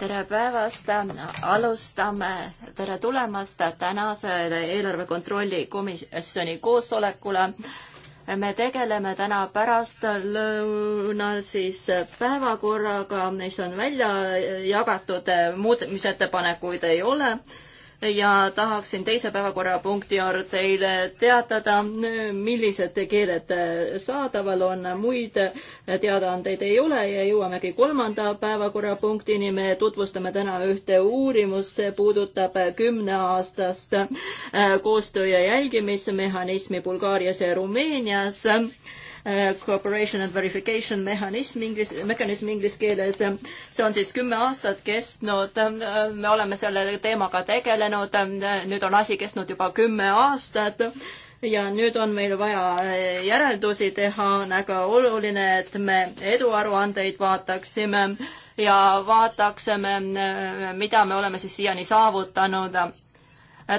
tere päevast, alustame, tere tulemast tänasele eelarve kontrolli komisjoni koosolekule. me tegeleme täna pärastlõunal siis päevakorraga, mis on välja jagatud, muudatusettepanekuid ei ole ja tahaksin teise päevakorrapunkti juurde teile teatada, millised keeled saadaval on, muid teadaandeid ei ole ja jõuamegi kolmanda päevakorrapunktini. me tutvustame täna ühte uurimust, see puudutab kümneaastast äh, koostöö ja jälgimismehhanismi Bulgaarias ja Rumeenias Äh, cooperation and verification mehhanism inglis, mehhanism inglise keeles. see on siis kümme aastat kestnud, me oleme selle teemaga tegelenud, nüüd on asi kestnud juba kümme aastat ja nüüd on meil vaja äh, järeldusi teha, on väga oluline, et me eduaruandeid vaataksime ja vaataksime, äh, mida me oleme siis siiani saavutanud.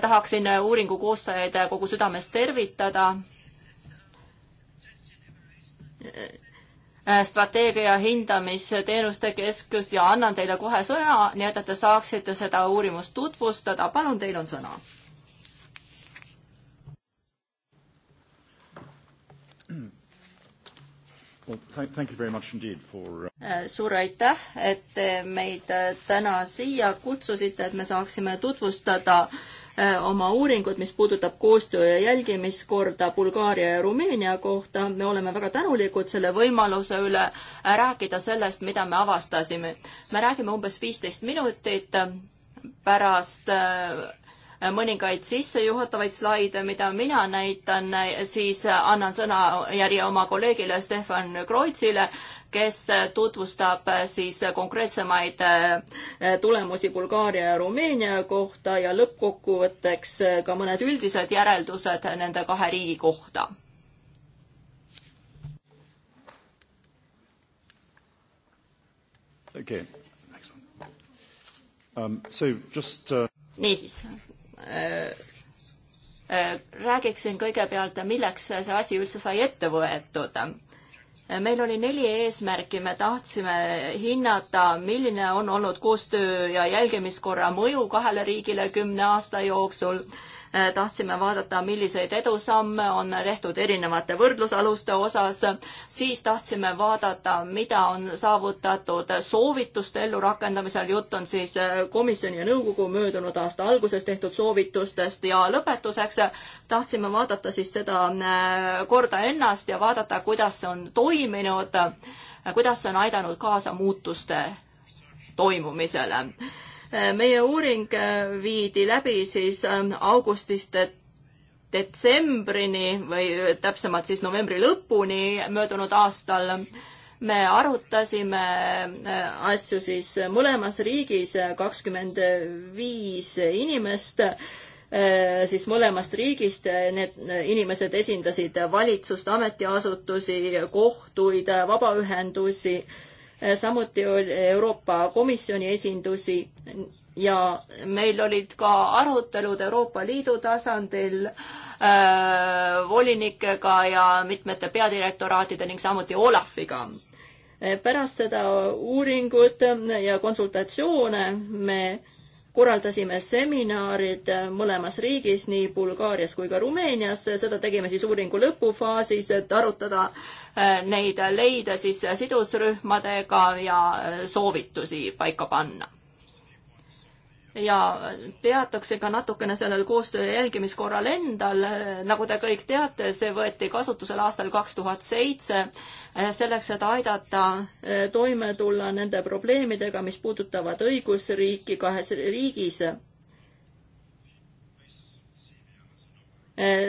tahaksin uuringu koostajaid kogu südamest tervitada Äh, strateegia hindamisteenuste keskus ja annan teile kohe sõna, nii et te saaksite seda uurimust tutvustada. palun, teil on sõna. For... Uh, äh, suur aitäh, et te meid äh, täna siia kutsusite, et me saaksime tutvustada äh, Äh, oma uuringut, mis puudutab koostöö ja jälgimiskorda Bulgaaria ja Rumeenia kohta. me oleme väga tänulikud selle võimaluse üle rääkida sellest, mida me avastasime. me räägime umbes viisteist minutit pärast äh, mõningaid sissejuhatavaid slaide, mida mina näitan, äh, siis annan sõna järje oma kolleegile Stefan Kreutzile, kes tutvustab äh, siis konkreetsemaid äh, tulemusi Bulgaaria ja Rumeenia kohta ja lõppkokkuvõtteks äh, ka mõned üldised järeldused nende kahe riigi kohta. okei okay., excellent um,. So just uh.... niisiis räägiksin kõigepealt, milleks see asi üldse sai ette võetud meil oli neli eesmärki, me tahtsime hinnata, milline on olnud koostöö ja jälgimiskorra mõju kahele riigile kümne aasta jooksul Äh, tahtsime vaadata, milliseid edusamme on tehtud erinevate võrdlusaluste osas, siis tahtsime vaadata, mida on saavutatud soovituste ellurakendamisel, jutt on siis äh, komisjoni ja nõukogu möödunud aasta alguses tehtud soovitustest ja lõpetuseks tahtsime vaadata siis seda äh, korda ennast ja vaadata, kuidas see on toiminud, kuidas see on aidanud kaasa muutuste toimumisele meie uuring äh, viidi läbi siis äh, augustist detsembrini või äh, täpsemalt siis novembri lõpuni möödunud aastal me arutasime asju siis mõlemas riigis, kakskümmend viis inimest siis mõlemast riigist, need inimesed esindasid valitsust, ametiasutusi, kohtuid, vabaühendusi äh, Äh, samuti oli Euroopa Komisjoni esindusi ja meil olid ka arutelud Euroopa Liidu tasandil äh, volinikega ja mitmete peadirektoraatide ning samuti Olafiga äh, pärast seda uuringut ja konsultatsioone me korraldasime seminarid mõlemas riigis, nii Bulgaarias kui ka Rumeenias, seda tegime siis uuringu lõpufaasis, et arutada äh, neid leide siis sidusrühmadega ja soovitusi paika panna ja peatuksin ka natukene sellel koostöö jälgimiskorral endal. nagu te kõik teate, see võeti kasutusele aastal kaks tuhat seitse eh, selleks, et aidata eh, toime tulla nende probleemidega, mis puudutavad õigusriiki kahes riigis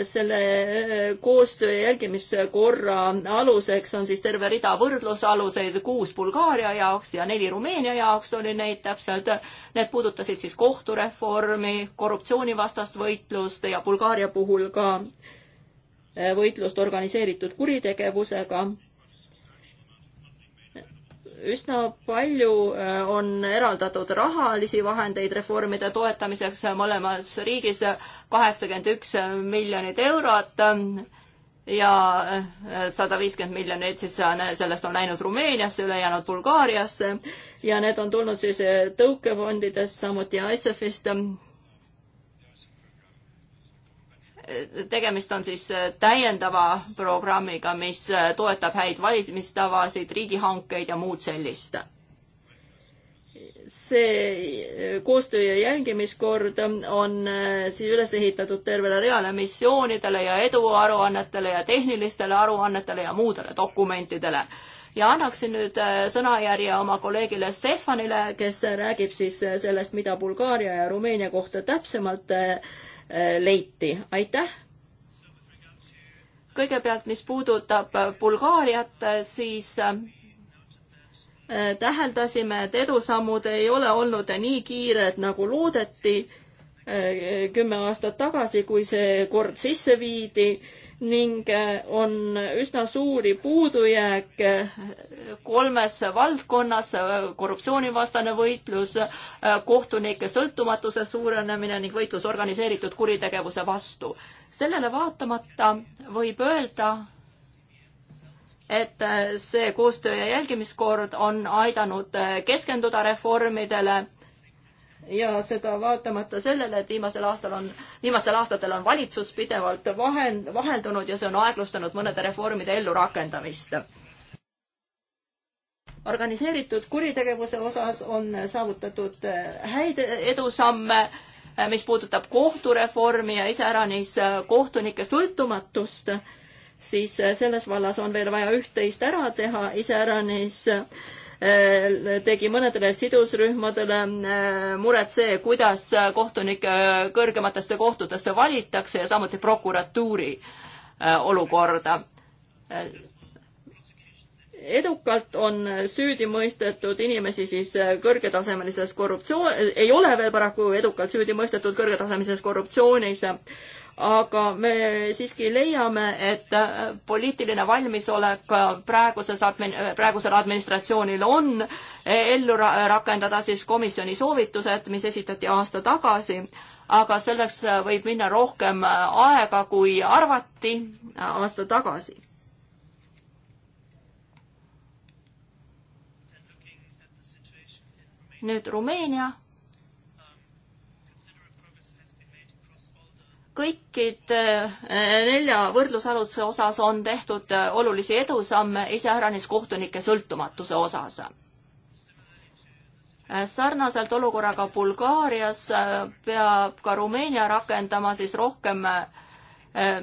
selle äh, koostöö jälgimiskorra aluseks on siis terve rida võrdlusaluseid, kuus Bulgaaria jaoks ja neli Rumeenia jaoks oli neid täpselt. Need puudutasid siis kohtureformi, korruptsioonivastast võitlust ja Bulgaaria puhul ka äh, võitlust organiseeritud kuritegevusega üsna palju äh, on eraldatud rahalisi vahendeid reformide toetamiseks mõlemas riigis, kaheksakümmend üks miljonit eurot ja äh, sada viiskümmend miljonit siis äh, sellest on läinud Rumeeniasse, ülejäänud Bulgaariasse ja need on tulnud siis tõukefondidest, samuti ISF-ist tegemist on siis äh, täiendava programmiga, mis äh, toetab häid valimistavasid, riigihankeid ja muud sellist. see äh, koostöö ja jälgimiskord on siis üles ehitatud tervele reale missioonidele ja eduaruannetele ja tehnilistele aruannetele ja muudele dokumentidele ja annaksin nüüd sõnajärje oma kolleegile Stefanile, kes räägib siis sellest, mida Bulgaaria ja Rumeenia kohta täpsemalt Äh, leiti. aitäh! kõigepealt, mis puudutab äh, Bulgaariat, äh, siis täheldasime, et edusammud ei ole olnud nii kiired, nagu loodeti kümme aastat tagasi, kui see kord sisse viidi ning äh, on üsna suuri puudujääke kolmes valdkonnas, äh, korruptsioonivastane võitlus, äh, kohtunike sõltumatuse suurenemine ning võitlus organiseeritud kuritegevuse vastu. sellele vaatamata võib öelda, et see koostöö ja jälgimiskord on aidanud keskenduda reformidele ja seda vaatamata sellele, et viimasel aastal on, viimastel aastatel on valitsus pidevalt vahend, vaheldunud ja see on aeglustanud mõnede reformide ellurakendamist. organiseeritud kuritegevuse osas on saavutatud eh, häid edusamme, eh, mis puudutab kohtureformi ja iseäranis eh, kohtunike sõltumatust siis selles vallas on veel vaja üht-teist ära teha, iseäranis Äh, tegi mõnedele sidusrühmadele äh, muret see, kuidas kohtunikke kõrgematesse kohtutesse valitakse ja samuti prokuratuuri äh, olukorda edukalt on süüdi mõistetud inimesi siis kõrgetasemelises korruptsioon, ei ole veel paraku edukalt süüdi mõistetud kõrgetasemelises korruptsioonis, aga me siiski leiame, et äh, poliitiline valmisolek äh, praeguses admin-, äh, praegusel administratsioonil on ellu ra rakendada siis komisjoni soovitused, mis esitati aasta tagasi, aga selleks võib minna rohkem aega, kui arvati aasta tagasi nüüd Rumeenia kõikide eh, nelja võrdlusaluse osas on tehtud eh, olulisi edusamme iseäranis kohtunike sõltumatuse osas. Eh, sarnaselt olukorraga Bulgaarias peab ka Rumeenia rakendama siis rohkem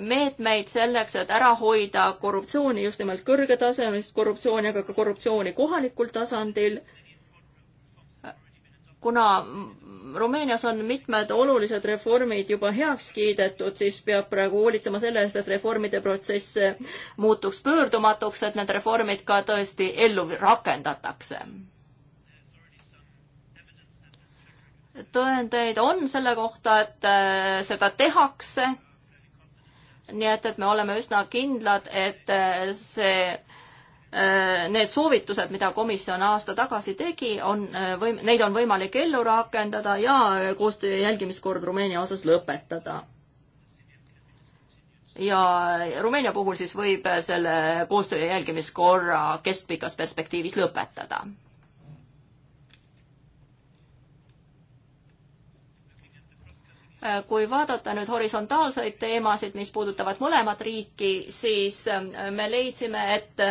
meetmeid selleks, et ära hoida korruptsiooni, just nimelt kõrgetasemelist korruptsiooni, aga ka korruptsiooni kohalikul tasandil kuna Rumeenias on mitmed olulised reformid juba heaks kiidetud, siis peab praegu hoolitsema selle eest, et reformide protsess muutuks pöördumatuks, et need reformid ka tõesti ellu rakendatakse. tõendeid on selle kohta, et äh, seda tehakse. nii et, et me oleme üsna kindlad, et äh, see Äh, need soovitused, mida komisjon aasta tagasi tegi, on äh, või neid on võimalik ellu rakendada ja äh, koostöö jälgimiskord Rumeenia osas lõpetada. ja Rumeenia puhul siis võib selle koostöö jälgimiskorra keskpikas perspektiivis lõpetada Äh, kui vaadata nüüd horisontaalseid teemasid, mis puudutavad mõlemat riiki, siis äh, me leidsime, et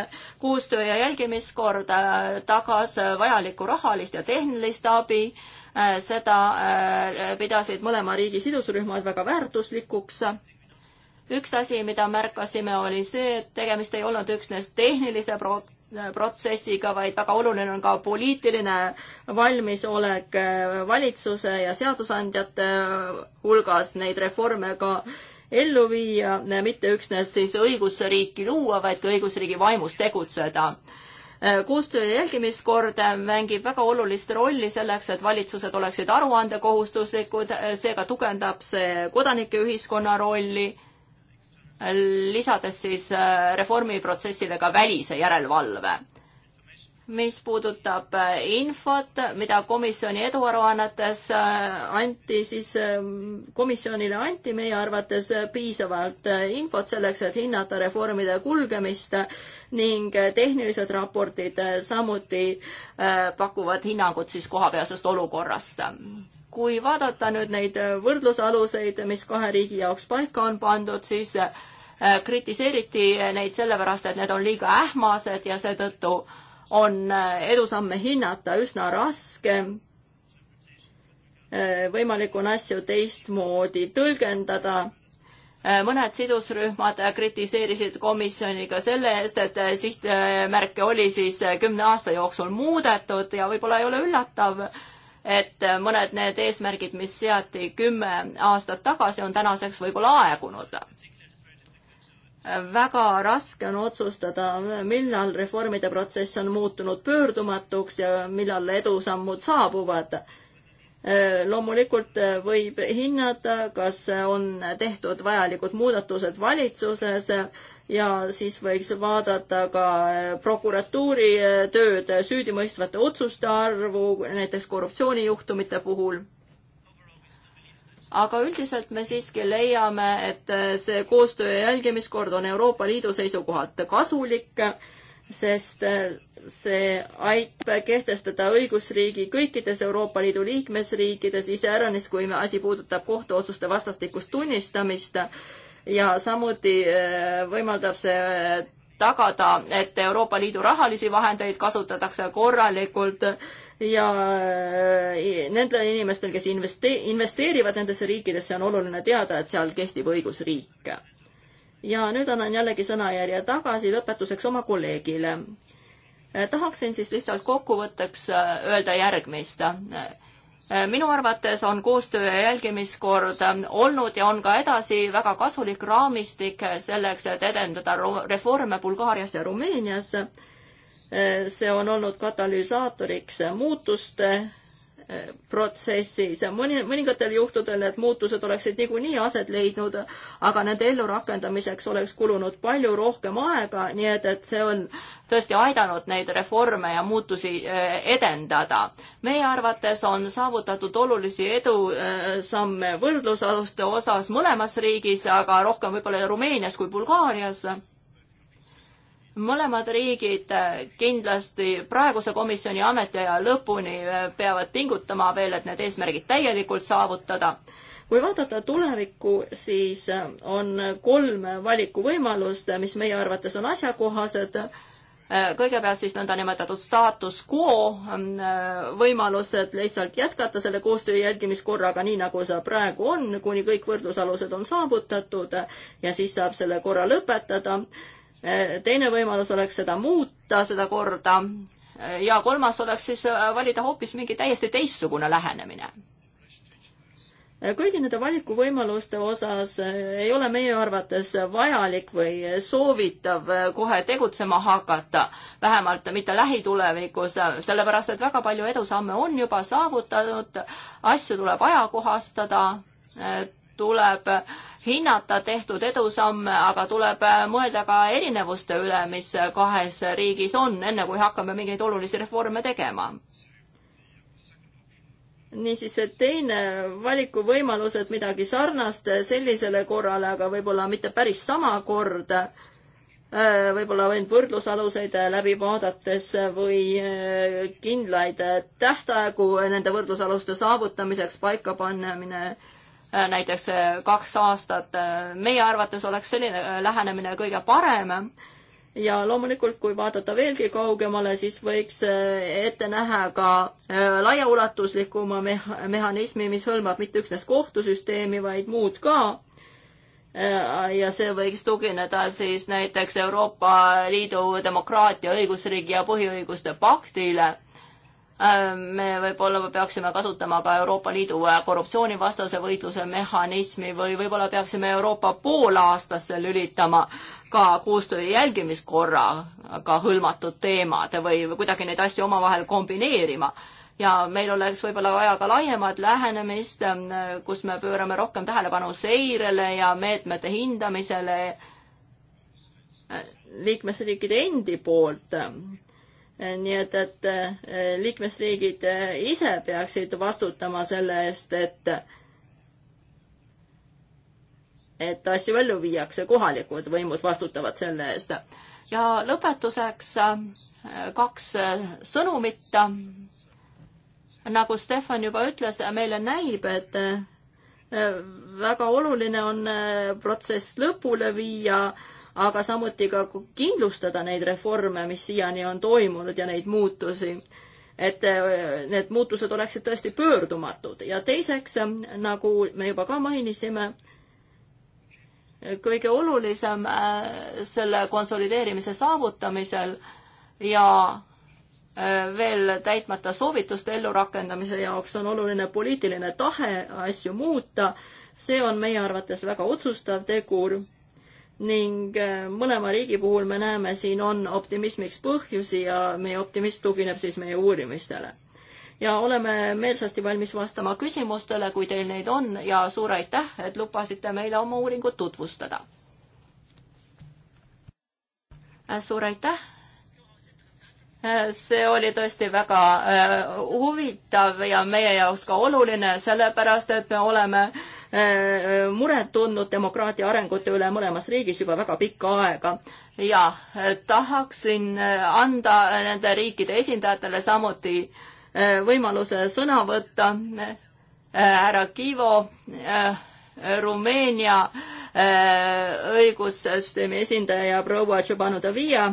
koostöö ja jälgimiskord äh, tagas vajalikku rahalist ja tehnilist abi. seda pidasid mõlema riigi sidusrühmad väga väärtuslikuks üks asi, mida märkasime, oli see, et tegemist ei olnud üksnes tehnilise pro-, protsessiga, vaid väga oluline on ka poliitiline valmisolek äh, valitsuse ja seadusandjate äh, hulgas neid reforme ka ellu viia, äh, mitte üksnes siis õigusriiki luua, vaid ka õigusriigi vaimus tegutseda. koostöö ja jälgimiskord mängib väga olulist rolli selleks, et valitsused oleksid aruandekohustuslikud, seega tugevdab see kodanike ühiskonna rolli lisades siis äh, reformiprotsessile ka välise järelevalve. mis puudutab äh, infot, mida komisjoni eduaruannetes äh, anti, siis ähm, komisjonile anti meie arvates piisavalt infot selleks, et hinnata reformide kulgemist ning tehnilised raportid samuti pakuvad hinnangut siis kohapealsest olukorrast kui vaadata nüüd neid äh, võrdlusaluseid, mis kahe riigi jaoks paika on pandud, siis äh, kritiseeriti neid sellepärast, et need on liiga ähmased ja seetõttu on äh, edusamme hinnata üsna raske. võimalik on asju teistmoodi tõlgendada. mõned sidusrühmad kritiseerisid komisjoni ka selle eest, et sihtmärke oli siis kümne aasta jooksul muudetud ja võib-olla ei ole üllatav, et mõned need eesmärgid, mis seati kümme aastat tagasi, on tänaseks võib-olla aegunud. väga raske on otsustada, millal reformide protsess on muutunud pöördumatuks ja millal edusammud saabuvad loomulikult eh, võib hinnata, kas on tehtud vajalikud muudatused valitsuses ja siis võiks vaadata ka eh, prokuratuuri eh, tööd, süüdimõistvate otsuste arvu, näiteks korruptsioonijuhtumite puhul. aga üldiselt me siiski leiame, et see koostöö ja jälgimiskord on Euroopa Liidu seisukohalt kasulik, sest see aitab kehtestada õigusriigi kõikides Euroopa Liidu liikmesriikides, iseäranis kui asi puudutab kohtuotsuste vastastikust tunnistamist ja samuti eh, võimaldab see eh, tagada, et Euroopa Liidu rahalisi vahendeid kasutatakse korralikult ja eh, nendel inimestel, kes investe-, investeerivad nendesse riikidesse, on oluline teada, et seal kehtib õigusriik. ja nüüd annan jällegi sõnajärje tagasi lõpetuseks oma kolleegile Äh, tahaksin siis lihtsalt kokkuvõtteks äh, öelda järgmist äh, minu arvates on koostöö ja jälgimiskord olnud ja on ka edasi väga kasulik raamistik selleks, et edendada reforme Bulgaarias ja Rumeenias. see on olnud katalüsaatoriks muutuste protsessis. mõni, mõningatel juhtudel need muutused oleksid niikuinii aset leidnud, aga nende ellurakendamiseks oleks kulunud palju rohkem aega, nii et, et see on tõesti aidanud neid reforme ja muutusi eh, edendada. meie arvates on saavutatud olulisi edusamme eh, võrdlusaluste osas mõlemas riigis, aga rohkem võib-olla Rumeenias kui Bulgaarias mõlemad riigid kindlasti praeguse komisjoni ametiaja lõpuni peavad pingutama veel, et need eesmärgid täielikult saavutada. kui vaadata tulevikku, siis on kolm valikuvõimalust, mis meie arvates on asjakohased kõigepealt siis nõndanimetatud status quo võimalused lihtsalt jätkata selle koostöö jälgimiskorraga, nii nagu see praegu on, kuni kõik võrdlusalused on saavutatud ja siis saab selle korra lõpetada teine võimalus oleks seda muuta, seda korda, ja kolmas oleks siis äh, valida hoopis mingi täiesti teistsugune lähenemine. kõigi nende valikuvõimaluste osas äh, ei ole meie arvates vajalik või soovitav äh, kohe tegutsema hakata, vähemalt mitte lähitulevikus, sellepärast et väga palju edusamme on juba saavutatud, asju tuleb ajakohastada, tuleb hinnata tehtud edusamme, aga tuleb äh, mõelda ka erinevuste üle, mis äh, kahes riigis on, enne kui hakkame mingeid olulisi reforme tegema. niisiis, see teine valikuvõimalus, et midagi sarnast sellisele korrale, aga võib-olla mitte päris sama kord, äh, võib-olla ainult võrdlusaluseid läbi vaadates või kindlaid tähtaegu nende võrdlusaluste saavutamiseks paika panemine Äh, näiteks äh, kaks aastat. Äh, meie arvates oleks selline lähenemine kõige parem ja loomulikult, kui vaadata veelgi kaugemale, siis võiks ette näha ka laiaulatuslikuma meha-, mehhanismi, mis hõlmab mitte üksnes kohtusüsteemi, vaid muud ka. ja see võiks tugineda siis näiteks Euroopa Liidu demokraatia, õigusriigi ja põhiõiguste paktile Äh, me võib-olla peaksime kasutama ka Euroopa Liidu äh, korruptsioonivastase võitluse mehhanismi või võib-olla peaksime Euroopa poolaastasse lülitama ka koostöö jälgimiskorraga hõlmatud teemad või kuidagi neid asju omavahel kombineerima. ja meil oleks võib-olla vaja ka laiemat lähenemist, äh, kus me pöörame rohkem tähelepanu seirele ja meetmete hindamisele liikmesriikide endi poolt nii et, et eh, liikmesriigid eh, ise peaksid vastutama selle eest, et et asju ellu viiakse, kohalikud võimud vastutavad selle eest. ja lõpetuseks eh, kaks sõnumit. nagu Stefan juba ütles, meile näib, et väga oluline on protsess lõpule viia aga samuti ka kindlustada neid reforme, mis siiani on toimunud ja neid muutusi. et äh, need muutused oleksid tõesti pöördumatud ja teiseks, nagu me juba ka mainisime, kõige olulisem äh, selle konsolideerimise saavutamisel ja äh, veel täitmata soovituste ellurakendamise jaoks on oluline poliitiline tahe asju muuta. see on meie arvates väga otsustav tegur ning äh, mõlema riigi puhul me näeme, siin on optimismiks põhjusi ja meie optimism tugineb siis meie uurimistele. ja oleme meelsasti valmis vastama küsimustele, kui teil neid on ja suur aitäh, et lubasite meile oma uuringut tutvustada. Äh, suur aitäh äh, see oli tõesti väga huvitav ja meie jaoks ka oluline, sellepärast et me oleme Äh, äh, muret tundnud demokraatia arengute üle mõlemas riigis juba väga pikka aega. ja äh, tahaksin anda nende riikide esindajatele samuti võimaluse sõna võtta. härra Kivo, Rumeenia õigussüsteemi esindaja ja proua Giovanni Davia,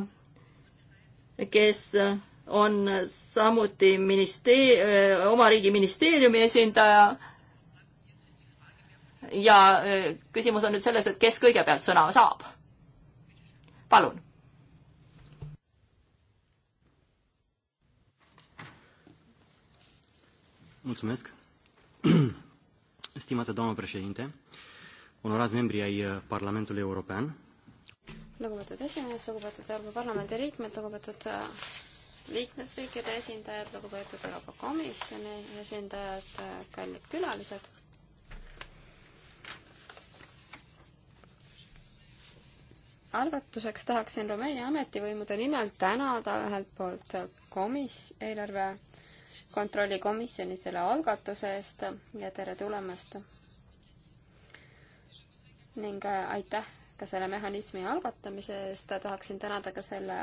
kes on samuti ministee-, oma riigi ministeeriumi esindaja ja äh, küsimus on nüüd selles, et kes kõigepealt sõna saab. palun. mulțumesc. Stimată doamnă președinte, onorați membri ai uh, Parlamentului European. Lugupeetud esimees, lugupeetud Euroopa Parlamendi liikmed, lugupeetud äh, liikmesriikide esindajad, lugupeetud Euroopa Komisjoni esindajad, äh, kallid külalised algatuseks tahaksin Rumeenia ametivõimude nimel tänada ühelt poolt komis-, eelarve kontrolli komisjoni selle algatuse eest ja tere tulemast. ning äh, aitäh ka selle mehhanismi algatamise eest, tahaksin tänada ka selle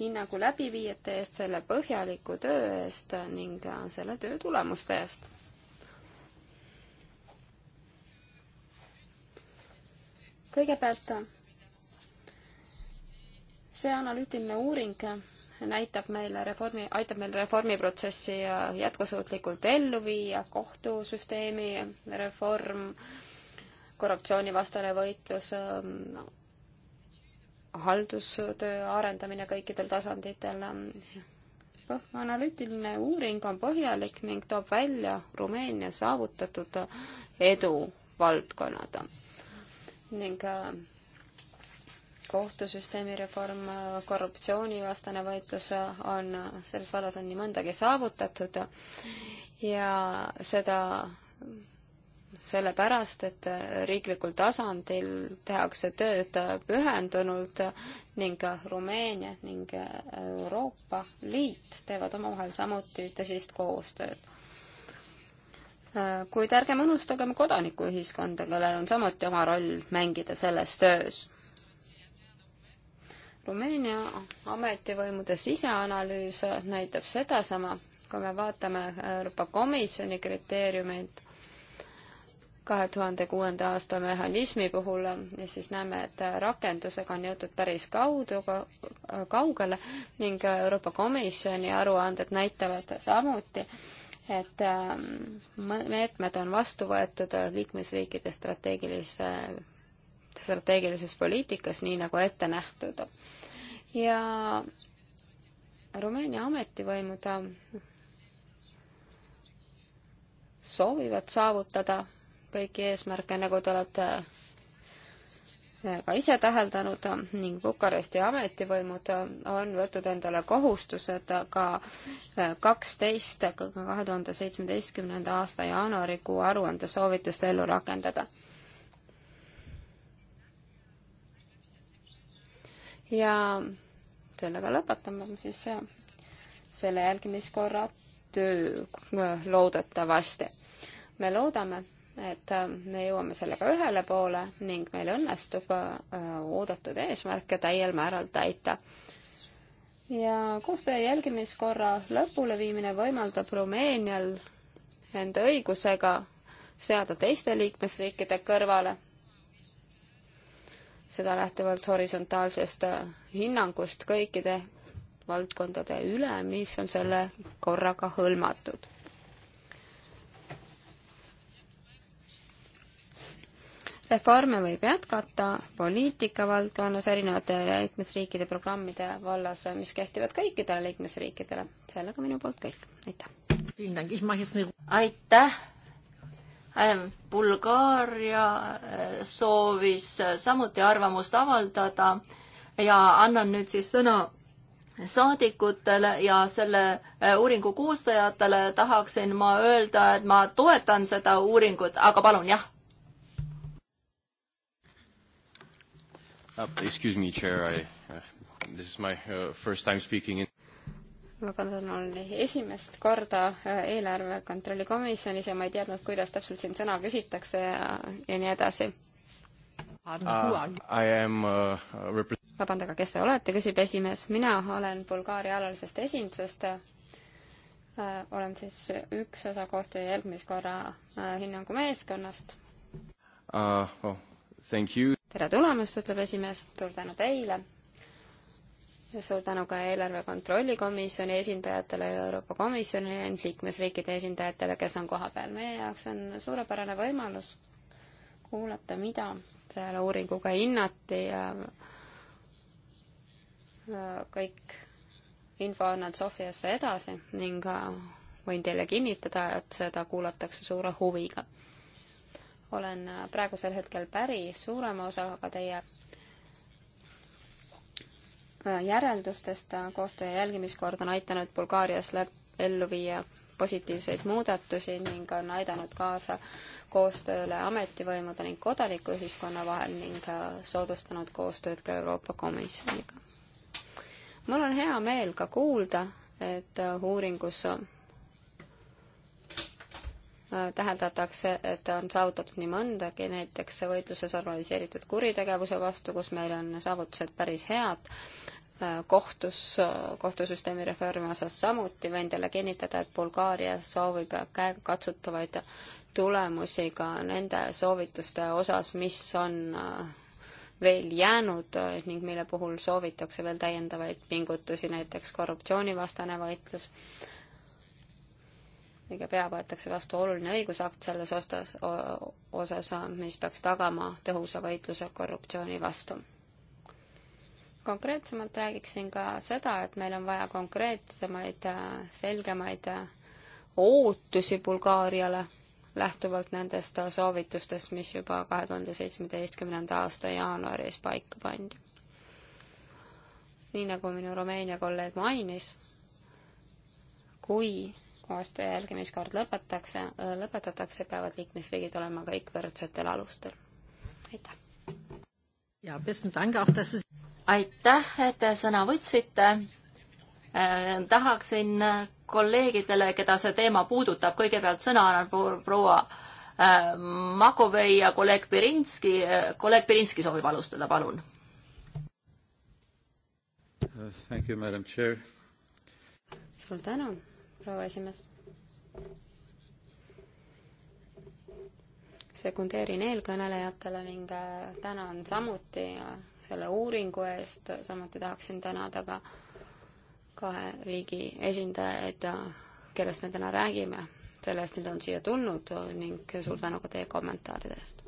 hinnangu läbiviijate eest, selle põhjaliku töö eest ning äh, selle töö tulemuste eest. kõigepealt see analüütiline uuring näitab meile reformi, aitab meil reformiprotsessi jätkusuutlikult ellu viia, kohtusüsteemi reform, korruptsioonivastane võitlus no,, ähm, haldustöö arendamine kõikidel tasanditel. analüütiline uuring on põhjalik ning toob välja Rumeenia saavutatud edu valdkonnad ning äh, kohtusüsteemi reform, korruptsioonivastane võitlus on, selles vallas on nii mõndagi saavutatud ja seda sellepärast, et riiklikul tasandil tehakse tööd pühendunult ning Rumeenia ning Euroopa Liit teevad omavahel samuti tõsist koostööd. kuid ärgem unustagem kodanikuühiskonda, kellel on samuti oma roll mängida selles töös. Rumeenia ametivõimude siseanalüüs näitab sedasama, kui me vaatame Euroopa Komisjoni kriteeriumeid kahe tuhande kuuenda aasta mehhanismi puhul ja siis näeme, et rakendusega on jõutud päris kaudu, kaugele ning Euroopa Komisjoni aruanded näitavad samuti, et ähm, meetmed on vastu võetud liikmesriikide strateegilise strateegilises poliitikas, nii nagu ette nähtud. ja Rumeenia ametivõimud soovivad saavutada kõiki eesmärke, nagu te olete ka ise täheldanud ning Bukaresti ametivõimud on võtnud endale kohustused ka kaksteist kahe tuhande seitsmeteistkümnenda aasta jaanuarikuu aruande soovitust ellu rakendada. ja sellega lõpetame siis äh, selle jälgimiskorra töö äh, loodetavasti. me loodame, et äh, me jõuame sellega ühele poole ning meil õnnestub oodatud eesmärke täiel määral täita. ja koostöö jälgimiskorra lõpuleviimine võimaldab Rumeenial enda õigusega seada teiste liikmesriikide kõrvale seda lähtuvalt horisontaalsest äh, hinnangust kõikide valdkondade üle, mis on selle korraga hõlmatud. reforme võib jätkata poliitika valdkonnas erinevate liikmesriikide programmide vallas, mis kehtivad kõikidele liikmesriikidele. sellega minu poolt kõik, aitäh! aitäh! Äh, Bulgaaria äh, soovis äh, samuti arvamust avaldada ja annan nüüd siis sõna saadikutele ja selle uuringu koostajatele tahaksin ma öelda, et ma toetan seda uuringut, aga palun, jah. Uh, excuse me, chair, I, uh, this is my uh, first time speaking in väga tänan, oli esimest korda äh, eelarve kontrolli komisjonis ja ma ei teadnud, kuidas täpselt siin sõna küsitakse ja, ja nii edasi ah, uh,. Uh, vabandage, kes te olete, küsib esimees. mina olen Bulgaaria alalisest esindusest uh,. olen siis üks osa koostöö jälgimiskorra uh, äh, hinnangu meeskonnast uh,. Oh, thank you. tere tulemast, ütleb esimees. suur tänu teile ja suur tänu ka eelarve kontrolli komisjoni esindajatele ja Euroopa Komisjoni ja liikmesriikide esindajatele, kes on kohapeal. meie jaoks on suurepärane võimalus kuulata, mida selle uuringuga hinnati ja kõik info annan Sofiasse edasi ning võin teile kinnitada, et seda kuulatakse suure huviga. olen praegusel hetkel päri suurema osaga teie järeldustest. koostöö ja jälgimiskord on aidanud Bulgaarias ellu viia positiivseid muudatusi ning on aidanud kaasa koostööle ametivõimude ning kodanikuühiskonna vahel ning äh, soodustanud koostööd ka Euroopa Komisjoniga. mul on hea meel ka kuulda, et äh, uuringus täheldatakse, et on saavutatud nii mõndagi, näiteks võitluses organiseeritud kuritegevuse vastu, kus meil on saavutused päris head, kohtus, kohtusüsteemi reformi osas samuti, võin teile kinnitada, et Bulgaaria soovib käegakatsutavaid tulemusi ka nende soovituste osas, mis on äh, veel jäänud äh, ning mille puhul soovitakse veel täiendavaid pingutusi, näiteks korruptsioonivastane võitlus õige pea võetakse vastu oluline õigusakt selles osas, osas, mis peaks tagama tõhusa võitluse korruptsiooni vastu. konkreetsemalt räägiksin ka seda, et meil on vaja konkreetsemaid, selgemaid ootusi Bulgaariale, lähtuvalt nendest soovitustest, mis juba kahe tuhande seitsmeteistkümnenda aasta jaanuaris paika pandi. nii nagu minu Rumeenia kolleeg mainis, kui koostöö jälgimiskord lõpetatakse, lõpetatakse, peavad liikmesriigid olema kõik võrdsetel alustel. aitäh! aitäh, et te sõna võtsite eh,. tahaksin äh, kolleegidele, keda see teema puudutab, kõigepealt sõna annan proua eh, Makovei ja kolleeg Pirinski. kolleeg Pirinski soovib alustada, palun. suur tänu proua esimees. sekundeerin eelkõnelejatele ning äh, tänan samuti äh, selle uuringu eest, samuti tahaksin tänada ka kahe riigi esindajaid, äh, kellest me täna räägime, selle eest, et nad on siia tulnud ning suur tänu ka teie kommentaaride eest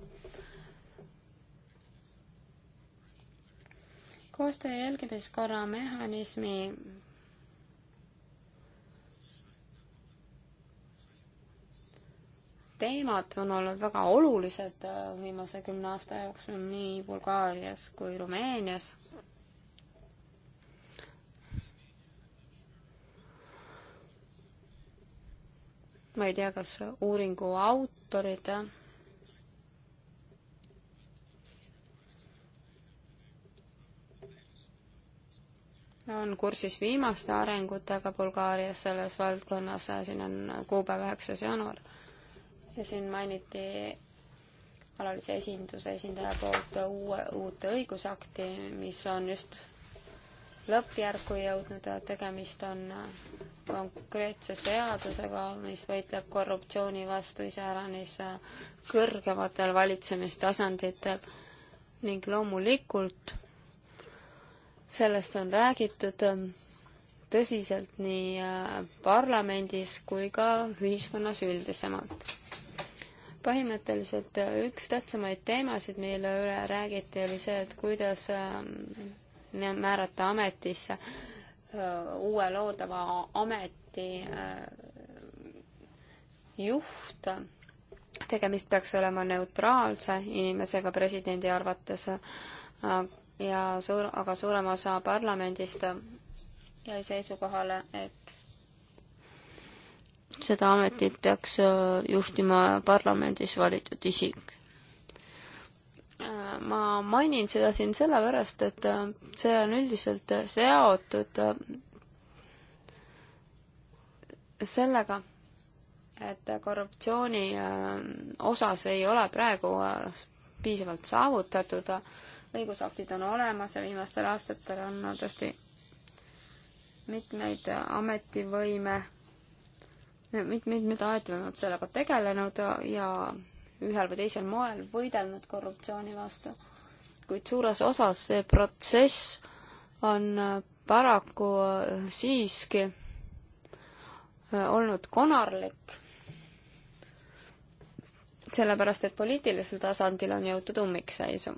koostöö jälgimiskorra mehhanismi teemad on olnud väga olulised äh, viimase kümne aasta jooksul nii Bulgaarias kui Rumeenias. ma ei tea, kas uuringu autorid on kursis viimaste arengutega Bulgaarias selles valdkonnas, siin on kuupäev üheksas jaanuar ja siin mainiti alalise esinduse esindaja poolt uue, uut õigusakti, mis on just lõppjärku jõudnud, tegemist on konkreetse seadusega, mis võitleb korruptsiooni vastu iseäranis kõrgematel valitsemistasanditel ning loomulikult sellest on räägitud tõsiselt nii äh, parlamendis kui ka ühiskonnas üldisemalt põhimõtteliselt üks tähtsamaid teemasid, mille üle räägiti, oli see, et kuidas ähm, määrata ametisse äh, uue loodava ameti äh, juht. tegemist peaks olema neutraalse inimesega presidendi arvates äh, ja suur, aga suurem osa parlamendist jäi seisukohale, et seda ametit peaks äh, juhtima parlamendis valitud isik. Äh, ma mainin seda siin sellepärast, et äh, see on üldiselt seotud sellega, et korruptsiooni osas ei ole praegu piisavalt saavutatud, õigusaktid on olemas ja viimastel aastatel on tõesti mitmeid ametivõime mitmed, mida aetvõimud sellega tegelenud ja ühel või teisel moel võidelnud korruptsiooni vastu. kuid suures osas see protsess on paraku siiski olnud konarlik, sellepärast et poliitilisel tasandil on jõutud ummikseisu.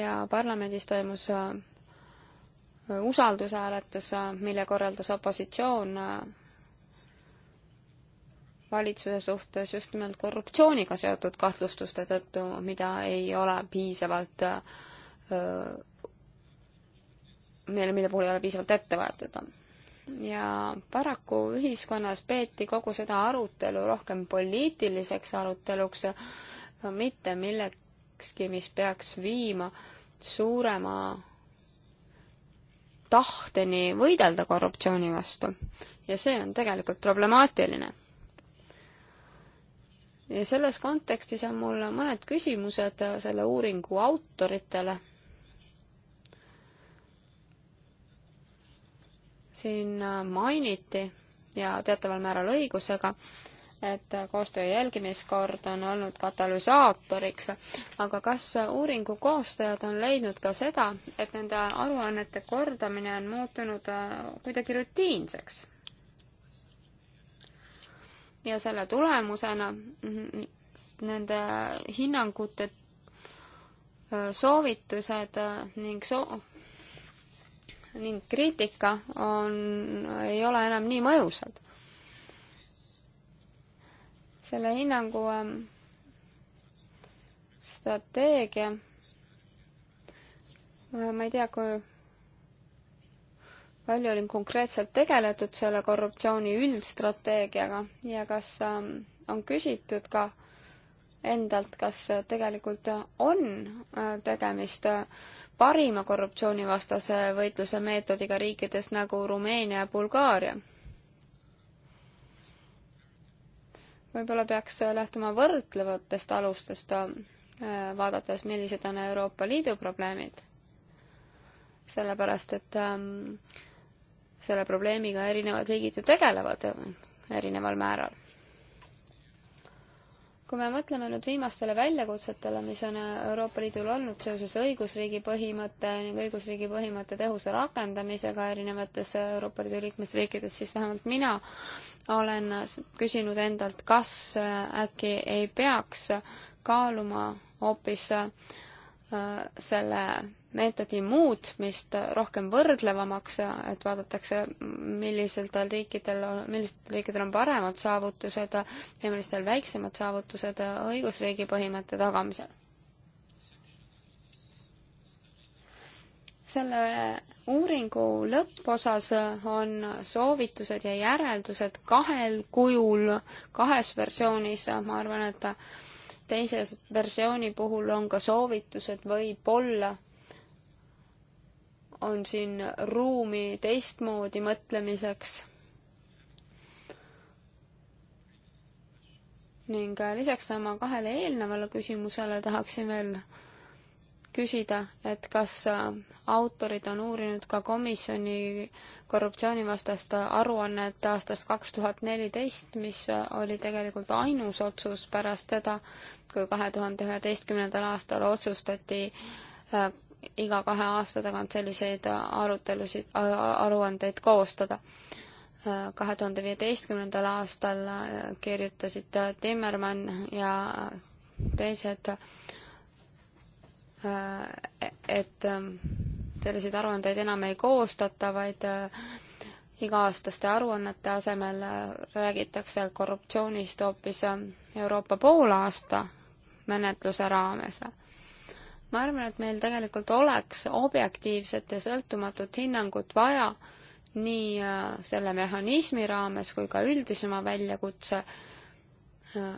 ja parlamendis toimus usaldushääletus, mille korraldas opositsioon äh, valitsuse suhtes just nimelt korruptsiooniga seotud kahtlustuste tõttu, mida ei ole piisavalt, äh, mille, mille puhul ei ole piisavalt ette võetud. ja paraku ühiskonnas peeti kogu seda arutelu rohkem poliitiliseks aruteluks, mitte millekski, mis peaks viima suurema tahteni võidelda korruptsiooni vastu. ja see on tegelikult problemaatiline. ja selles kontekstis on mul mõned küsimused selle uuringu autoritele. siin mainiti ja teataval määral õigusega et koostöö jälgimiskord on olnud katalüsaatoriks, aga kas uuringu koostajad on leidnud ka seda, et nende aruannete kordamine on muutunud äh, kuidagi rutiinseks? ja selle tulemusena mm, nende hinnangute äh, soovitused äh, ning soo-, ning kriitika on, ei ole enam nii mõjusad selle hinnangu ähm, strateegia. Äh, ma ei tea, kui palju olin konkreetselt tegeletud selle korruptsiooni üldstrateegiaga ja kas ähm, on küsitud ka endalt, kas tegelikult on äh, tegemist äh, parima korruptsioonivastase võitluse meetodiga riikides nagu Rumeenia ja Bulgaaria võib-olla peaks lähtuma võrdlevatest alustest, äh, vaadates, millised on Euroopa Liidu probleemid. sellepärast, et ähm, selle probleemiga erinevad riigid ju tegelevad erineval määral kui me mõtleme nüüd viimastele väljakutsetele, mis on Euroopa Liidul olnud seoses õigusriigi põhimõtte ning õigusriigi põhimõtte tõhusa rakendamisega erinevates Euroopa Liidu liikmesriikides, siis vähemalt mina olen küsinud endalt, kas äkki ei peaks kaaluma hoopis äh, selle meetodi muutmist rohkem võrdlevamaks, et vaadatakse, millistel riikidel, millistel riikidel on paremad saavutused ja millistel väiksemad saavutused õigusriigi põhimõtte tagamisel. selle uuringu lõpposas on soovitused ja järeldused kahel kujul, kahes versioonis, ma arvan, et teises versiooni puhul on ka soovitused võib-olla on siin ruumi teistmoodi mõtlemiseks. ning äh, lisaks oma kahele eelnevale küsimusele tahaksin veel küsida, et kas äh, autorid on uurinud ka komisjoni korruptsioonivastast aruannet aastast kaks tuhat neliteist, mis äh, oli tegelikult ainus otsus pärast seda, kui kahe tuhande üheteistkümnendal aastal otsustati iga kahe aasta tagant selliseid arutelusid, aruandeid koostada. kahe tuhande viieteistkümnendal aastal äh, kirjutasid äh, Timmermann ja äh, teised, e-, et ähm, selliseid aruandeid enam ei koostata, vaid iga-aastaste aruannete asemel räägitakse korruptsioonist hoopis Euroopa poolaasta menetluse raames ma arvan, et meil tegelikult oleks objektiivset ja sõltumatut hinnangut vaja nii äh, selle mehhanismi raames kui ka üldisema väljakutse äh,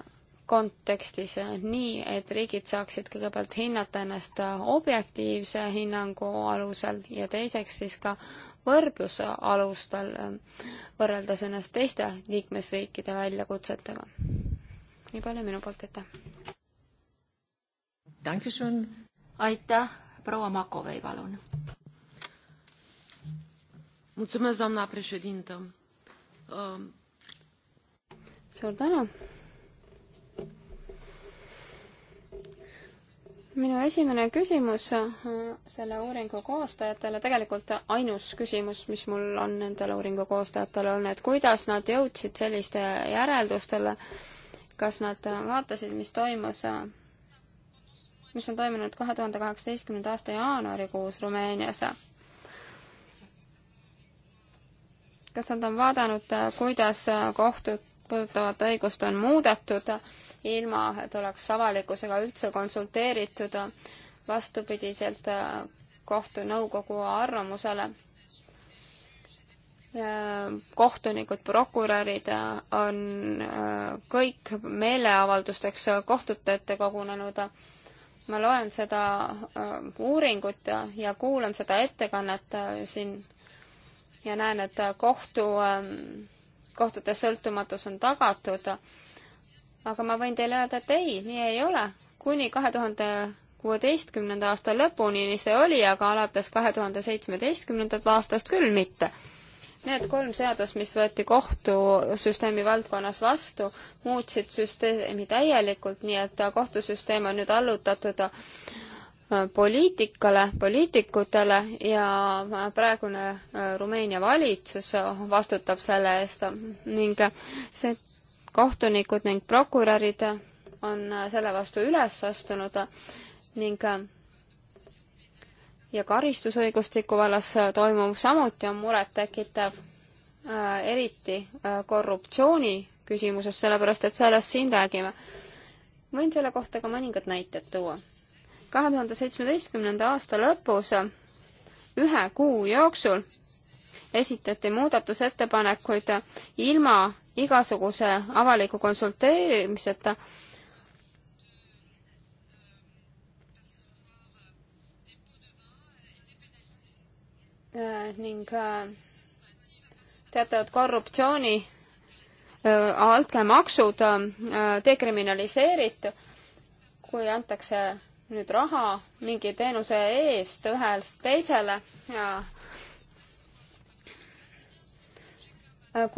kontekstis, äh, nii et riigid saaksid kõigepealt hinnata ennast objektiivse hinnangu alusel ja teiseks siis ka võrdluse alustel, võrreldes ennast teiste liikmesriikide väljakutsetega. nii palju minu poolt, aitäh! aitäh, proua Makovei, palun. Um, suur tänu. minu esimene küsimus äh, selle uuringu koostajatele, tegelikult ainus küsimus, mis mul on nendele uuringu koostajatele, on, et kuidas nad jõudsid selliste järeldustele, kas nad vaatasid, mis toimus äh, mis on toimunud kahe tuhande kaheksateistkümnenda aasta jaanuarikuus Rumeenias. kas nad on vaadanud, kuidas kohtud puudutavat õigust on muudetud, ilma et oleks avalikkusega üldse konsulteeritud, vastupidiselt kohtunõukogu arvamusele. kohtunikud, prokurörid on kõik meeleavaldusteks kohtute ette kogunenud ma loen seda äh, uuringut ja, ja kuulan seda ettekannet äh, siin ja näen, et äh, kohtu, ähm, kohtute sõltumatus on tagatud. aga ma võin teile öelda, et ei, nii ei ole. kuni kahe tuhande kuueteistkümnenda aasta lõpuni nii see oli, aga alates kahe tuhande seitsmeteistkümnendat aastast küll mitte Need kolm seadust, mis võeti kohtusüsteemi valdkonnas vastu, muutsid süsteemi täielikult, nii et kohtusüsteem on nüüd allutatud äh, poliitikale, poliitikutele ja äh, praegune äh, Rumeenia valitsus vastutab selle eest ning see kohtunikud ning prokurörid on selle vastu üles astunud ning ja karistusõigustiku vallas toimuv samuti on murettekitav, äh, eriti äh, korruptsiooni küsimuses, sellepärast et sellest siin räägime. võin selle kohta ka mõningad näited tuua. kahe tuhande seitsmeteistkümnenda aasta lõpus äh, ühe kuu jooksul esitati muudatusettepanekuid ilma igasuguse avaliku konsulteerimiseta Äh, ning äh, teatavad korruptsiooni äh, altkäemaksud dekriminaliseeritud, kui antakse nüüd raha mingi teenuse eest ühest teisele ja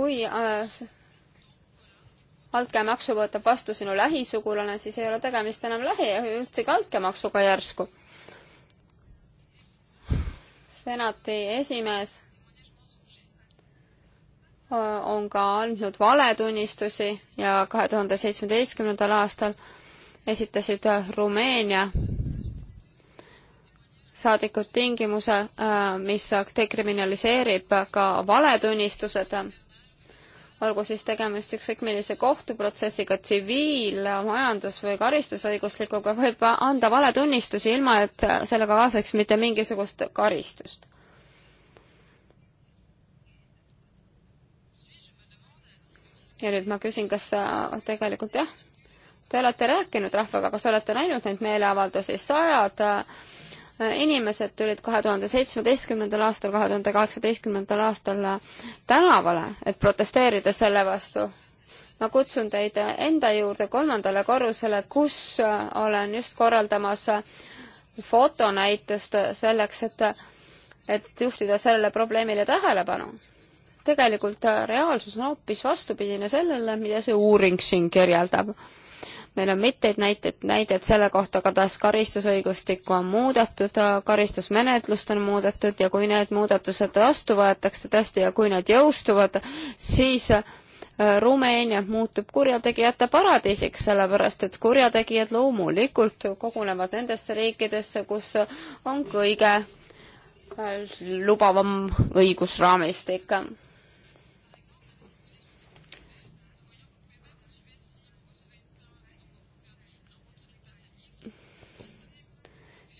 kui äh, altkäemaksu võtab vastu sinu lähisugulane, siis ei ole tegemist enam lähi, üldsegi altkäemaksuga järsku senati esimees on ka andnud valetunnistusi ja kahe tuhande seitsmeteistkümnendal aastal esitasid Rumeenia saadikud tingimuse, mis dekriminaliseerib ka valetunnistused olgu siis tegemist ükskõik millise kohtuprotsessiga, tsiviil, majandus- või karistusõiguslikuga, võib anda valetunnistusi, ilma et sellega kaasneks mitte mingisugust karistust. ja nüüd ma küsin, kas äh, tegelikult jah, te olete rääkinud rahvaga, kas olete näinud neid meeleavaldusi, sajad äh, inimesed tulid kahe tuhande seitsmeteistkümnendal aastal, kahe tuhande kaheksateistkümnendal aastal tänavale, et protesteerida selle vastu. ma kutsun teid enda juurde kolmandale korrusele, kus olen just korraldamas fotonäitust selleks, et, et juhtida sellele probleemile tähelepanu. tegelikult reaalsus on hoopis vastupidine sellele, mida see uuring siin kirjeldab meil on mitmeid näiteid, näideid selle kohta, kuidas karistusõigustikku on muudetud, karistusmenetlust on muudetud ja kui need muudatused vastu võetakse tõesti ja kui need jõustuvad, siis äh, Rumeenia muutub kurjategijate paradiisiks, sellepärast et kurjategijad loomulikult kogunevad nendesse riikidesse, kus on kõige äh, lubavam õigusraamistik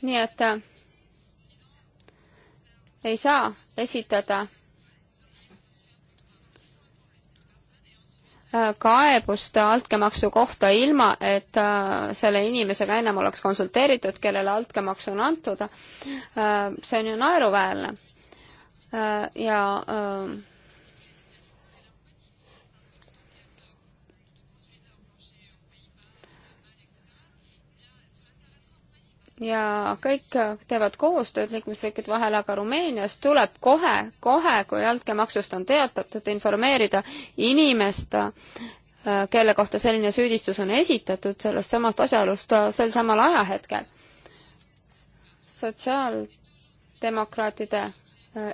nii et äh, ei saa esitada äh, kaebust altkäemaksu kohta ilma, et äh, selle inimesega ennem oleks konsulteeritud, kellele altkäemaks on antud. see on ju naeruväärne. ja ja kõik teevad koostööd liikmesriikide vahel, aga Rumeenias tuleb kohe, kohe, kui altkäemaksust on teatatud, informeerida inimest, äh, kelle kohta selline süüdistus on esitatud, sellest samast asjaolust äh, sel samal ajahetkel. sotsiaaldemokraatide äh,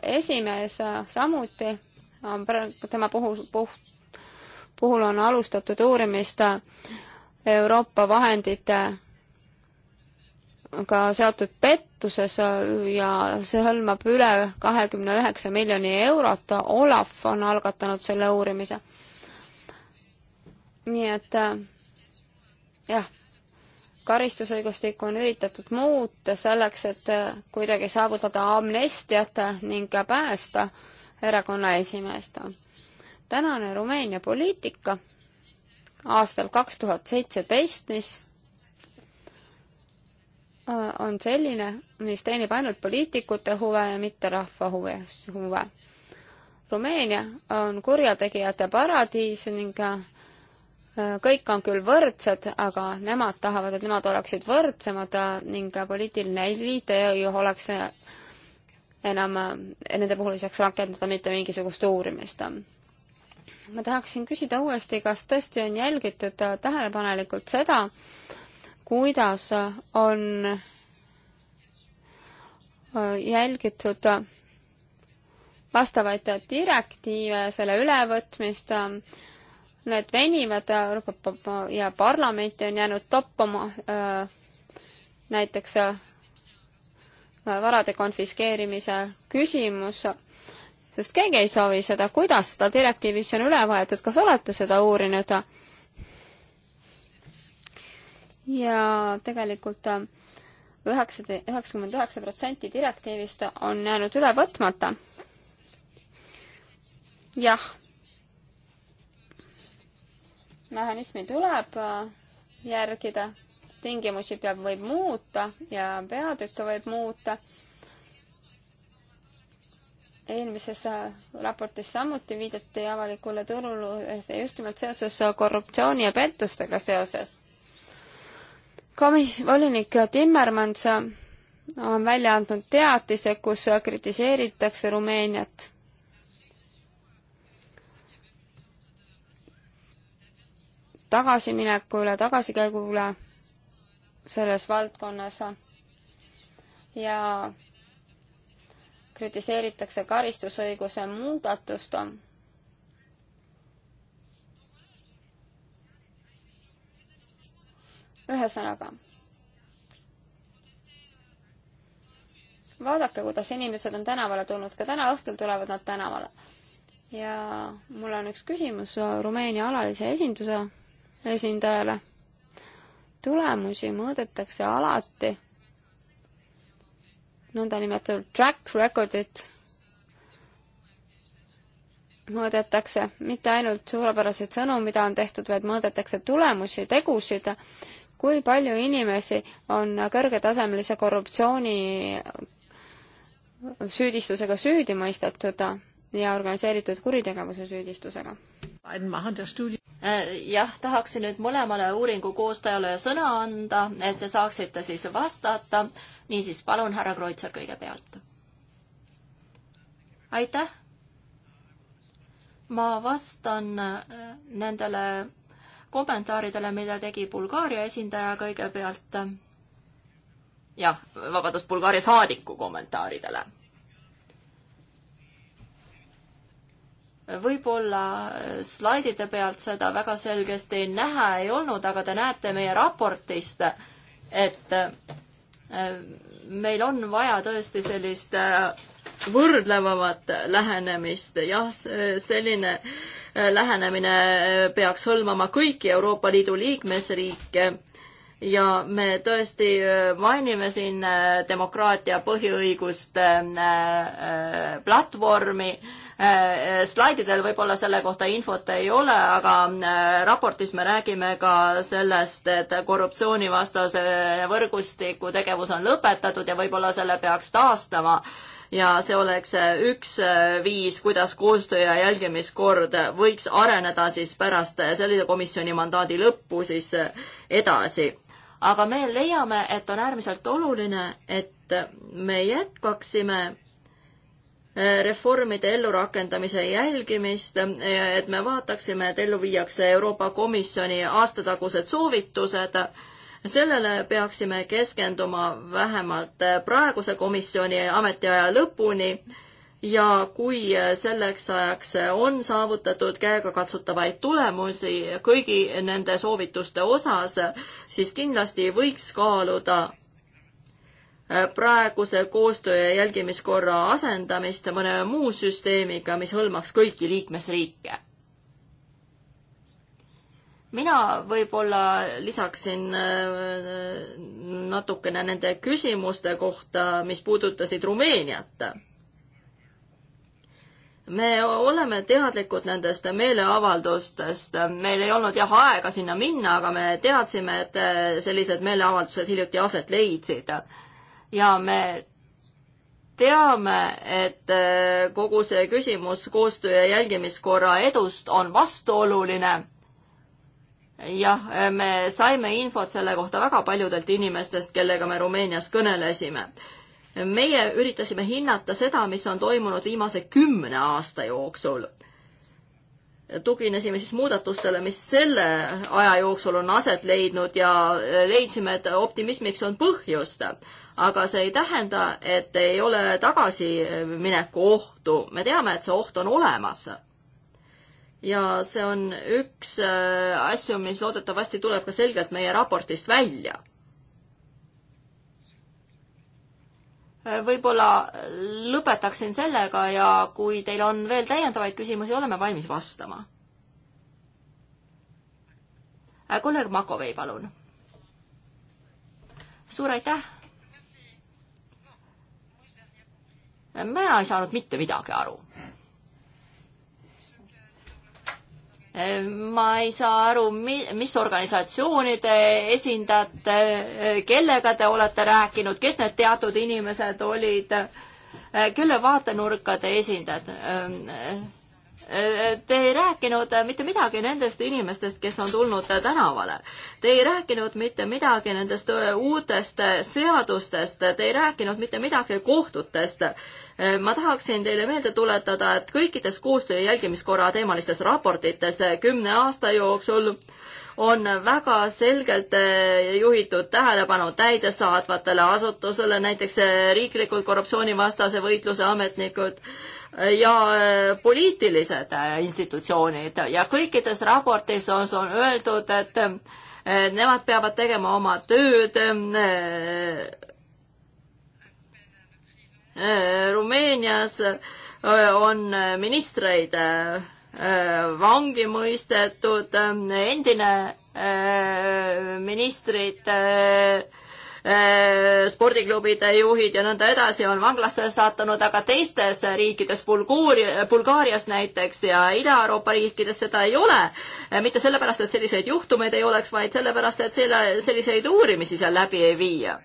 esimees samuti on praegu, tema puhul, puh-, puhul on alustatud uurimist Euroopa vahendite ka seotud pettuses ja see hõlmab üle kahekümne üheksa miljoni eurot. Olav on algatanud selle uurimise. nii et äh, jah, karistusõigustikku on üritatud muuta selleks, et äh, kuidagi saavutada amnestiat ning päästa erakonna esimeest. tänane Rumeenia poliitika aastal kaks tuhat seitseteist, mis Äh, on selline, mis teenib ainult poliitikute huve ja mitte rahva huve, huve. Rumeenia on kurjategijate paradiis ning äh, kõik on küll võrdsed, aga nemad tahavad, et nemad oleksid võrdsemad äh, ning poliitiline eliit ei oleks enam, nende puhul ei saaks rakendada mitte mingisugust uurimist. ma tahaksin küsida uuesti, kas tõesti on jälgitud tähelepanelikult seda, kuidas on äh, jälgitud vastavaid direktiive, selle ülevõtmist, need venivad ja parlamenti on jäänud toppama äh, näiteks äh, varade konfiskeerimise küsimus, sest keegi ei soovi seda, kuidas seda direktiivis on üle võetud, kas olete seda uurinud? ja tegelikult äh, üheksa, üheksakümmend üheksa protsenti direktiivist on jäänud üle võtmata. jah, mehhanismi tuleb äh, järgida, tingimusi peab, võib muuta ja peatükke võib muuta. eelmises äh, raportis samuti viidati avalikule turule just nimelt seoses korruptsiooni ja pettustega seoses komis-, volinik Timmermans on välja andnud teatise, kus kritiseeritakse Rumeeniat. tagasimineku üle, tagasikäigu üle selles valdkonnas ja kritiseeritakse karistusõiguse muudatust ühesõnaga, vaadake, kuidas inimesed on tänavale tulnud, ka täna õhtul tulevad nad tänavale. ja mul on üks küsimus Rumeenia alalise esinduse esindajale. tulemusi mõõdetakse alati nõndanimetatud track record'it mõõdetakse, mitte ainult suurepäraseid sõnu, mida on tehtud, vaid mõõdetakse tulemusi, tegusid kui palju inimesi on kõrgetasemelise korruptsiooni süüdistusega süüdi mõistetud ja organiseeritud kuritegevuse süüdistusega? Äh, jah, tahaksin nüüd mõlemale uuringu koostajale sõna anda, et te saaksite siis vastata. niisiis, palun, härra Kreutzer kõigepealt. aitäh. ma vastan äh, nendele kommentaaridele, mida tegi Bulgaaria esindaja kõigepealt. jah, vabandust, Bulgaaria saadiku kommentaaridele. võib-olla äh, slaidide pealt seda väga selgesti näha ei olnud, aga te näete meie raportist, et äh, meil on vaja tõesti sellist äh, võrdlevamat lähenemist, jah, selline äh, lähenemine äh, peaks hõlmama kõiki Euroopa Liidu liikmesriike ja me tõesti äh, mainime siin demokraatia põhiõiguste platvormi. slaididel võib-olla selle kohta infot ei ole, aga raportis me räägime ka sellest, et korruptsioonivastase võrgustiku tegevus on lõpetatud ja võib-olla selle peaks taastama ja see oleks äh, üks äh, viis, kuidas koostöö ja jälgimiskord äh, võiks areneda siis pärast sellise komisjoni mandaadi lõppu siis edasi. aga me leiame, et on äärmiselt oluline, et me jätkaksime reformide ellurakendamise jälgimist, et me vaataksime, et ellu viiakse Euroopa Komisjoni aastatagused soovitused sellele peaksime keskenduma vähemalt praeguse komisjoni ametiaja lõpuni ja kui selleks ajaks on saavutatud käegakatsutavaid tulemusi kõigi nende soovituste osas, siis kindlasti võiks kaaluda praeguse koostöö ja jälgimiskorra asendamist mõne muu süsteemiga, mis hõlmaks kõiki liikmesriike mina võib-olla lisaksin äh, natukene nende küsimuste kohta, mis puudutasid Rumeeniat. me oleme teadlikud nendest meeleavaldustest, meil ei olnud jah aega sinna minna, aga me teadsime, et äh, sellised meeleavaldused hiljuti aset leidsid. ja me teame, et äh, kogu see küsimus koostöö ja jälgimiskorra edust on vastuoluline jah, me saime infot selle kohta väga paljudelt inimestest, kellega me Rumeenias kõnelesime. meie üritasime hinnata seda, mis on toimunud viimase kümne aasta jooksul. tuginesime siis muudatustele, mis selle aja jooksul on aset leidnud ja leidsime, et optimismiks on põhjust. aga see ei tähenda, et ei ole tagasimineku ohtu. me teame, et see oht on olemas ja see on üks äh, asju, mis loodetavasti tuleb ka selgelt meie raportist välja. Äh, võib-olla lõpetaksin sellega ja kui teil on veel täiendavaid küsimusi, oleme valmis vastama. Äh, kolleeg Makovei, palun. suur aitäh. mina ei saanud mitte midagi aru ma ei saa aru, mis organisatsioonide esindajate, kellega te olete rääkinud, kes need teatud inimesed olid, kelle vaatenurka te esindate? Te ei rääkinud mitte midagi nendest inimestest, kes on tulnud tänavale. Te ei rääkinud mitte midagi nendest äh, uutest äh, seadustest, te ei rääkinud mitte midagi kohtutest. Äh, ma tahaksin teile meelde tuletada, et kõikides koostöö jälgimiskorra teemalistes raportites kümne aasta jooksul on väga selgelt juhitud tähelepanu täidesaatvatele asutusele, näiteks riiklikud korruptsioonivastase võitluse ametnikud ja äh, poliitilised äh, institutsioonid ja kõikides raportis on, on öeldud, et äh, nemad peavad tegema oma tööd. Rumeenias on ministreid vangi mõistetud, endine ministrid Äh, spordiklubide juhid ja nõnda edasi on vanglasse sattunud, aga teistes riikides, Bulgaaria, Bulgaarias näiteks ja Ida-Euroopa riikides seda ei ole. Äh, mitte sellepärast, et selliseid juhtumeid ei oleks, vaid sellepärast, et selle, selliseid uurimisi seal läbi ei viia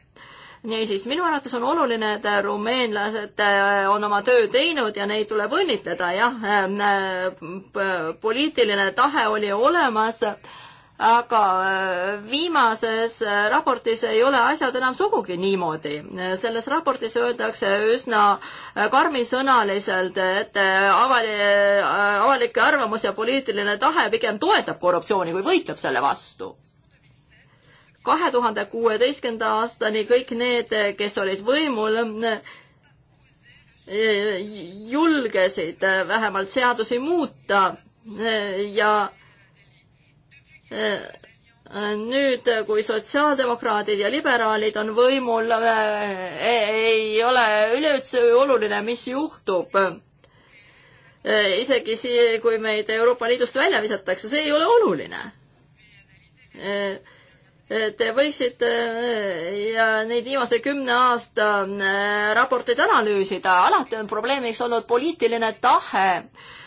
niisiis, minu arvates on oluline, et rumeenlased äh, on oma töö teinud ja neid tuleb õnnitleda, jah. poliitiline tahe oli olemas aga äh, viimases äh, raportis ei ole asjad enam sugugi niimoodi. selles raportis öeldakse üsna äh, karmisõnaliselt, et avali-, avalik arvamus ja poliitiline tahe pigem toetab korruptsiooni kui võitleb selle vastu. kahe tuhande kuueteistkümnenda aastani kõik need, kes olid võimul, julgesid vähemalt seadusi muuta ja Äh, äh, nüüd, äh, kui sotsiaaldemokraadid ja liberaalid on võimul, ei ole üleüldse oluline, mis juhtub. isegi siis, kui meid Euroopa Liidust välja visatakse, see ei ole oluline. Te võiksite ja neid viimase kümne aasta raporteid analüüsida, alati on probleemiks olnud poliitiline tahe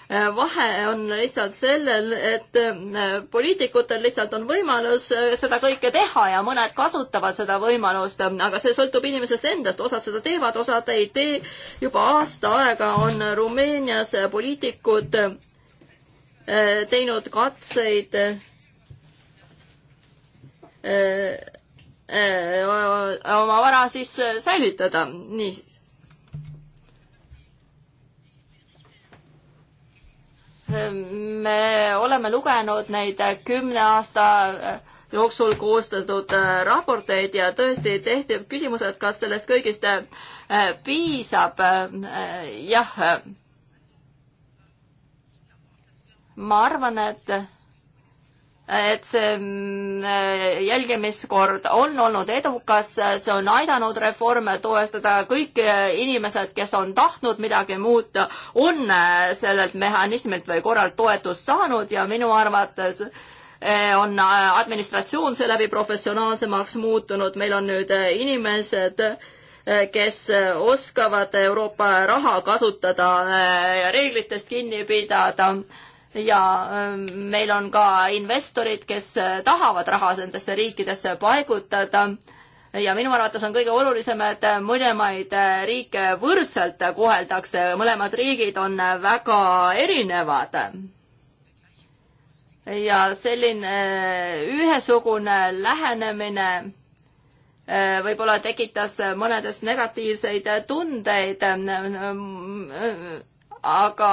vahe on lihtsalt sellel, et äh, poliitikutel lihtsalt on võimalus äh, seda kõike teha ja mõned kasutavad seda võimalust, aga see sõltub inimesest endast, osad seda teevad, osad ei tee. juba aasta aega on Rumeenias poliitikud äh, teinud katseid oma vara siis säilitada, niisiis me oleme lugenud neid kümne aasta jooksul koostatud äh, raporteid ja tõesti tehti küsimus, et kas sellest kõigist äh, piisab. Äh, jah. ma arvan, et et see mm, äh, jälgimiskord on olnud edukas, see on aidanud reforme toestada, kõik äh, inimesed, kes on tahtnud midagi muuta, on äh, sellelt mehhanismilt või korralt toetust saanud ja minu arvates on administratsioon seeläbi professionaalsemaks muutunud, meil on nüüd inimesed, kes oskavad Euroopa raha kasutada, reeglitest kinni pidada ja ähm, meil on ka investorid, kes äh, tahavad raha nendesse riikidesse paigutada ja minu arvates on kõige olulisem, et äh, mõlemaid äh, riike võrdselt koheldakse, mõlemad riigid on väga erinevad. ja selline ühesugune lähenemine võib-olla tekitas mõnedes negatiivseid tundeid, aga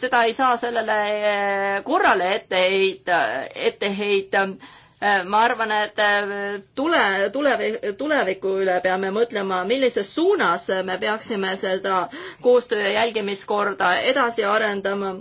seda ei saa sellele eh, korrale ette heita, ette heita. Eh, ma arvan, et eh, tule, tulevik, tuleviku üle peame mõtlema, millises suunas me peaksime seda koostöö jälgimiskorda edasi arendama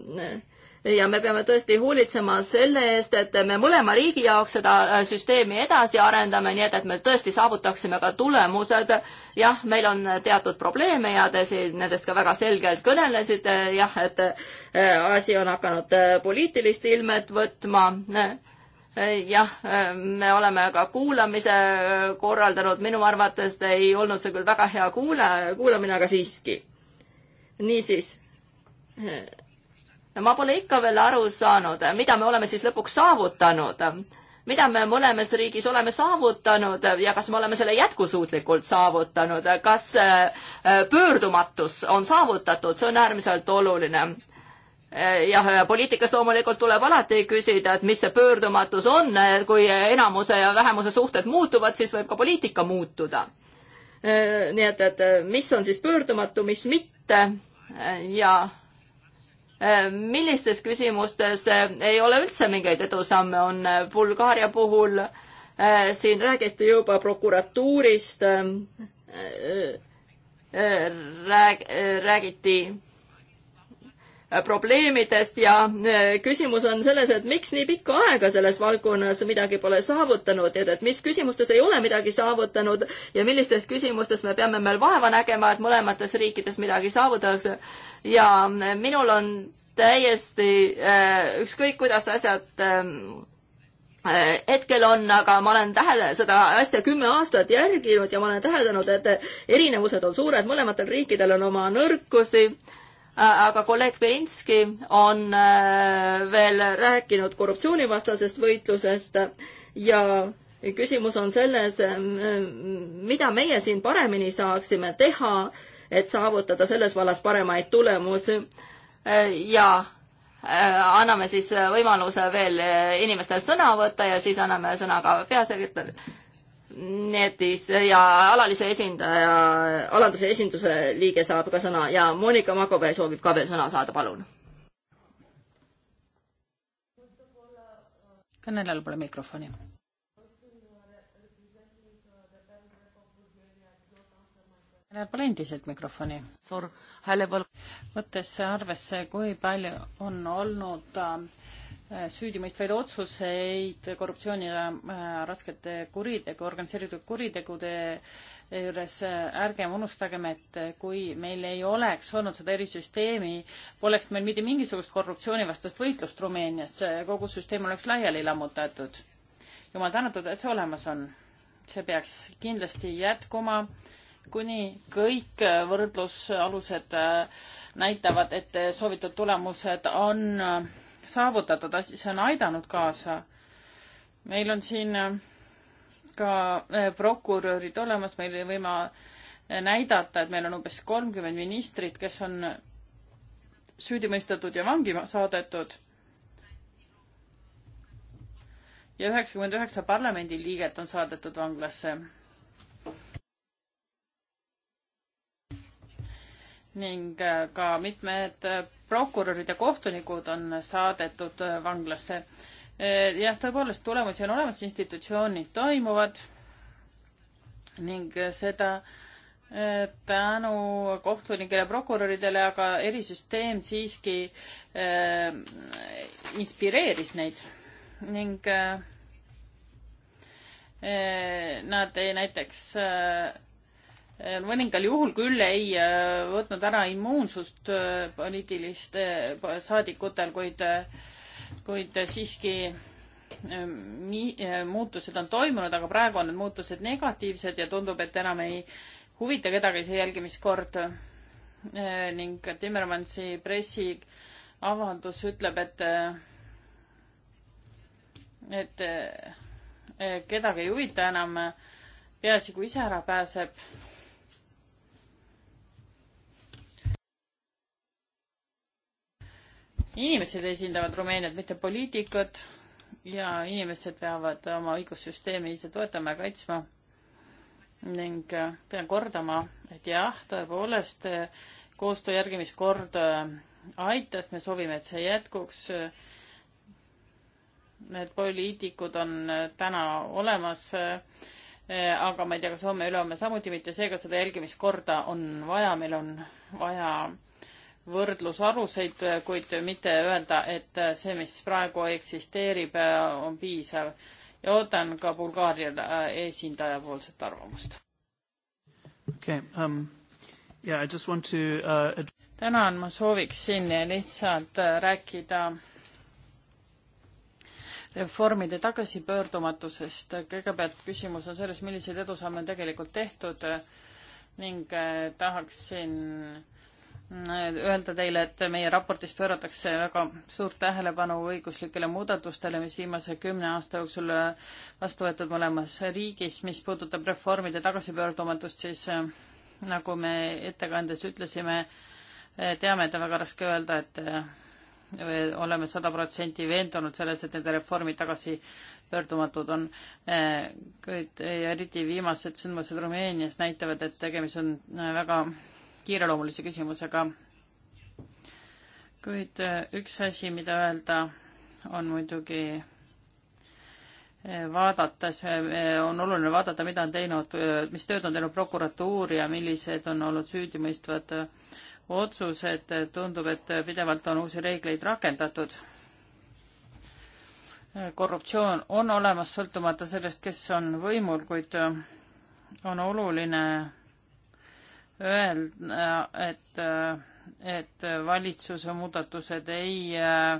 ja me peame tõesti hoolitsema selle eest, et me mõlema riigi jaoks seda äh, süsteemi edasi arendame, nii et, et me tõesti saavutaksime ka tulemused. jah, meil on teatud probleeme ja te siin nendest ka väga selgelt kõnelesite, jah, et äh, asi on hakanud äh, poliitilist ilmet võtma jah, me oleme ka kuulamise korraldanud, minu arvates ei olnud see küll väga hea kuule, kuulamine, aga siiski. niisiis ma pole ikka veel aru saanud, mida me oleme siis lõpuks saavutanud, mida me mõlemas riigis oleme saavutanud ja kas me oleme selle jätkusuutlikult saavutanud, kas äh, pöördumatus on saavutatud, see on äärmiselt oluline äh, jah, poliitikas loomulikult tuleb alati küsida, et mis see pöördumatus on, kui enamuse ja vähemuse suhted muutuvad, siis võib ka poliitika muutuda. Äh, nii et, et mis on siis pöördumatu, mis mitte ja Äh, millistes küsimustes äh, ei ole üldse mingeid edusamme, on äh, Bulgaaria puhul siin räägiti juba prokuratuurist, rääg-, räägiti Äh, probleemidest ja äh, küsimus on selles, et miks nii pikka aega selles valdkonnas midagi pole saavutanud, et, et mis küsimustes ei ole midagi saavutanud ja millistes küsimustes me peame veel vaeva nägema, et mõlemates riikides midagi saavutatakse. ja äh, minul on täiesti ükskõik, kuidas asjad ähm, hetkel on, aga ma olen tähele, seda asja kümme aastat jälginud ja ma olen täheldanud, et erinevused on suured, mõlematel riikidel on oma nõrkusi Äh, aga kolleeg Berinski on äh, veel rääkinud korruptsioonivastasest võitlusest ja küsimus on selles, äh, mida meie siin paremini saaksime teha, et saavutada selles vallas paremaid tulemusi ja anname siis võimaluse veel inimestel sõna võtta ja siis anname sõna ka peasekretärile Need ja alalise esindaja, alanduse esinduse liige saab ka sõna ja Monika Makovee soovib ka veel sõna saada, palun. kõnelejal pole mikrofoni. Neil pole endiselt mikrofoni. võttes arvesse, kui palju on olnud äh, süüdimõistvaid otsuseid korruptsiooni ja äh, raskete kuritegu, organiseeritud kuritegude juures ärgem unustagem, et kui meil ei oleks olnud seda erisüsteemi, poleks meil mitte mingisugust korruptsioonivastast võitlust Rumeenias, kogu süsteem oleks laiali lammutatud. jumal tänatud, et see olemas on. see peaks kindlasti jätkuma, kuni kõik võrdlusalused äh, näitavad, et soovitud tulemused on äh, saavutatud, see on aidanud kaasa. meil on siin äh, ka äh, prokurörid olemas, meil võime äh, näidata, et meil on umbes kolmkümmend ministrit, kes on süüdi mõistetud ja vangi saadetud. ja üheksakümmend üheksa parlamendiliiget on saadetud vanglasse ning äh, ka mitmed äh, prokurörid ja kohtunikud on saadetud äh, vanglasse. jah, tõepoolest tulemusi on olemas, institutsioonid toimuvad ning seda tänu kohtunikele ja prokuröridele, aga erisüsteem siiski äh, inspireeris neid ning äh, nad ei, näiteks äh, Äh, mõningal juhul küll ei äh, võtnud ära immuunsust äh, poliitilist saadikutel, kuid, kuid siiski mi-, muutused on toimunud, aga praegu on need muutused negatiivsed ja tundub, et enam ei huvita kedagi see jälgimiskord ning Timmermansi pressiavaldus ütleb, et et kedagi ei huvita enam, peaasi kui ise ära pääseb inimesed esindavad Rumeeniat, mitte poliitikud ja inimesed peavad oma õigussüsteemi ise toetama ja kaitsma. ning äh, pean kordama, et jah, tõepoolest äh, koostöö järgimiskord äh, aitas, me soovime, et see jätkuks. Need poliitikud on täna olemas, aga ma ei tea, kas homme-ülehomme samuti mitte, seega seda jälgimiskorda on vaja, meil on vaja võrdlusaluseid, kuid mitte öelda, et see, mis praegu eksisteerib, on piisav ja ootan ka Bulgaaria äh, esindaja poolset arvamust. okei okay, um,, yeah I just want to uh, tänan, ma sooviksin lihtsalt äh, rääkida reformide tagasipöördumatusest. kõigepealt küsimus on selles, milliseid edusamme on tegelikult tehtud äh, ning tahaksin Mm, öelda teile, et meie raportis pööratakse väga suurt tähelepanu õiguslikele muudatustele, mis viimase kümne aasta jooksul äh, vastu võetud mõlemas riigis, mis puudutab reformide tagasipöördumatust, siis äh, nagu me ettekandes ütlesime, äh, teame, et on väga raske öelda, et oleme sada protsenti veendunud selles, et need reformid tagasipöördumatud on. kuid eriti viimased sündmused Rumeenias näitavad, et tegemist on väga kiireloomulise küsimusega. kuid äh, üks asi, mida öelda, on muidugi äh, vaadates, äh, on oluline vaadata, mida on teinud, mis tööd on teinud prokuratuur ja millised on olnud süüdimõistvad otsused. tundub, et pidevalt on uusi reegleid rakendatud. korruptsioon on olemas, sõltumata sellest, kes on võimul, kuid on oluline öelda, et, et valitsuse muudatused ei äh,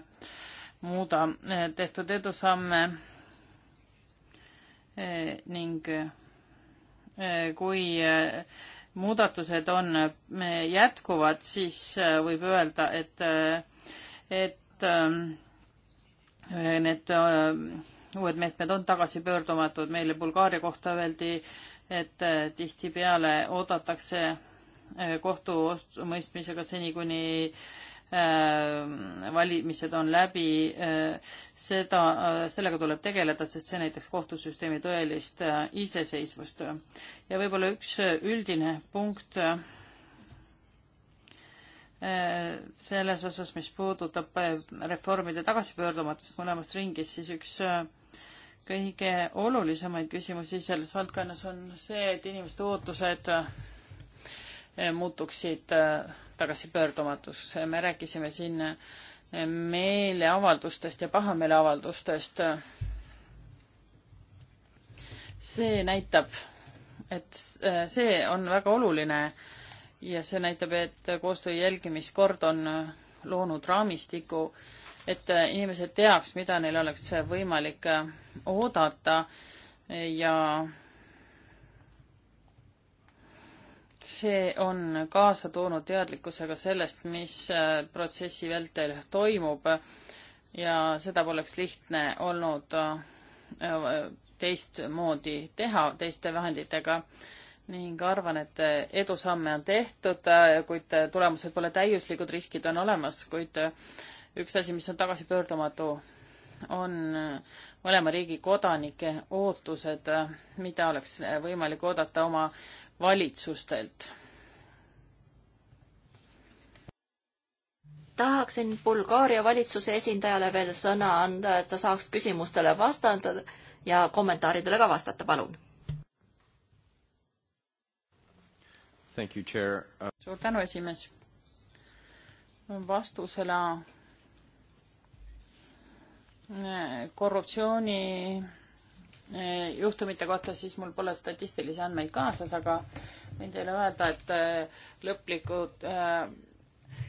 muuda äh, tehtud edusamme äh, ning kui muudatused on jätkuvad, siis võib öelda, et, et need uued meetmed on tagasipöördumatud. meile Bulgaaria kohta öeldi et äh, tihtipeale oodatakse äh, kohtumõistmisega seni, kuni äh, valimised on läbi, seda, sellega tuleb tegeleda, sest see näitaks kohtusüsteemi tõelist iseseisvust. ja võib-olla üks üldine punkt selles osas, mis puudutab reformide tagasipöördumatust mõlemas ringis, siis üks kõige olulisemaid küsimusi selles valdkonnas on see, et inimeste ootused eh, muutuksid eh, tagasipöördumatuks. me rääkisime siin eh, meeleavaldustest ja pahameeleavaldustest. see näitab, et see on väga oluline ja see näitab, et koostöö jälgimiskord on loonud raamistiku äh, et äh, inimesed teaks, mida neil oleks äh, võimalik äh, oodata ja see on kaasa toonud teadlikkusega sellest, mis protsessi vältel toimub ja seda poleks lihtne olnud teistmoodi teha teiste vahenditega ning arvan, et edusamme on tehtud, kuid tulemused pole täiuslikud, riskid on olemas, kuid üks asi, mis on tagasipöördumatu, on äh, mõlema riigi kodanike ootused, äh, mida oleks äh, võimalik oodata oma valitsustelt. tahaksin Bulgaaria valitsuse esindajale veel sõna anda, et ta saaks küsimustele vastata ja kommentaaridele ka vastata, palun. Uh, suur tänu, esimees. vastusele korruptsiooni eh, juhtumite kohta, siis mul pole statistilisi andmeid kaasas, aga võin teile öelda, et eh, lõplikud eh,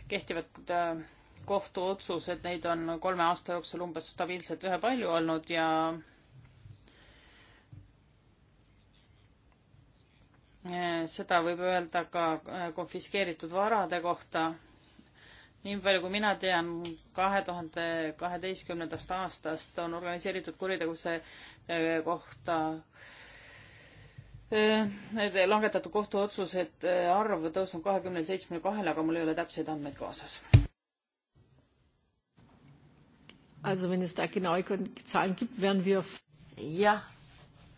kehtivad kohtuotsused, neid on kolme aasta jooksul umbes stabiilselt ühepalju olnud ja seda võib öelda ka konfiskeeritud varade kohta nii palju kui mina tean, kahe tuhande kaheteistkümnendast aastast on organiseeritud kuritegevuse eh, kohta eh, langetatud kohtuotsused eh, arv tõusnud kahekümnel seitsmele kahele, aga mul ei ole täpseid andmeid kaasas. jah,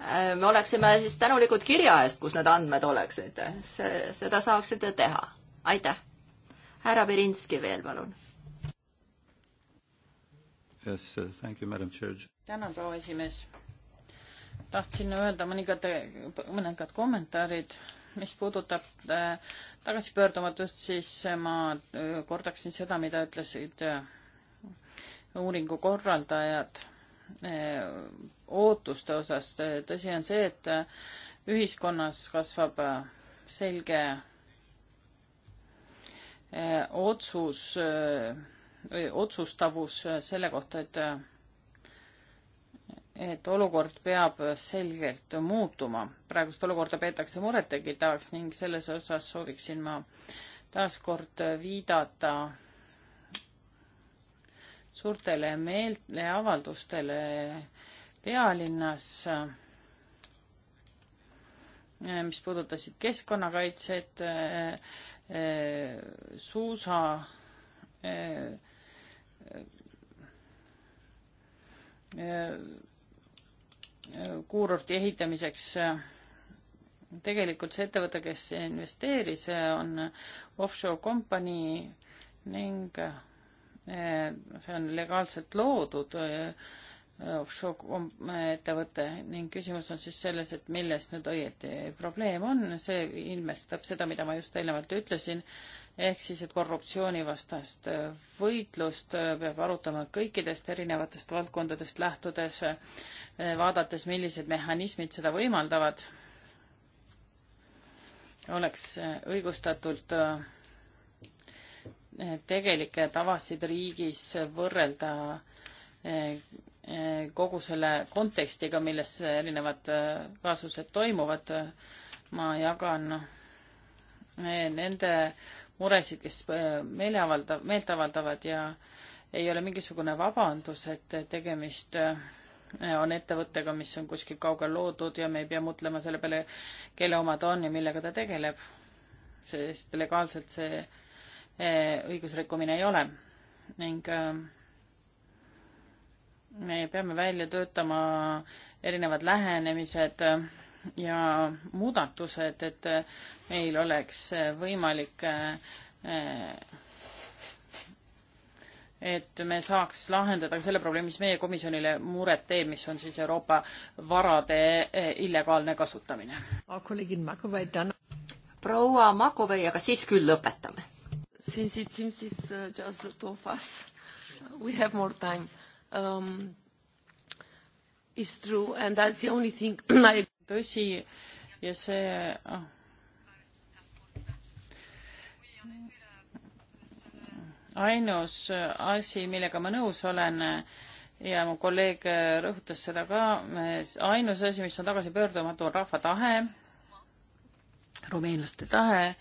äh, me oleksime siis tänulikud kirja eest, kus need andmed oleksid, see, seda saaksite teha, aitäh härra Berinski veel, palun. tänan, proua esimees. tahtsin öelda mõningad, mõningad kommentaarid, mis puudutab äh, tagasipöördumatust, siis äh, ma äh, kordaksin seda, mida ütlesid äh, uuringu korraldajad äh, ootuste osas. tõsi on see, et äh, ühiskonnas kasvab selge Eh, otsus, eh, eh, otsustavus selle kohta, et et olukord peab selgelt muutuma. praegust olukorda peetakse murettekitavaks ning selles osas sooviksin ma taaskord viidata suurtele meeleavaldustele pealinnas, mis puudutasid keskkonnakaitset äh,, Äh, suusa äh, äh, kuurorti ehitamiseks. tegelikult see ettevõte, kes investeeris, on offshore kompanii ning see on legaalselt loodud Äh, offshore um, ettevõte ning küsimus on siis selles, et milles nüüd õieti probleem on, see ilmestab seda, mida ma just eelnevalt ütlesin, ehk siis, et korruptsioonivastast äh, võitlust äh, peab arutama kõikidest erinevatest valdkondadest lähtudes, vaadates, millised mehhanismid seda võimaldavad, oleks õigustatult tegelikke tavasid riigis võrrelda kogu selle kontekstiga, milles erinevad äh, kaasused toimuvad. ma jagan äh, nende muresid, kes äh, meele avalda-, meelt avaldavad ja ei ole mingisugune vabandus, et tegemist on ettevõttega, mis on kuskil kaugel loodud ja me ei pea mõtlema selle peale, kelle oma ta on ja millega ta tegeleb. sest legaalselt see õigusrikkumine ei ole ning äh, me peame välja töötama erinevad lähenemised ja muudatused, et meil oleks võimalik, et me saaks lahendada ka selle probleemi, mis meie komisjonile muret teeb, mis on siis Euroopa varade illegaalne kasutamine. proua Makovei, aga siis küll lõpetame. Since it seems it's uh, just the two of us, we have more time um, is true and that's the only thing I tõsi ja see oh. ainus asi, millega ma nõus olen ja mu kolleeg rõhutas seda ka, ainus asi, mis on tagasipöördumatu, on rahva tahe, rumeenlaste tahe,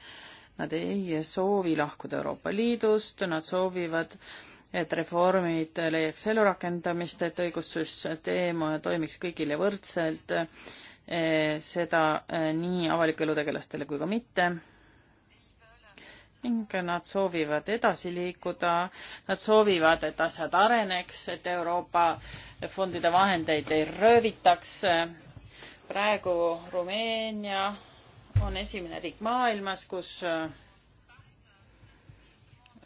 nad ei soovi lahkuda Euroopa Liidust, nad soovivad äh, et reformid leiaks elurakendamist, et õigussüsteem toimiks kõigile võrdselt, eh, seda eh, nii avaliku elu tegelastele kui ka mitte. ning nad soovivad edasi liikuda, nad soovivad, et asjad areneks, et Euroopa fondide vahendeid ei röövitaks. praegu Rumeenia on esimene riik maailmas, kus eh,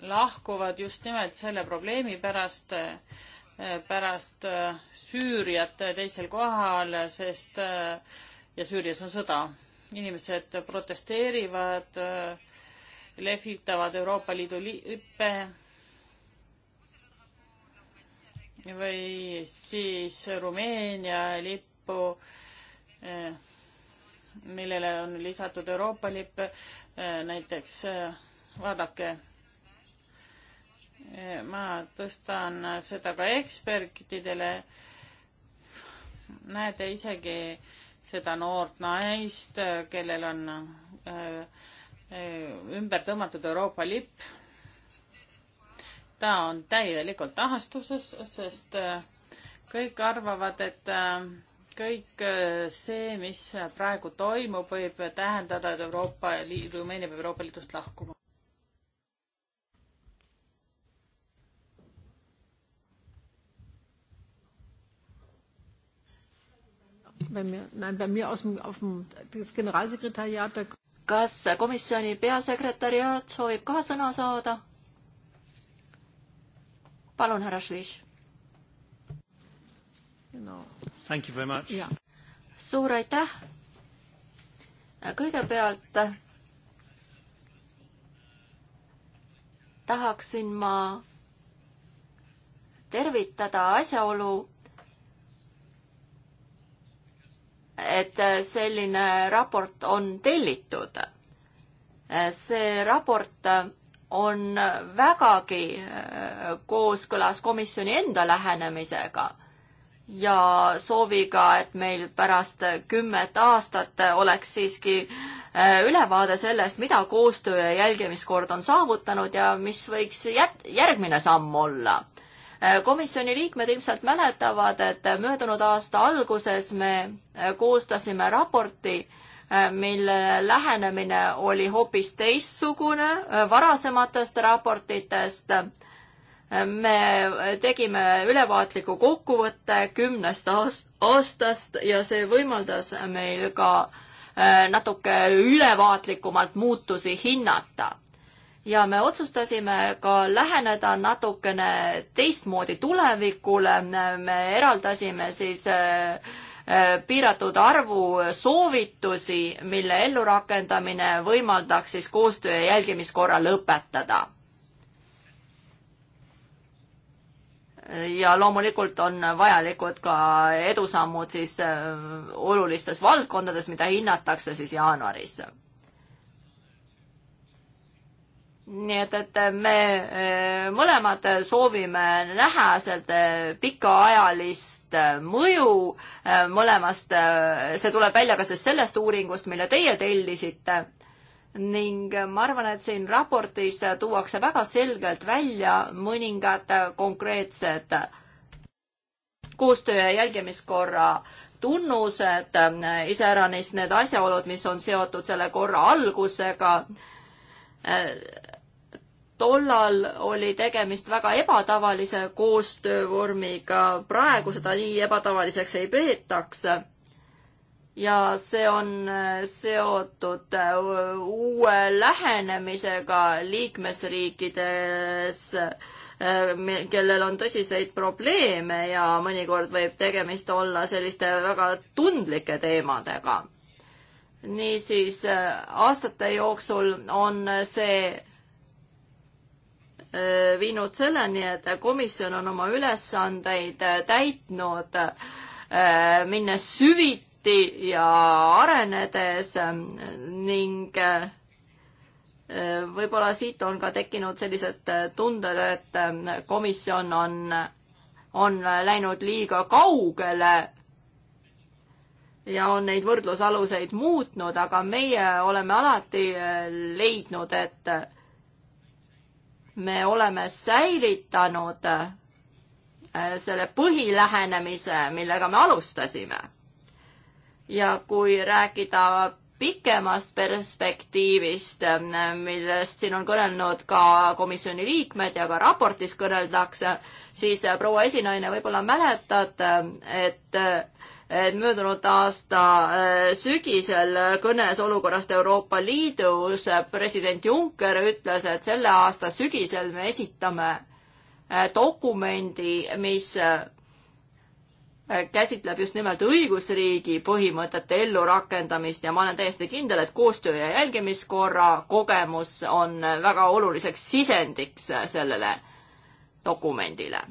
lahkuvad just nimelt selle probleemi pärast, eh, pärast eh, Süüriat teisel kohal, sest eh, ja Süürias on sõda. inimesed protesteerivad, lehvitavad Euroopa Liidu lippe või siis Rumeenia lippu, millele on lisatud Euroopa lipp, näiteks vaadake ma tõstan seda ka ekspertidele. näete isegi seda noort naist, kellel on äh, ümber tõmmatud Euroopa lipp. ta on täielikult ahastuses, sest äh, kõik arvavad, et äh, kõik see, mis praegu toimub, võib tähendada, et Euroopa Liit, Rumeenia peab Euroopa Liidust lahkuma. bei mir, nein, bei mir aus dem, auf dem, das Generalsekretariat der kas komisjoni peasekretäriaat soovib ka sõna saada? palun, härra Šviš. suur aitäh. kõigepealt tahaksin ma tervitada asjaolu, et äh, selline raport on tellitud. Äh, see raport äh, on vägagi kooskõlas komisjoni enda lähenemisega ja sooviga, et meil pärast kümmet aastat oleks siiski ülevaade sellest, mida koostöö ja jälgimiskord on saavutanud ja mis võiks jät-, järgmine samm olla Äh, komisjoni liikmed ilmselt mäletavad, et möödunud aasta alguses me äh, koostasime raporti, äh, mille lähenemine oli hoopis teistsugune varasematest raportitest. me tegime ülevaatliku kokkuvõtte kümnest aastast ja see võimaldas meil ka natuke ülevaatlikumalt muutusi hinnata ja me otsustasime ka läheneda natukene teistmoodi tulevikule, me eraldasime siis äh, äh, piiratud arvu soovitusi, mille ellurakendamine võimaldaks siis koostöö ja jälgimiskorra lõpetada. ja loomulikult on vajalikud ka edusammud siis äh, olulistes valdkondades, mida hinnatakse siis jaanuaris nii et, et me eh, mõlemad soovime näha seda eh, pikaajalist eh, mõju mõlemast, see tuleb välja ka siis sellest uuringust, mille teie tellisite. ning ma arvan, et siin raportis tuuakse väga selgelt välja mõningad konkreetsed koostöö ja jälgimiskorra tunnused, iseäranis need asjaolud, mis on seotud selle korra algusega tollal oli tegemist väga ebatavalise koostöövormiga, praegu seda nii ebatavaliseks ei peetaks. ja see on äh, seotud äh, uue lähenemisega liikmesriikides, äh, kellel on tõsiseid probleeme ja mõnikord võib tegemist olla selliste väga tundlike teemadega niisiis aastate jooksul on see Äh, viinud selleni, et komisjon on oma ülesandeid äh, täitnud, äh, minnes süviti ja arenedes ning võib-olla siit on ka tekkinud sellised tunded, et komisjon on, on läinud liiga kaugele ja on neid võrdlusaluseid muutnud, aga meie oleme alati leidnud, et me oleme säilitanud äh, selle põhilähenemise, millega me alustasime. ja kui rääkida pikemast perspektiivist, äh, millest siin on kõnelnud ka komisjoni liikmed ja ka raportis kõneldakse, siis äh, proua esinaine, võib-olla mäletad, et et möödunud aasta äh, sügisel kõnes olukorrast Euroopa Liidus äh, president Juncker ütles, et selle aasta sügisel me esitame äh, dokumendi, mis käsitleb just nimelt õigusriigi põhimõtete ellurakendamist ja ma olen täiesti kindel, et koostöö ja jälgimiskorra kogemus on väga oluliseks sisendiks sellele dokumendile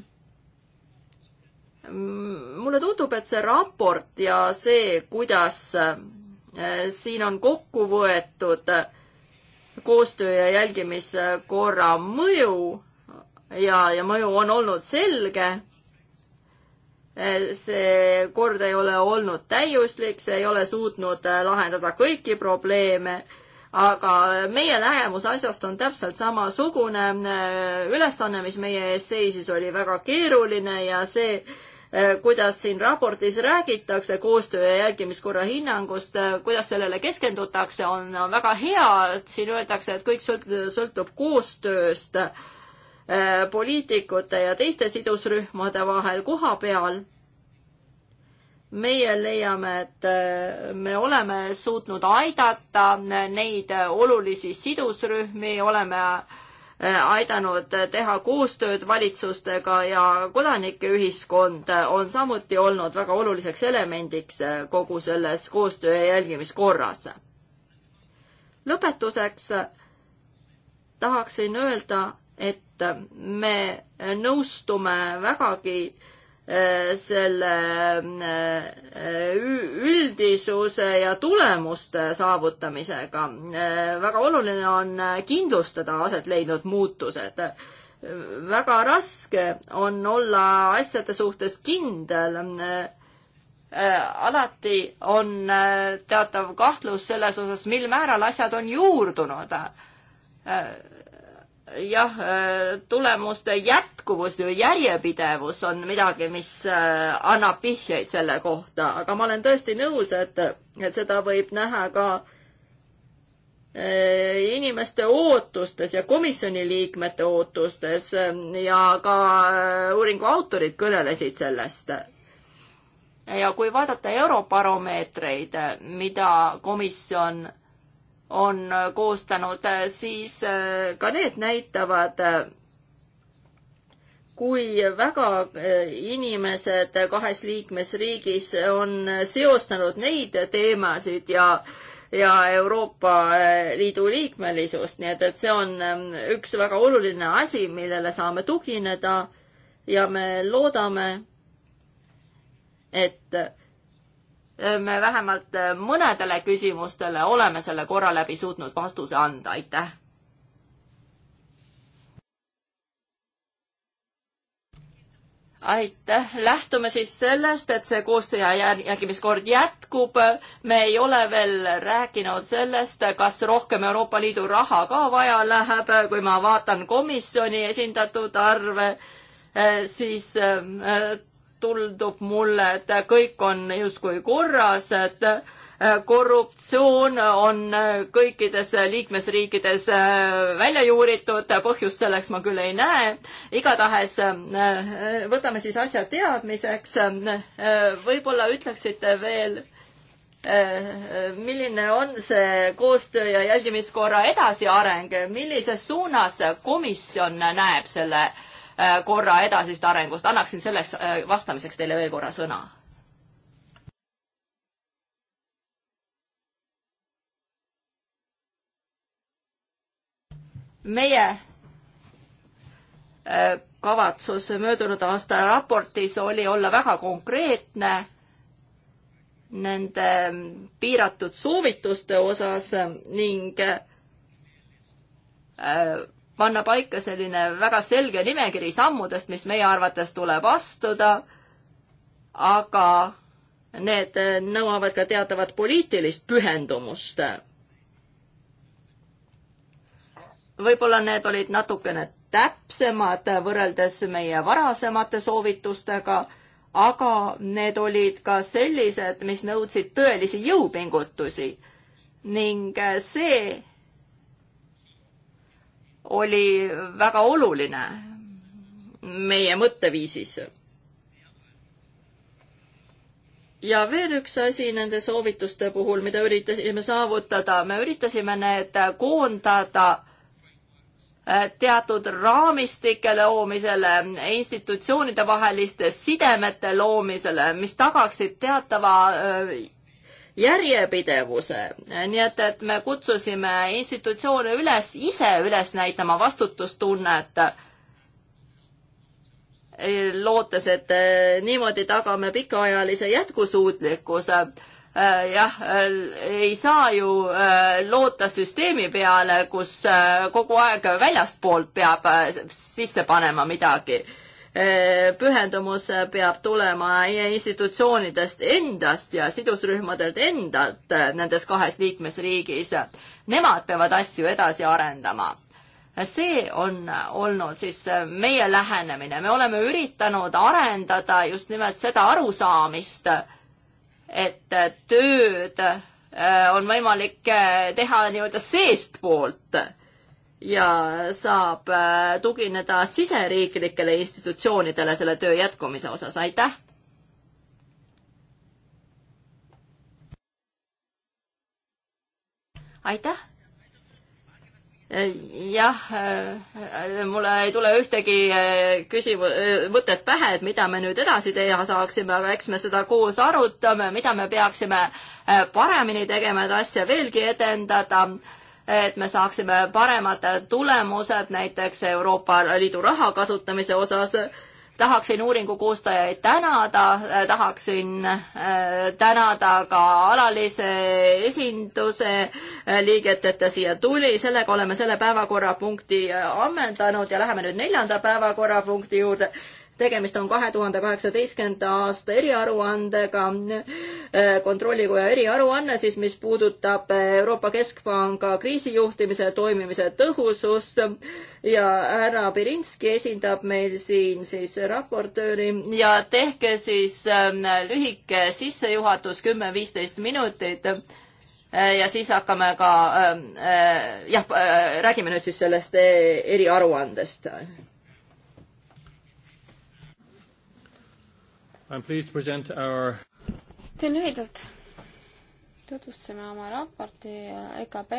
mulle tundub, et see raport ja see, kuidas äh, siin on kokku võetud äh, koostöö ja jälgimiskorra mõju ja, ja mõju on olnud selge. Äh, see kord ei ole olnud täiuslik, see ei ole suutnud lahendada kõiki probleeme aga meie nägemus asjast on täpselt samasugune. ülesanne, mis meie ees seisis, oli väga keeruline ja see Äh, kuidas siin raportis räägitakse koostöö ja jälgimiskorra hinnangust, äh, kuidas sellele keskendutakse, on väga hea, et siin öeldakse, et kõik sõltub koostööst äh, poliitikute ja teiste sidusrühmade vahel koha peal. meie leiame, et me oleme suutnud aidata neid olulisi sidusrühmi, oleme äh, Äh, aidanud teha koostööd valitsustega ja kodanikeühiskond on samuti olnud väga oluliseks elemendiks äh, kogu selles koostöö jälgimiskorras. lõpetuseks äh, tahaksin öelda, et me nõustume vägagi äh, Äh, selle äh, üldisuse ja tulemuste saavutamisega. Äh, väga oluline on kindlustada aset leidnud muutused. väga raske on olla asjade suhtes kindel alati on teatav kahtlus selles osas, mil määral asjad on juurdunud jah, tulemuste jätkuvus või järjepidevus on midagi, mis äh, annab vihjeid selle kohta, aga ma olen tõesti nõus, et, et seda võib näha ka äh, inimeste ootustes ja komisjoni liikmete ootustes äh, ja ka uuringu autorid kõnelesid sellest. ja kui vaadata Eurobaromeetreid, mida komisjon on koostanud, siis äh, ka need näitavad, kui väga äh, inimesed kahes liikmesriigis on seostanud neid teemasid ja ja Euroopa äh, Liidu liikmelisust, nii et, et see on ähm, üks väga oluline asi, millele saame tugineda ja me loodame, et me vähemalt äh, mõnedele küsimustele oleme selle korra läbi suutnud vastuse anda, aitäh. aitäh, lähtume siis sellest, et see koostöö ja jälgimiskord jätkub. me ei ole veel rääkinud sellest, kas rohkem Euroopa Liidu raha ka vaja läheb, kui ma vaatan komisjoni esindatud arve äh, siis äh, tundub mulle, et kõik on justkui korras, et äh, korruptsioon on äh, kõikides liikmesriikides äh, välja juuritud, põhjust selleks ma küll ei näe. igatahes võtame siis asja teadmiseks. võib-olla ütleksite veel, milline on see koostöö ja jälgimiskorra edasiareng, millises suunas komisjon näeb selle Äh, korra edasist arengust. annaksin selleks äh, vastamiseks teile veel korra sõna. meie äh, kavatsus möödunud aasta raportis oli olla väga konkreetne nende mm, piiratud soovituste osas ning panna paika selline väga selge nimekiri sammudest, mis meie arvates tuleb astuda, aga need eh, nõuavad ka teatavat poliitilist pühendumust. võib-olla need olid natukene täpsemad võrreldes meie varasemate soovitustega, aga need olid ka sellised, mis nõudsid tõelisi jõupingutusi ning eh, see oli väga oluline meie mõtteviisis. ja veel üks asi nende soovituste puhul, mida üritasime saavutada, me üritasime need koondada teatud raamistike loomisele, institutsioonide vaheliste sidemete loomisele, mis tagaksid teatava järjepidevuse. nii et, et me kutsusime institutsioone üles, ise üles näitama vastutustunnet, lootes, et eh, niimoodi tagame pikaajalise jätkusuutlikkuse eh, jah, eh, ei saa ju loota süsteemi peale, kus kogu aeg väljastpoolt peab sisse panema midagi. Äh, pühendumus peab tulema institutsioonidest endast ja sidusrühmadelt endalt äh, nendes kahes liikmesriigis. Nemad peavad asju edasi arendama. see on olnud siis äh, meie lähenemine, me oleme üritanud arendada just nimelt seda arusaamist, et tööd on võimalik teha nii-öelda seestpoolt ja saab äh, tugineda siseriiklikele institutsioonidele selle töö jätkumise osas, aitäh! aitäh! Äh, jah, äh, mulle ei tule ühtegi küsimu-, mõtet pähe, et mida me nüüd edasi teha saaksime, aga eks me seda koos arutame, mida me peaksime paremini tegema, et asja veelgi edendada et me saaksime paremad tulemused näiteks Euroopa Liidu raha kasutamise osas. tahaksin uuringu koostajaid tänada, tahaksin äh, tänada ka alalise esinduse liiget, et ta siia tuli, sellega oleme selle päevakorrapunkti ammendanud ja läheme nüüd neljanda päevakorrapunkti juurde tegemist on kahe tuhande kaheksateistkümnenda aasta eriaruandega, äh, kontrollikoja eriaruanne siis, mis puudutab äh, Euroopa Keskpanga kriisijuhtimise toimimise tõhusust ja härra Pirinski esindab meil siin siis raportööri ja tehke siis ähm, lühike sissejuhatus, kümme-viisteist minutit äh, ja siis hakkame ka, ähm, jah, räägime nüüd siis sellest eriaruandest. Our... teen lühidalt. tutvustasime oma raporti EKB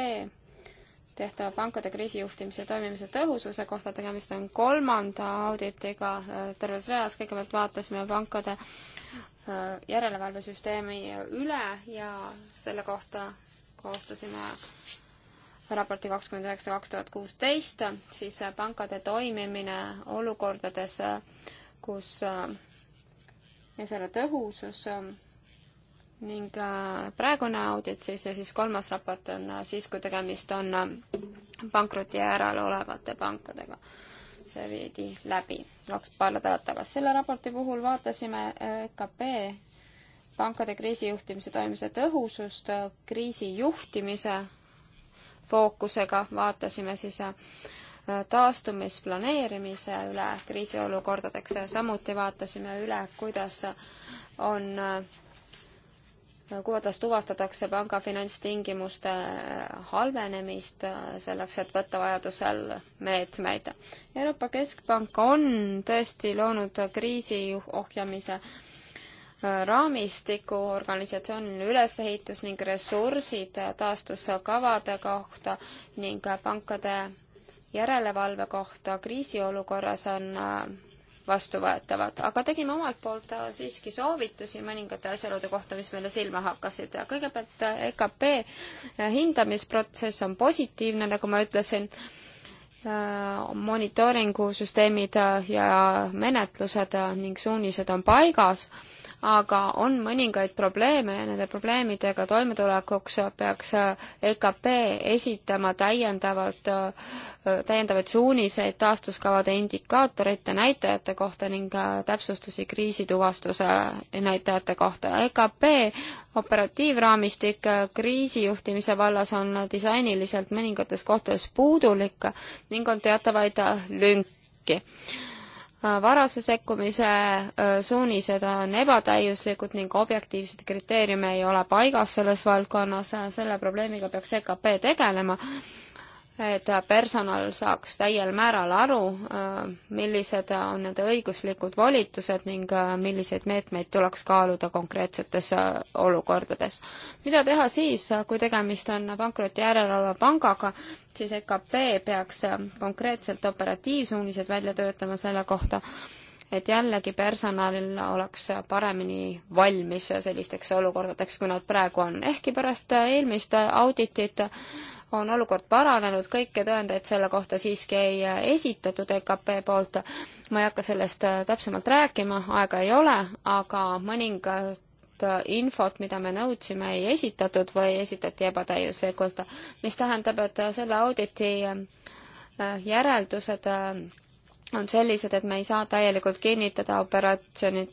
tehtava pankade kriisijuhtimise toimimise tõhususe kohta, tegemist on kolmanda auditiga äh, terves reas, kõigepealt vaatasime pankade äh, järelevalvesüsteemi üle ja selle kohta koostasime raporti kakskümmend üheksa, kaks tuhat kuusteist, siis pankade toimimine olukordades, äh, kus ja selle tõhusus ning äh, praegune audit siis ja siis kolmas raport on äh, siis, kui tegemist on äh, pankroti järel olevate pankadega. see viidi läbi kaks, paar nädalat tagasi. selle raporti puhul vaatasime EKP pankade kriisijuhtimise toimimise tõhusust, kriisijuhtimise fookusega vaatasime siis taastumisplaneerimise üle kriisiolukordadeks, samuti vaatasime üle, kuidas on, kuidas tuvastatakse panga finantstingimuste halvenemist, selleks et võtta vajadusel meetmeid. Euroopa Keskpank on tõesti loonud kriisi ohjamise raamistiku, organisatsiooniline ülesehitus ning ressursid taastuskavade kohta ning pankade järelevalve kohta kriisiolukorras on äh, vastuvõetavad, aga tegime omalt poolt äh, siiski soovitusi mõningate asjaolude kohta, mis meile silma hakkasid. kõigepealt äh, EKP hindamisprotsess on positiivne, nagu ma ütlesin, monitooringusüsteemid ja menetlused ning suunised on paigas aga on mõningaid probleeme ja nende probleemidega toimetulekuks peaks äh, EKP esitama täiendavalt, äh, täiendavaid suuniseid taastuskavade indikaatorite, näitajate kohta ning äh, täpsustusi kriisituvastuse näitajate kohta. EKP operatiivraamistik kriisijuhtimise vallas on disainiliselt mõningates kohtades puudulik ning on teatavaid lünki Äh, varase sekkumise äh, suunised on ebatäiuslikud ning objektiivsed kriteeriume ei ole paigas selles valdkonnas, äh, selle probleemiga peaks EKP tegelema et personal saaks täiel määral aru, äh, millised on nende õiguslikud volitused ning äh, milliseid meetmeid tuleks kaaluda konkreetsetes äh, olukordades. mida teha siis, kui tegemist on pankroti järelevalve pangaga, siis EKP peaks konkreetselt operatiivsuunised välja töötama selle kohta, et jällegi personalil oleks paremini valmis sellisteks olukordadeks, kui nad praegu on. ehkki pärast eelmist auditit on olukord paranenud, kõiki tõendeid selle kohta siiski ei äh, esitatud EKP poolt. ma ei hakka sellest äh, täpsemalt rääkima, aega ei ole, aga mõningad äh, infot, mida me nõudsime, ei esitatud või esitati ebatäiuslikult, mis tähendab, et selle auditi järeldused on sellised, et me ei saa täielikult kinnitada operatsioonid,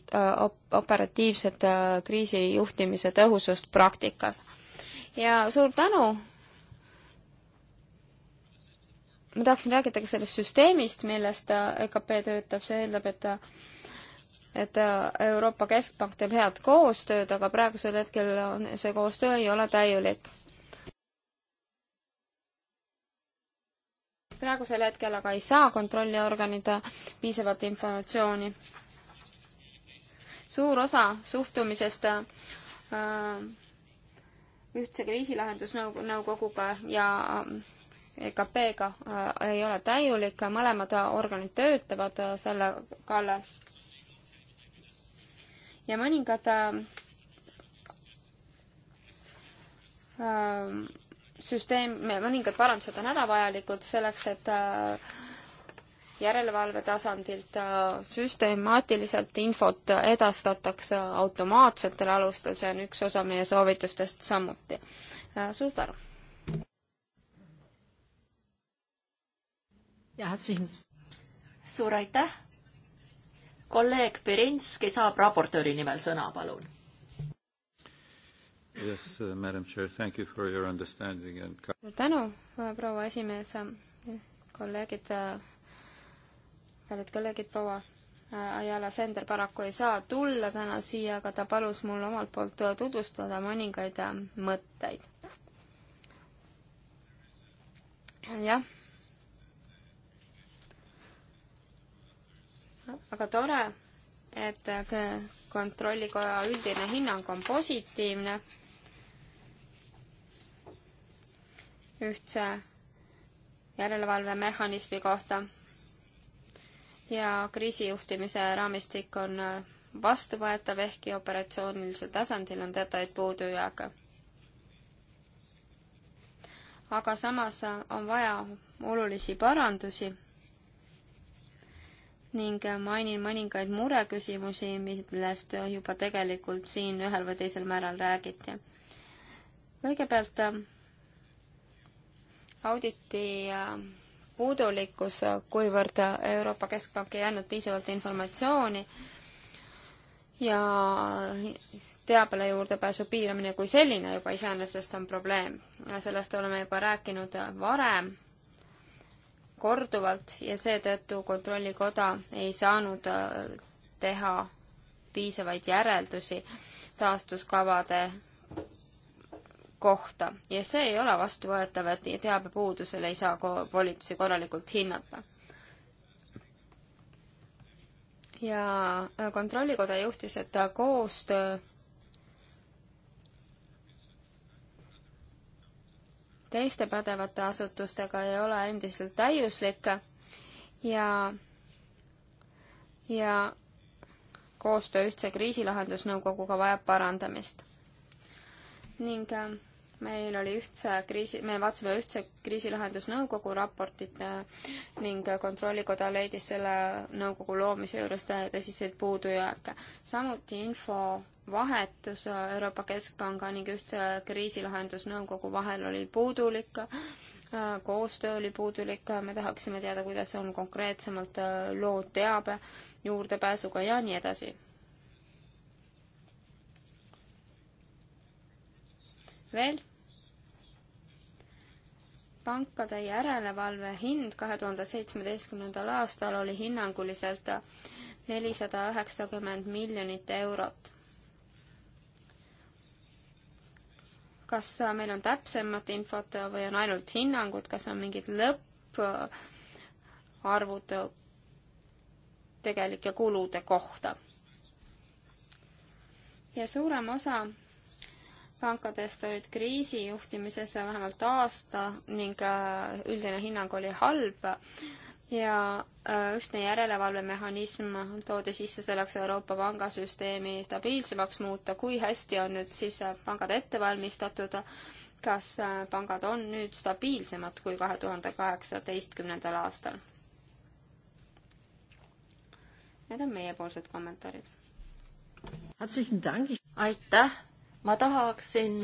operatiivset kriisijuhtimise tõhusust praktikas. ja suur tänu ma tahaksin rääkida ka sellest süsteemist, milles ta EKP töötab, see eeldab, et ta et Euroopa Keskpank teeb head koostööd, aga praegusel hetkel on see koostöö ei ole täielik. praegusel hetkel aga ei saa kontrolliorganid piisavat informatsiooni. suur osa suhtumisest äh, ühtse kriisilahendusnõukoguga ja äh, EKP-ga äh, ei ole täiulik, mõlemad organid töötavad äh, selle kallal. ja mõningad äh, ähm, süsteem, mõningad parandused on hädavajalikud selleks, et äh, järelevalve tasandilt äh, süstemaatiliselt infot edastatakse automaatsetel alustel, see on üks osa meie soovitustest samuti. suur tänu! suur aitäh. kolleeg Berinski saab raportööri nimel sõna, palun. Yes, uh, Madam Chair, thank you for your understanding and tänu, uh, proua esimees, uh, kolleegid, uh, kallid kolleegid, proua Ajala Sender paraku ei saa tulla täna siia, aga ta palus mul omalt poolt tutvustada mõningaid mõtteid. jah väga tore, et kontrollikoja üldine hinnang on positiivne. ühtse järelevalvemehhanismi kohta ja kriisijuhtimise raamistik on vastuvõetav, ehkki operatsioonilisel tasandil on teatavaid puudujääke. aga samas on vaja olulisi parandusi ning mainin mõningaid mureküsimusi, millest juba tegelikult siin ühel või teisel määral räägiti. kõigepealt ähm, auditi ähm, puudulikkus, kuivõrd Euroopa Keskpank ei andnud piisavalt informatsiooni ja teabele juurdepääsu piiramine kui selline juba iseenesest on probleem. sellest oleme juba rääkinud varem korduvalt ja seetõttu Kontrollikoda ei saanud äh, teha piisavaid järeldusi taastuskavade kohta ja see ei ole vastuvõetav, et teabepuudusel ei saa volitusi korralikult hinnata. ja äh, Kontrollikoda juhtis, et koostöö teiste pädevate asutustega ei ole endiselt täiuslik ja, ja koostöö ühtse kriisilahendusnõukoguga vajab parandamist. ning äh, meil oli ühtse kriisi, me vaatasime ühtse kriisilahendusnõukogu raportit äh, ning Kontrollikoda leidis selle nõukogu loomise juures tõsiseid puudujääke. samuti info vahetus Euroopa Keskpanga ning ühtse kriisilahendusnõukogu vahel oli puudulik, koostöö oli puudulik, me tahaksime teada, kuidas on konkreetsemalt lood teabe juurdepääsuga ja nii edasi. veel? pankade järelevalve hind kahe tuhande seitsmeteistkümnendal aastal oli hinnanguliselt nelisada üheksakümmend miljonit eurot kas meil on täpsemat infot või on ainult hinnangud, kas on mingid lõpparvud tegelike kulude kohta. ja suurem osa pankadest olid kriisijuhtimises vähemalt aasta ning äh, üldine hinnang oli halb ja äh, ühtne järelevalvemehhanism toodi sisse selleks Euroopa pangasüsteemi stabiilsemaks muuta, kui hästi on nüüd siis äh, pangad ette valmistatud, kas äh, pangad on nüüd stabiilsemad kui kahe tuhande kaheksateistkümnendal aastal? Need on meiepoolsed kommentaarid. aitäh, ma tahaksin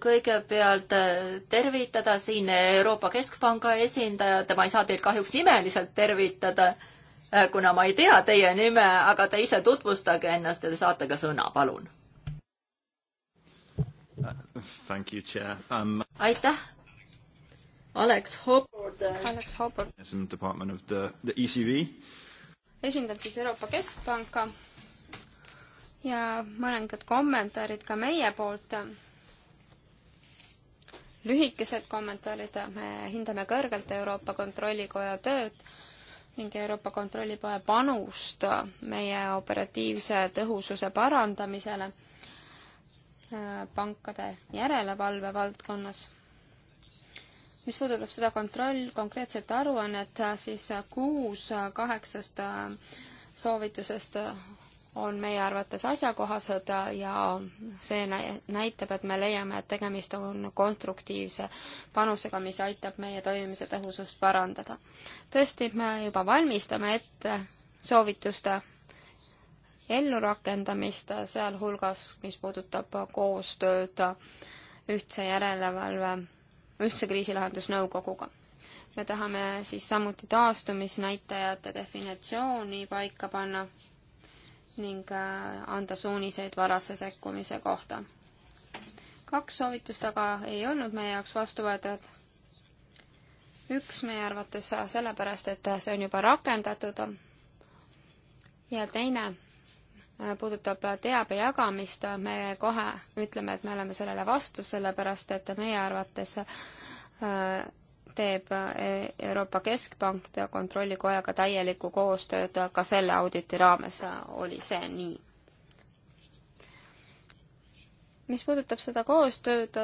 kõigepealt äh, tervitada siin Euroopa Keskpanga esindajat, ma ei saa teid kahjuks nimeliselt tervitada, äh, kuna ma ei tea teie nime, aga te ise tutvustage ennast ja te saate ka sõna, palun. Um... aitäh. Alex Hobart. Alex Hobart. Department of the, the ECV. esindan siis Euroopa Keskpanka ja mõningad kommentaarid ka meie poolt lühikesed kommentaarid, me hindame kõrgelt Euroopa Kontrollikoja tööd ning Euroopa Kontrollipoja panust meie operatiivse tõhususe parandamisele äh, pankade järelevalve valdkonnas mis puudutab seda kontroll, konkreetset aruannet, siis kuus kaheksast soovitusest on meie arvates asjakohased ja see näitab, et me leiame, et tegemist on konstruktiivse panusega, mis aitab meie toimimise tõhusust parandada. tõesti, me juba valmistame ette soovituste ellurakendamist, sealhulgas, mis puudutab koostööd ühtse järelevalve, ühtse kriisilahendusnõukoguga me tahame siis samuti taastumisnäitajate definitsiooni paika panna ning äh, anda suuniseid varase sekkumise kohta. kaks soovitust aga ei olnud meie jaoks vastuvõetavad. üks meie arvates sellepärast, et see on juba rakendatud ja teine äh, puudutab teabe jagamist, me kohe ütleme, et me oleme sellele vastu, sellepärast et meie arvates äh, teeb eh, Euroopa Keskpank ja Kontrollikojaga täielikku koostööd, ka selle auditi raames oli see nii. mis puudutab seda koostööd,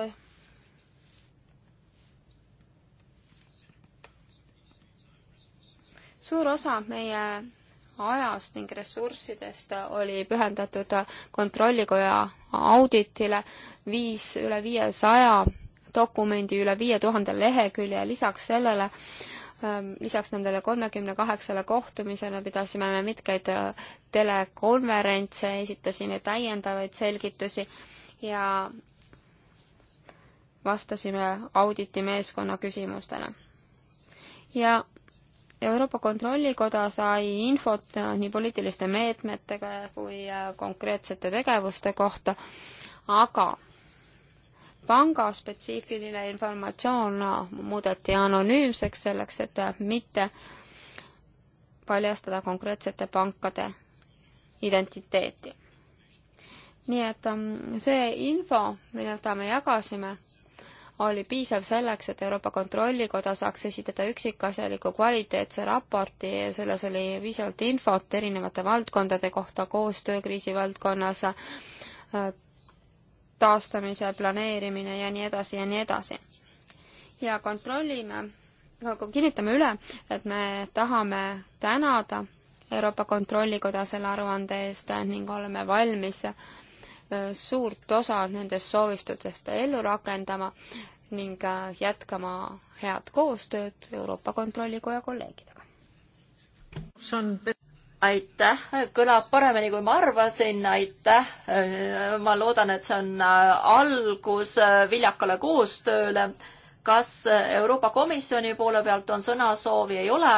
suur osa meie ajast ning ressurssidest oli pühendatud Kontrollikoja auditile, viis, üle viiesaja dokumendi üle viie tuhande lehekülje, lisaks sellele ähm, lisaks nendele kolmekümne kaheksale kohtumisele pidasime me mitmeid äh, telekonverentse, esitasime täiendavaid selgitusi ja vastasime auditimeeskonna küsimustele. ja Euroopa Kontrollikoda sai infot äh, nii poliitiliste meetmetega kui äh, konkreetsete tegevuste kohta, aga pangaspetsiifiline informatsioon no, muudeti anonüümseks selleks, et mitte paljastada konkreetsete pankade identiteeti. nii et ähm, see info, mida me jagasime, oli piisav selleks, et Euroopa Kontrollikoda saaks esitada üksikasjaliku kvaliteetse raporti ja selles oli piisavalt infot erinevate valdkondade kohta, koostöö kriisivaldkonnas, äh, taastamise planeerimine ja nii edasi ja nii edasi. ja kontrollime, kinnitame üle, et me tahame tänada Euroopa Kontrollikoda selle aruande eest ning oleme valmis äh, suurt osa nendest soovistustest ellu rakendama ning äh, jätkama head koostööd Euroopa Kontrollikoja kolleegidega aitäh, kõlab paremini, kui ma arvasin, aitäh. Äh, ma loodan, et see on äh, algus äh, viljakale koostööle. kas Euroopa Komisjoni poole pealt on sõnasoovi, ei ole,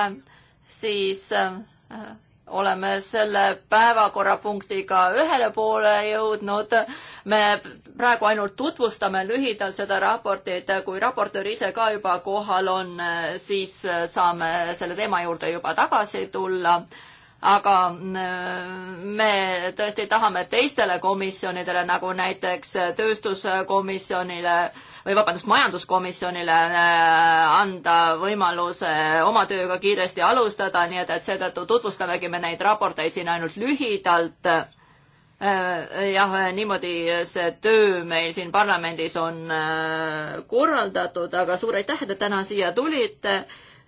siis oleme selle päevakorrapunktiga ühele poole jõudnud. me praegu ainult tutvustame lühidalt seda raportit, kui raportöör ise ka juba kohal on, siis saame selle teema juurde juba tagasi tulla aga äh, me tõesti tahame teistele komisjonidele, nagu näiteks tööstuskomisjonile või vabandust, majanduskomisjonile äh, anda võimaluse oma tööga kiiresti alustada, nii et, et seetõttu tutvustamegi me neid raporteid siin ainult lühidalt äh, jah, niimoodi see töö meil siin parlamendis on korraldatud, aga suur aitäh, et te täna siia tulite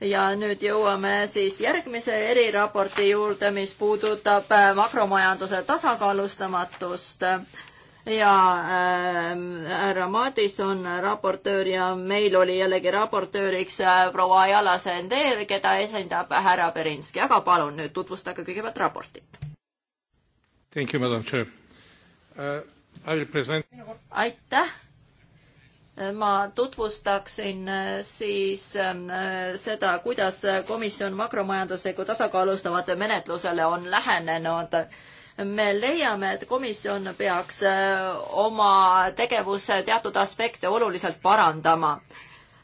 ja nüüd jõuame siis järgmise eriraporti juurde, mis puudutab äh, makromajanduse tasakaalustamatust ja ähm, härra äh, Madis on raportöör ja meil oli jällegi raportööriks äh, proua Ajala Sender, keda esindab härra Berinski, aga palun nüüd tutvustage kõigepealt raportit. Thank you, madam chair uh,. I will present. aitäh ma tutvustaksin äh, siis ähm, äh, seda, kuidas äh, komisjon makromajandusliku tasakaalustavate menetlusele on lähenenud. me leiame, et komisjon peaks oma tegevuse teatud aspekte oluliselt parandama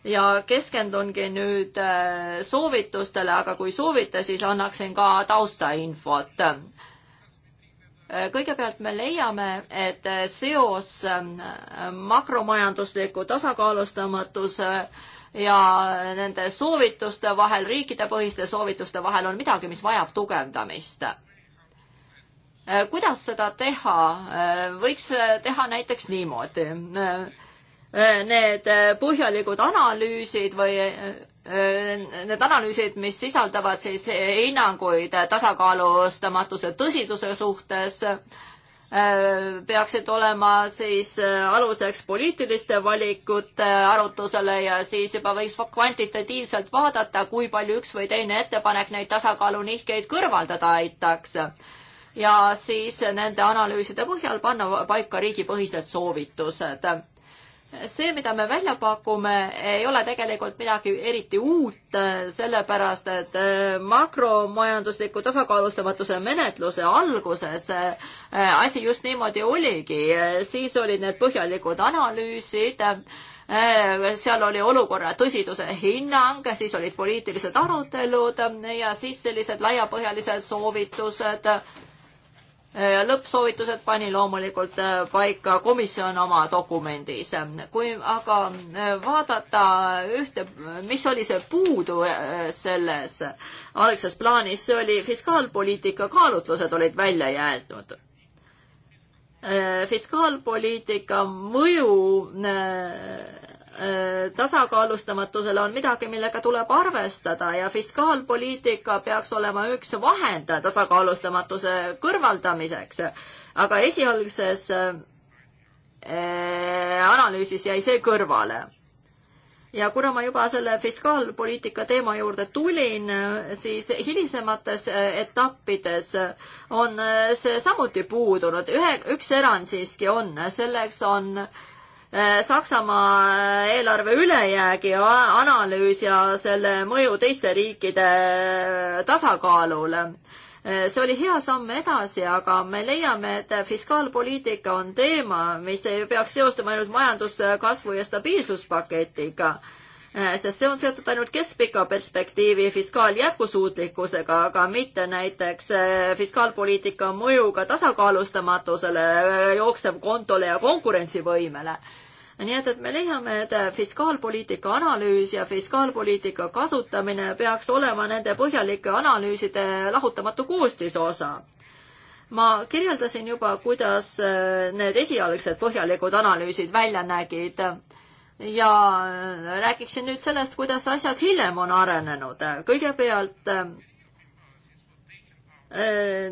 ja keskendungi nüüd soovitustele, aga kui soovite, siis annaksin ka taustainfot kõigepealt me leiame, et seos ähm, makromajandusliku tasakaalustamatuse äh, ja nende soovituste vahel, riikidepõhiste soovituste vahel on midagi, mis vajab tugevdamist. Äh, kuidas seda teha? Äh, võiks teha näiteks niimoodi. Need põhjalikud analüüsid või Äh, need analüüsid, mis sisaldavad siis hinnanguid tasakaalustamatuse tõsiduse suhtes, äh, peaksid olema siis äh, aluseks poliitiliste valikute arutusele ja siis juba võiks kvantitatiivselt vaadata, kui palju üks või teine ettepanek neid tasakaalunihkeid kõrvaldada aitaks. ja siis nende analüüside põhjal panna paika riigipõhised soovitused see, mida me välja pakume, ei ole tegelikult midagi eriti uut, sellepärast et äh, makromajandusliku tasakaalustamatuse menetluse alguses äh, asi just niimoodi oligi, siis olid need põhjalikud analüüsid, äh, seal oli olukorra tõsiduse hinnang, siis olid poliitilised arutelud ja siis sellised laiapõhjalised soovitused Äh, lõppsoovitused pani loomulikult äh, paika komisjon oma dokumendis. kui aga äh, vaadata ühte, mis oli see puudu selles algses plaanis, see oli fiskaalpoliitika kaalutlused olid välja jäetud. fiskaalpoliitika mõju Äh, tasakaalustamatusele on midagi, millega tuleb arvestada ja fiskaalpoliitika peaks olema üks vahend tasakaalustamatuse kõrvaldamiseks. aga esialgses äh, äh, analüüsis jäi see kõrvale. ja kuna ma juba selle fiskaalpoliitika teema juurde tulin, siis hilisemates etappides on see samuti puudunud, ühe, üks erand siiski on, selleks on äh, Äh, Saksamaa äh, eelarve ülejäägi analüüs ja selle mõju teiste riikide äh, tasakaalule see oli hea samm edasi, aga me leiame, et fiskaalpoliitika on teema, mis ei peaks seostuma ainult majanduskasvu ja stabiilsuspaketiga, sest see on seotud ainult keskpika perspektiivi fiskaal jätkusuutlikkusega, aga mitte näiteks fiskaalpoliitika mõjuga tasakaalustamatusele, jooksev kontole ja konkurentsivõimele nii et, et me leiame, et fiskaalpoliitika analüüs ja fiskaalpoliitika kasutamine peaks olema nende põhjalike analüüside lahutamatu koostisosa. ma kirjeldasin juba, kuidas äh, need esialgsed põhjalikud analüüsid välja nägid ja äh, räägiksin nüüd sellest, kuidas asjad hiljem on arenenud. kõigepealt äh, Äh,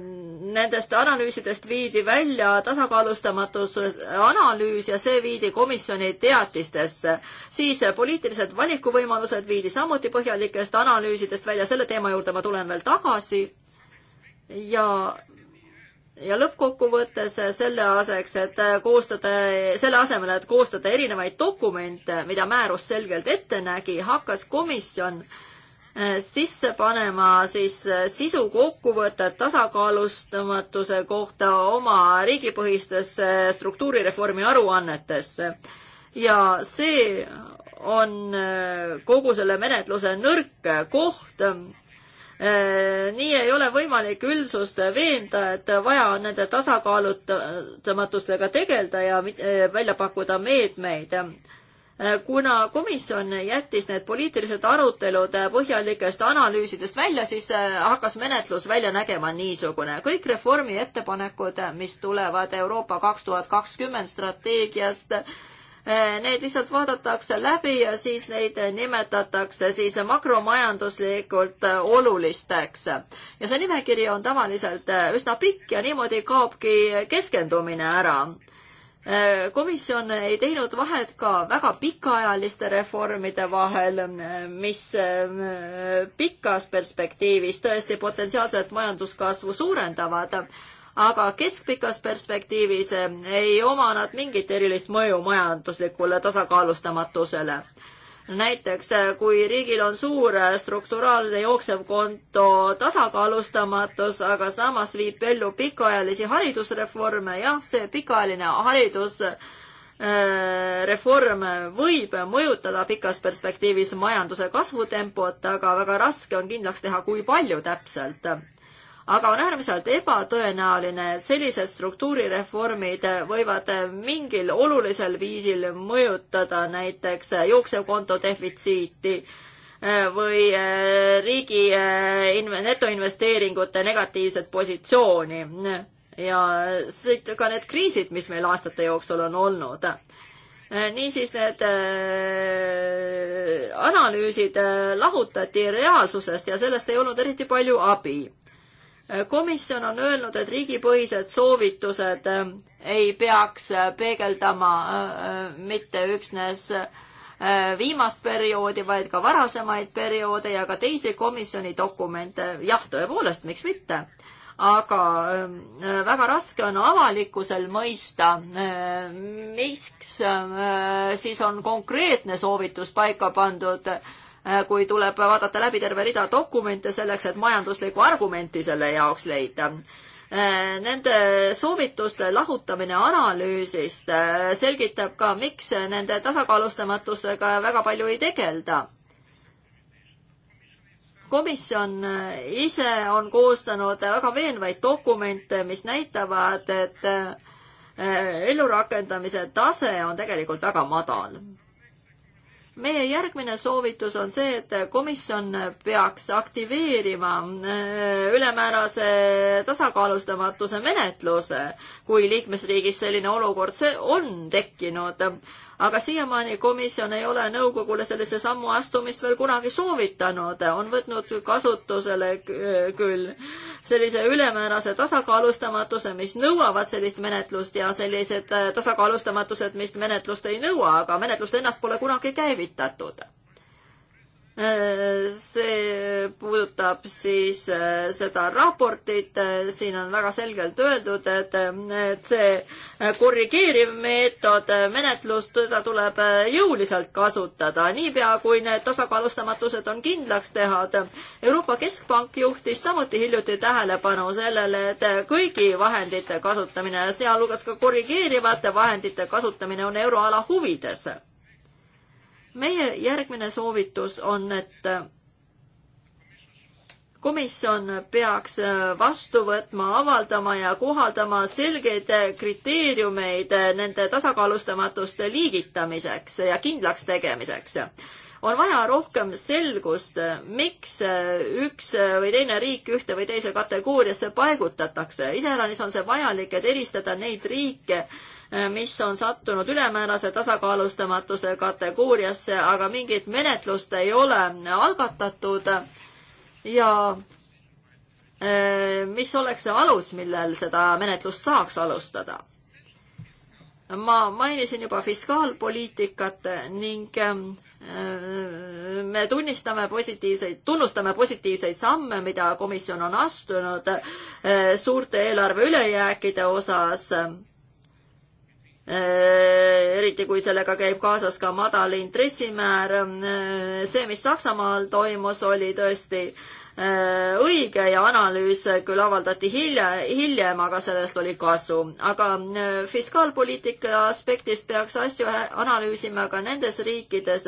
nendest analüüsidest viidi välja tasakaalustamatus analüüs ja see viidi komisjoni teatistesse. siis poliitilised valikuvõimalused viidi samuti põhjalikest analüüsidest välja, selle teema juurde ma tulen veel tagasi. ja ja lõppkokkuvõttes selle aseks, et koostada, selle asemel, et koostada erinevaid dokumente, mida määrus selgelt ette nägi, hakkas komisjon äh, Äh, sisse panema siis äh, sisu kokkuvõtet tasakaalustamatuse kohta oma riigipõhistesse struktuurireformi aruannetesse. ja see on äh, kogu selle menetluse nõrk koht. nii ei ole võimalik üldsust veenda, et vaja on nende tasakaalustamatustega tegeleda ja välja pakkuda meetmeid meet Äh, kuna komisjon jättis need poliitilised arutelud äh, põhjalikest analüüsidest välja, siis äh, hakkas menetlus välja nägema niisugune. kõik reformi ettepanekud, mis tulevad Euroopa kaks tuhat kakskümmend strateegiast, Need lihtsalt vaadatakse läbi ja siis neid nimetatakse siis makromajanduslikult olulisteks. ja see nimekiri on tavaliselt üsna pikk ja niimoodi kaobki keskendumine ära komisjon ei teinud vahet ka väga pikaajaliste reformide vahel, mis äh, pikas perspektiivis tõesti potentsiaalset majanduskasvu suurendavad, aga keskpikas perspektiivis ei oma nad mingit erilist mõju majanduslikule tasakaalustamatusele näiteks äh, kui riigil on suur äh, strukturaalne jooksev konto tasakaalustamatus, aga samas viib ellu pikaajalisi haridusreforme, jah, see pikaajaline haridusreform äh, võib mõjutada pikas perspektiivis majanduse kasvutempot, aga väga raske on kindlaks teha, kui palju täpselt aga on äärmiselt ebatõenäoline, sellised struktuurireformid võivad mingil olulisel viisil mõjutada näiteks jooksevkonto defitsiiti või riigi eh, netoinvesteeringute negatiivset positsiooni ja siit ka need kriisid, mis meil aastate jooksul on olnud. niisiis need eh, analüüsid lahutati reaalsusest ja sellest ei olnud eriti palju abi komisjon on öelnud, et riigipõhised soovitused äh, ei peaks äh, peegeldama äh, mitte üksnes viimast perioodi, vaid ka varasemaid perioode ja ka teisi komisjoni dokumente. jah, tõepoolest, miks mitte aga väga raske on avalikkusel mõista, miks siis on konkreetne soovitus paika pandud Äh, kui tuleb vaadata läbi terve rida dokumente selleks, et majanduslikku argumenti selle jaoks leida. Äh, nende soovituste lahutamine analüüsist äh, selgitab ka, miks nende tasakaalustamatusega väga palju ei tegelda komisjon ise on koostanud väga veenvaid dokumente, mis näitavad, et ellurakendamise tase on tegelikult väga madal meie järgmine soovitus on see, et komisjon peaks aktiveerima äh, ülemäärase tasakaalustamatuse menetluse, kui liikmesriigis selline olukord on tekkinud aga siiamaani komisjon ei ole nõukogule sellise sammu astumist veel kunagi soovitanud, on võtnud kasutusele küll sellise ülemäärase tasakaalustamatuse, mis nõuavad sellist menetlust ja sellised äh, tasakaalustamatused, mis menetlust ei nõua, aga menetlust ennast pole kunagi käivitatud see puudutab siis äh, seda raportit, siin on väga selgelt öeldud, et, et see äh, korrigeeriv meetod, äh, menetlust, seda tuleb jõuliselt kasutada, niipea kui need tasakaalustamatused on kindlaks teha. Euroopa Keskpank juhtis samuti hiljuti tähelepanu sellele, et kõigi vahendite kasutamine, sealhulgas ka korrigeerivate vahendite kasutamine on euroala huvides meie järgmine soovitus on, et äh, komisjon peaks äh, vastu võtma, avaldama ja kohaldama selgeid äh, kriteeriumeid nende tasakaalustamatuste liigitamiseks ja kindlaks tegemiseks on vaja rohkem selgust, miks üks või teine riik ühte või teise kategooriasse paigutatakse. iseäranis on see vajalik, et eristada neid riike, Äh, mis on sattunud ülemäärase tasakaalustamatuse kategooriasse, aga mingit menetlust ei ole algatatud ja äh, mis oleks see alus, millel seda menetlust saaks alustada? ma mainisin juba fiskaalpoliitikat ning äh, me tunnistame positiivseid, tunnustame positiivseid samme, mida komisjon on astunud suurte eelarve ülejääkide osas Äh, eriti kui sellega käib kaasas ka madal intressimäär. Äh, see, mis Saksamaal toimus, oli tõesti äh, õige ja analüüs küll avaldati hilja, hiljem, aga sellest oli kasu. aga fiskaalpoliitika aspektist peaks asju analüüsima ka nendes riikides,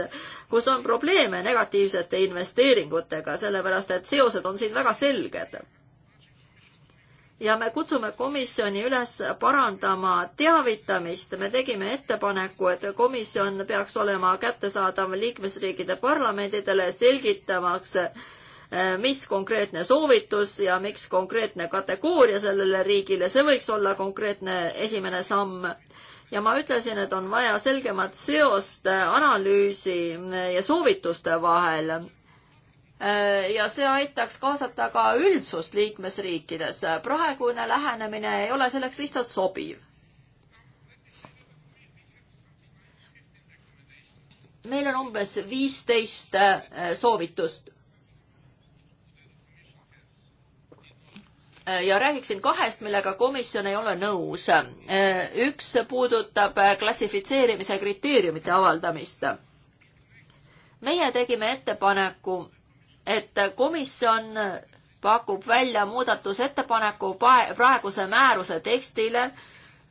kus on probleeme negatiivsete investeeringutega, sellepärast et seosed on siin väga selged ja me kutsume komisjoni üles parandama teavitamist. me tegime ettepaneku, et komisjon peaks olema kättesaadav liikmesriikide parlamendidele selgitamaks, eh, mis konkreetne soovitus ja miks konkreetne kategooria sellele riigile, see võiks olla konkreetne esimene samm. ja ma ütlesin, et on vaja selgemat seost eh, analüüsi eh, ja soovituste vahel Äh, ja see aitaks kaasata ka üldsust liikmesriikides. praegune lähenemine ei ole selleks lihtsalt sobiv. meil on umbes viisteist äh, soovitust. Äh, ja räägiksin kahest, millega komisjon ei ole nõus. üks puudutab klassifitseerimise kriteeriumite avaldamist. meie tegime ettepaneku et komisjon pakub välja muudatusettepaneku praeguse määruse tekstile.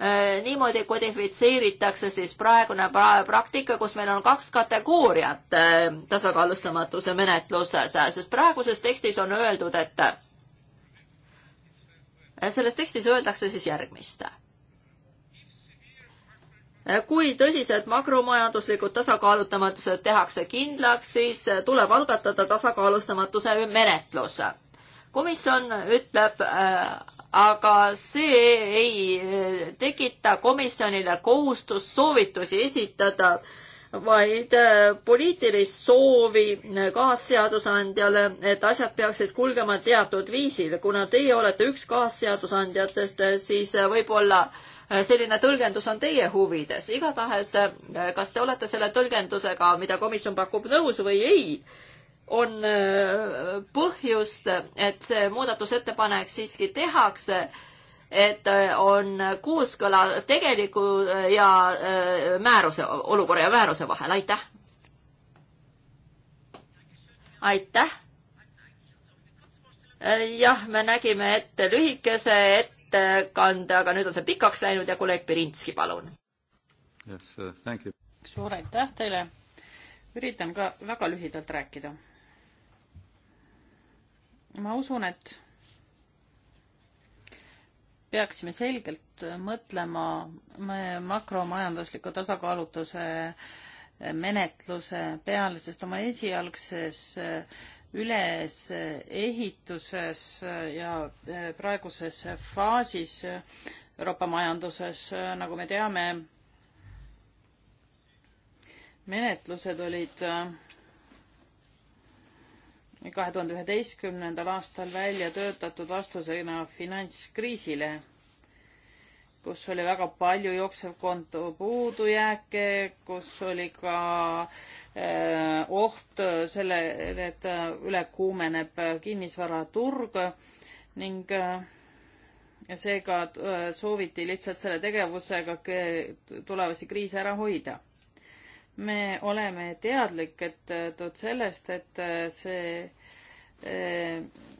Eh, niimoodi kodifitseeritakse siis praegune praktika, kus meil on kaks kategooriat eh, tasakaalustamatuse menetluses, sest praeguses tekstis on öeldud, et selles tekstis öeldakse siis järgmist kui tõsised makromajanduslikud tasakaalutamatused tehakse kindlaks, siis tuleb algatada tasakaalustamatuse menetlus. komisjon ütleb, äh, aga see ei äh, tekita komisjonile kohustust soovitusi esitada, vaid äh, poliitilist soovi kaasseadusandjale, et asjad peaksid kulgema teatud viisil. kuna teie olete üks kaasseadusandjatest, siis võib-olla äh, selline tõlgendus on teie huvides. igatahes, eh, kas te olete selle tõlgendusega, mida komisjon pakub, nõus või ei, on eh, põhjust, et see muudatusettepanek siiski tehakse, et eh, on kooskõla tegeliku ja määruse, olukorra ja määruse vahel, aitäh! aitäh! jah, me nägime ette lühikese et ettekande, äh, aga nüüd on see pikaks läinud ja kolleeg Pirinski, palun yes,. Uh, suur aitäh teile. üritan ka väga lühidalt rääkida. ma usun, et peaksime selgelt mõtlema makromajandusliku tasakaalutuse menetluse peale, sest oma esialgses ülesehituses ja eh, praeguses faasis Euroopa majanduses, nagu me teame, menetlused olid eh, kahe tuhande üheteistkümnendal aastal välja töötatud vastusena finantskriisile, kus oli väga palju jooksevkonto puudujääke, kus oli ka äh, Äh, oht selle, et äh, üle kuumeneb äh, kinnisvaraturg ning seega sooviti lihtsalt selle tegevusega tulevasi kriise ära hoida. me oleme teadlikud sellest, et see,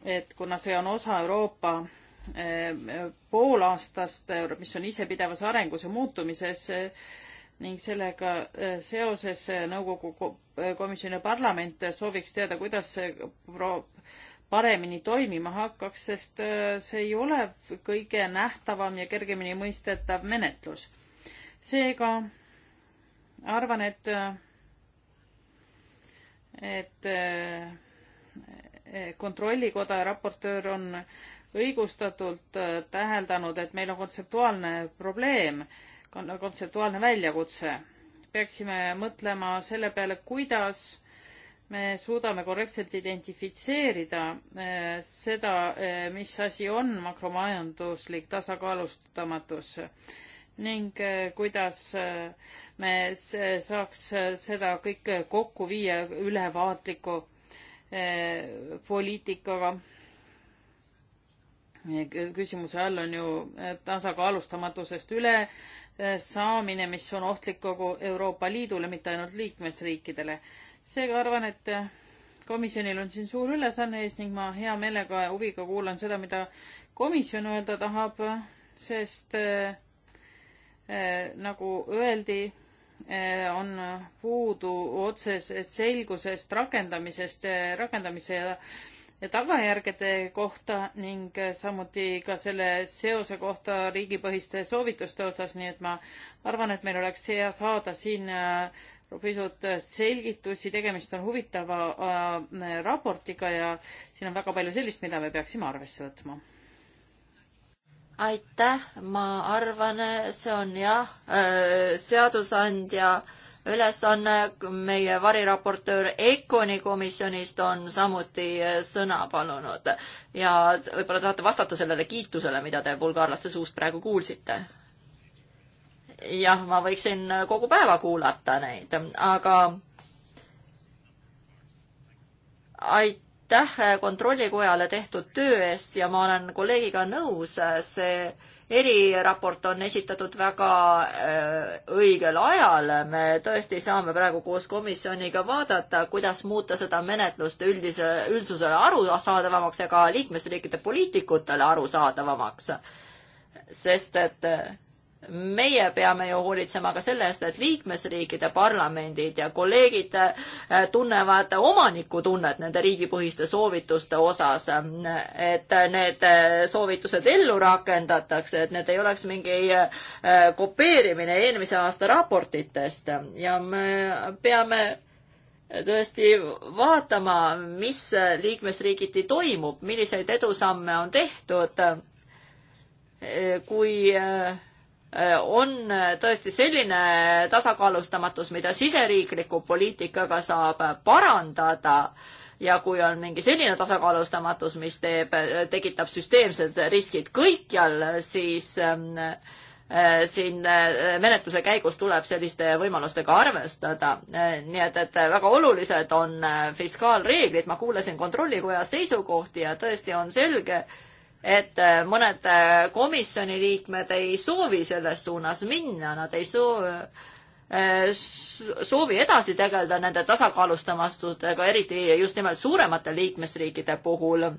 et kuna see on osa Euroopa poolaastast, mis on isepidevas arengus ja muutumises, ning sellega äh, seoses äh, nõukogu äh, komisjon ja parlament sooviks teada, kuidas see paremini toimima hakkaks, sest see ei ole kõige nähtavam ja kergemini mõistetav menetlus. seega arvan, et, et kontrollikoda ja raportöör on õigustatult täheldanud, et meil on kontseptuaalne probleem äh, kontseptuaalne väljakutse. peaksime mõtlema selle peale, kuidas me suudame korrektselt identifitseerida eh, seda, eh, mis asi on makromajanduslik tasakaalustamatus ning eh, kuidas me saaks seda kõike kokku viia ülevaatliku poliitikaga. küsimuse all on ju tasakaalustamatusest üle saamine, mis on ohtlik kogu Euroopa Liidule, mitte ainult liikmesriikidele. seega arvan, et komisjonil on siin suur ülesanne ees ning ma hea meelega ja huviga kuulan seda, mida komisjon öelda tahab, sest äh, nagu öeldi äh,, on puudu otsesest selgusest rakendamisest äh,, rakendamise ja tagajärgede kohta ning samuti ka selle seose kohta riigipõhiste soovituste osas, nii et ma arvan, et meil oleks hea saada siin äh, pisut selgitusi, tegemist on huvitava äh, raportiga ja siin on väga palju sellist, mida me peaksime arvesse võtma. aitäh, ma arvan, see on jah, äh, seadusandja äh, ülesanne, meie variraportöör EKONi komisjonist on samuti eh, sõna palunud ja võib-olla tahate vastata sellele kiitusele, mida te bulgaarlaste suust praegu kuulsite? jah, ma võiksin kogu päeva kuulata neid, aga aitäh aitäh Kontrollikojale tehtud töö eest ja ma olen kolleegiga nõus, see eriraport on esitatud väga äh, õigel ajal, me tõesti saame praegu koos komisjoniga vaadata, kuidas muuta seda menetlust üldise, üldsusele arusaadavamaks ja ka liikmesriikide poliitikutele arusaadavamaks. sest et äh, meie peame ju hoolitsema ka selle eest, et liikmesriikide parlamendid ja kolleegid äh, tunnevad omanikutunnet nende riigipõhiste soovituste osas, et need äh, soovitused ellu rakendatakse, et need ei oleks mingi äh, kopeerimine eelmise aasta raportitest ja me peame tõesti vaatama, mis liikmesriigiti toimub, milliseid edusamme on tehtud, kui äh, Äh, on äh, tõesti selline tasakaalustamatus, mida siseriikliku poliitikaga saab parandada ja kui on mingi selline tasakaalustamatus, mis teeb, äh, tekitab süsteemsed riskid kõikjal, siis ähm, siin menetluse käigus tuleb selliste võimalustega arvestada. nii et, et väga olulised on fiskaalreeglid, ma kuulasin Kontrollikoja seisukohti ja tõesti on selge, et äh, mõned äh, komisjoni liikmed ei soovi selles suunas minna, nad ei soovi äh, soovi edasi tegeleda nende tasakaalustamastustega, eriti just nimelt suuremate liikmesriikide puhul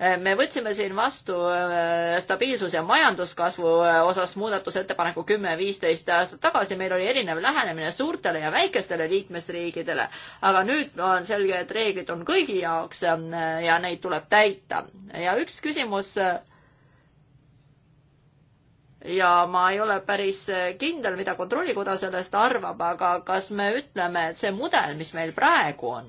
me võtsime siin vastu äh, stabiilsus- ja majanduskasvu äh, osas muudatusettepaneku kümme, viisteist aastat tagasi, meil oli erinev lähenemine suurtele ja väikestele liikmesriikidele, aga nüüd on selge, et reeglid on kõigi jaoks äh, ja neid tuleb täita. ja üks küsimus ja ma ei ole päris kindel, mida Kontrollikoda sellest arvab, aga kas me ütleme, et see mudel, mis meil praegu on,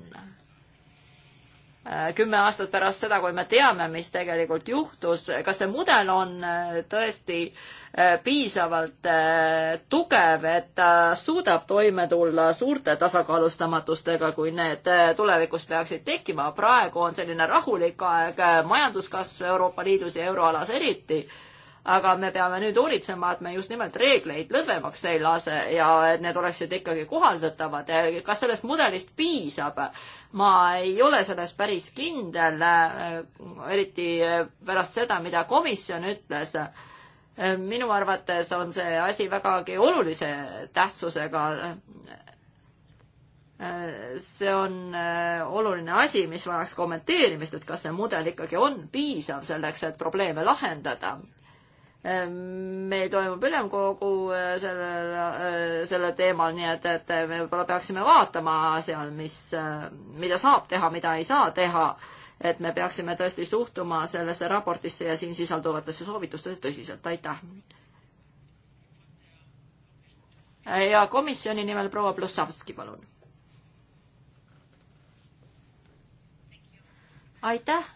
Äh, kümme aastat pärast seda, kui me teame, mis tegelikult juhtus, kas see mudel on äh, tõesti äh, piisavalt tugev, et ta suudab toime tulla suurte tasakaalustamatustega, kui need tulevikus peaksid tekkima. praegu on selline rahulik aeg, majanduskasv Euroopa Liidus ja euroalas eriti aga me peame nüüd hoolitsema, et me just nimelt reegleid lõdvemaks ei lase ja et need oleksid ikkagi kohaldatavad. kas sellest mudelist piisab? ma ei ole selles päris kindel, äh, eriti äh, pärast seda, mida komisjon ütles. Äh, minu arvates on see asi vägagi olulise tähtsusega see on oluline asi, mis vajaks kommenteerimist, et kas see mudel ikkagi on piisav selleks, et probleeme lahendada. Ehm, meil toimub ülemkogu äh, sellel, äh, sellel teemal, nii et, et me võib-olla peaksime vaatama seal, mis, äh, mida saab teha, mida ei saa teha. et me peaksime tõesti suhtuma sellesse raportisse ja siin sisalduvatesse soovitustesse tõsiselt, aitäh. ja komisjoni nimel proua Plussavski, palun. aitäh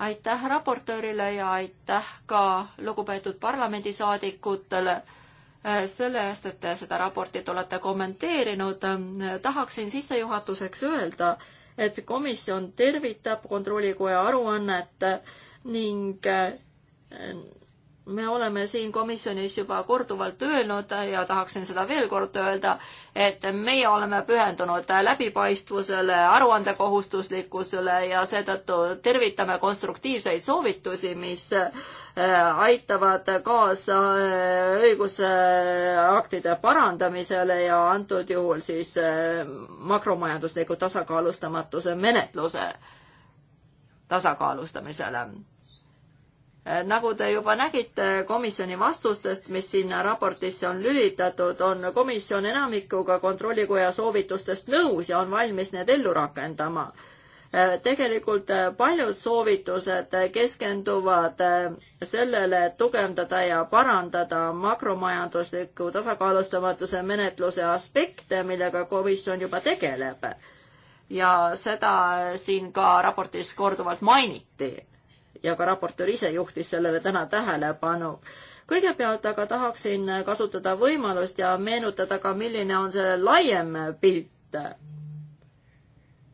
aitäh raportöörile ja aitäh ka lugupeetud parlamendisaadikutele eh, selle eest, et te seda raportit olete kommenteerinud. tahaksin sissejuhatuseks öelda, et komisjon tervitab Kontrollikoja aruannet ning eh, me oleme siin komisjonis juba korduvalt öelnud ja tahaksin seda veel kord öelda, et meie oleme pühendunud läbipaistvusele, aruandekohustuslikkusele ja seetõttu tervitame konstruktiivseid soovitusi, mis äh, aitavad kaasa äh, õigusaktide parandamisele ja antud juhul siis äh, makromajandusliku tasakaalustamatuse menetluse tasakaalustamisele nagu te juba nägite komisjoni vastustest, mis sinna raportisse on lülitatud, on komisjon enamikuga Kontrollikoja soovitustest nõus ja on valmis need ellu rakendama. Äh, tegelikult äh, paljud soovitused keskenduvad äh, sellele, et tugevdada ja parandada makromajandusliku tasakaalustamatuse menetluse aspekte, millega komisjon juba tegeleb. ja seda siin ka raportis korduvalt mainiti ja ka raportöör ise juhtis sellele täna tähelepanu. kõigepealt aga tahaksin kasutada võimalust ja meenutada ka, milline on see laiem pilt,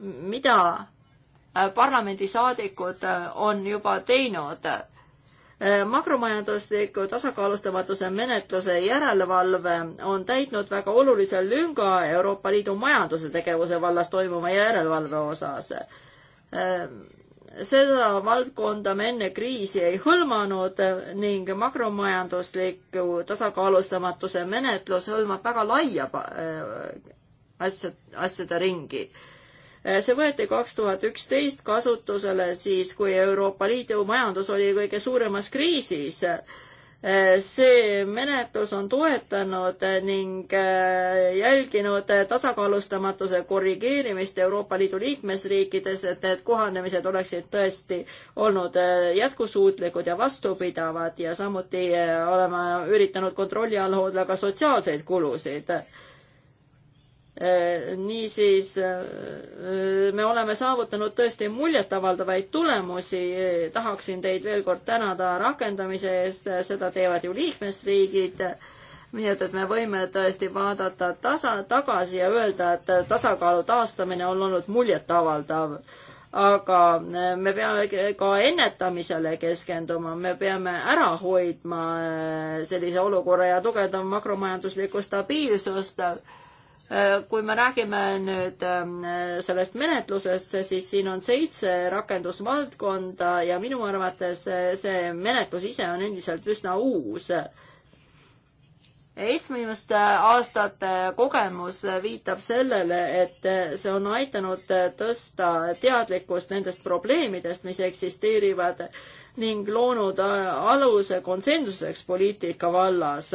mida parlamendisaadikud on juba teinud makromajandusliku tasakaalustamatuse menetluse järelevalve on täitnud väga olulise lünga Euroopa Liidu majanduse tegevuse vallas toimuva järelevalve osas seda valdkonda me enne kriisi ei hõlmanud ning makromajandusliku tasakaalustamatuse menetlus hõlmab väga laia äh, asja, asjade ringi. Äh, see võeti kaks tuhat üksteist kasutusele siis, kui Euroopa Liidu majandus oli kõige suuremas kriisis Äh, see menetlus on toetanud ning äh, jälginud tasakaalustamatuse korrigeerimist Euroopa Liidu liikmesriikides, et need kohanemised oleksid tõesti olnud äh, jätkusuutlikud ja vastupidavad ja samuti oleme üritanud kontrolli all hoida ka sotsiaalseid kulusid Äh, niisiis äh, me oleme saavutanud tõesti muljetavaldavaid tulemusi, äh, tahaksin teid veel kord tänada rakendamise eest, seda teevad ju liikmesriigid, nii et, et me võime tõesti vaadata tasa, tagasi ja öelda, et tasakaalu taastamine on olnud muljetavaldav. aga me peame ka ennetamisele keskenduma, me peame ära hoidma sellise olukorra ja tugevdama makromajanduslikku stabiilsust Äh, kui me räägime nüüd ähm, sellest menetlusest, siis siin on seitse rakendusvaldkonda ja minu arvates äh, see menetlus ise on endiselt üsna uus. esimeste aastate kogemus viitab sellele, et äh, see on aidanud tõsta teadlikkust nendest probleemidest, mis eksisteerivad ning loonud aluse konsensuseks poliitika vallas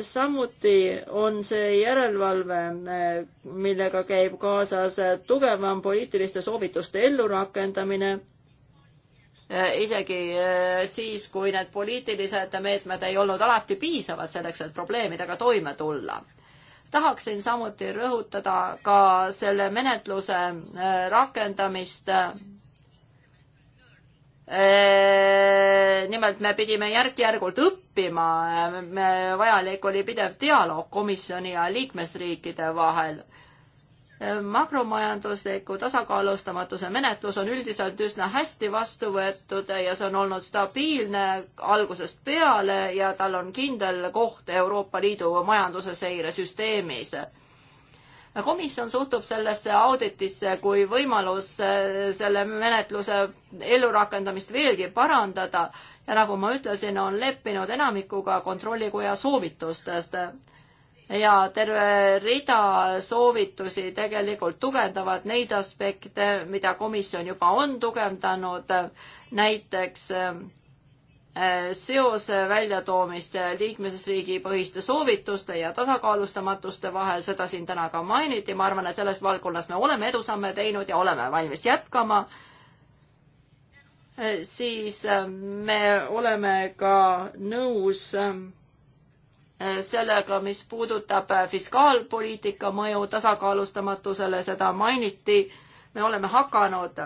samuti on see järelevalve, millega käib kaasas tugevam poliitiliste soovituste ellurakendamine, isegi eh, siis, kui need poliitilised meetmed ei olnud alati piisavad selleks, et probleemidega toime tulla. tahaksin samuti rõhutada ka selle menetluse eh, rakendamist Äh, nimelt me pidime järk-järgult õppima, vajalik oli pidev dialoog komisjoni ja liikmesriikide vahel. Äh, makromajandusliku tasakaalustamatuse menetlus on üldiselt üsna hästi vastu võetud ja see on olnud stabiilne algusest peale ja tal on kindel koht Euroopa Liidu majanduse seiresüsteemis komisjon suhtub sellesse auditisse kui võimalus äh, selle menetluse ellurakendamist veelgi parandada ja nagu ma ütlesin, on leppinud enamikuga Kontrollikoja soovitustest ja terve rida soovitusi tegelikult tugevdavad neid aspekte, mida komisjon juba on tugevdanud, näiteks äh, seose väljatoomist liikmesriigi põhiste soovituste ja tasakaalustamatuste vahel, seda siin täna ka mainiti, ma arvan, et selles valdkonnas me oleme edusamme teinud ja oleme valmis jätkama. Äh, siis äh, me oleme ka nõus äh, sellega, mis puudutab fiskaalpoliitika mõju tasakaalustamatusele, seda mainiti, me oleme hakanud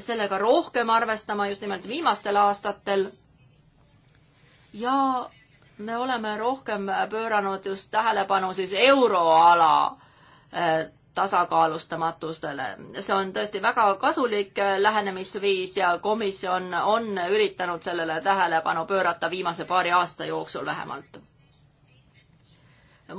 sellega rohkem arvestama just nimelt viimastel aastatel. ja me oleme rohkem pööranud just tähelepanu siis euroala eh, tasakaalustamatustele. see on tõesti väga kasulik eh, lähenemisviis ja komisjon on üritanud sellele tähelepanu pöörata viimase paari aasta jooksul vähemalt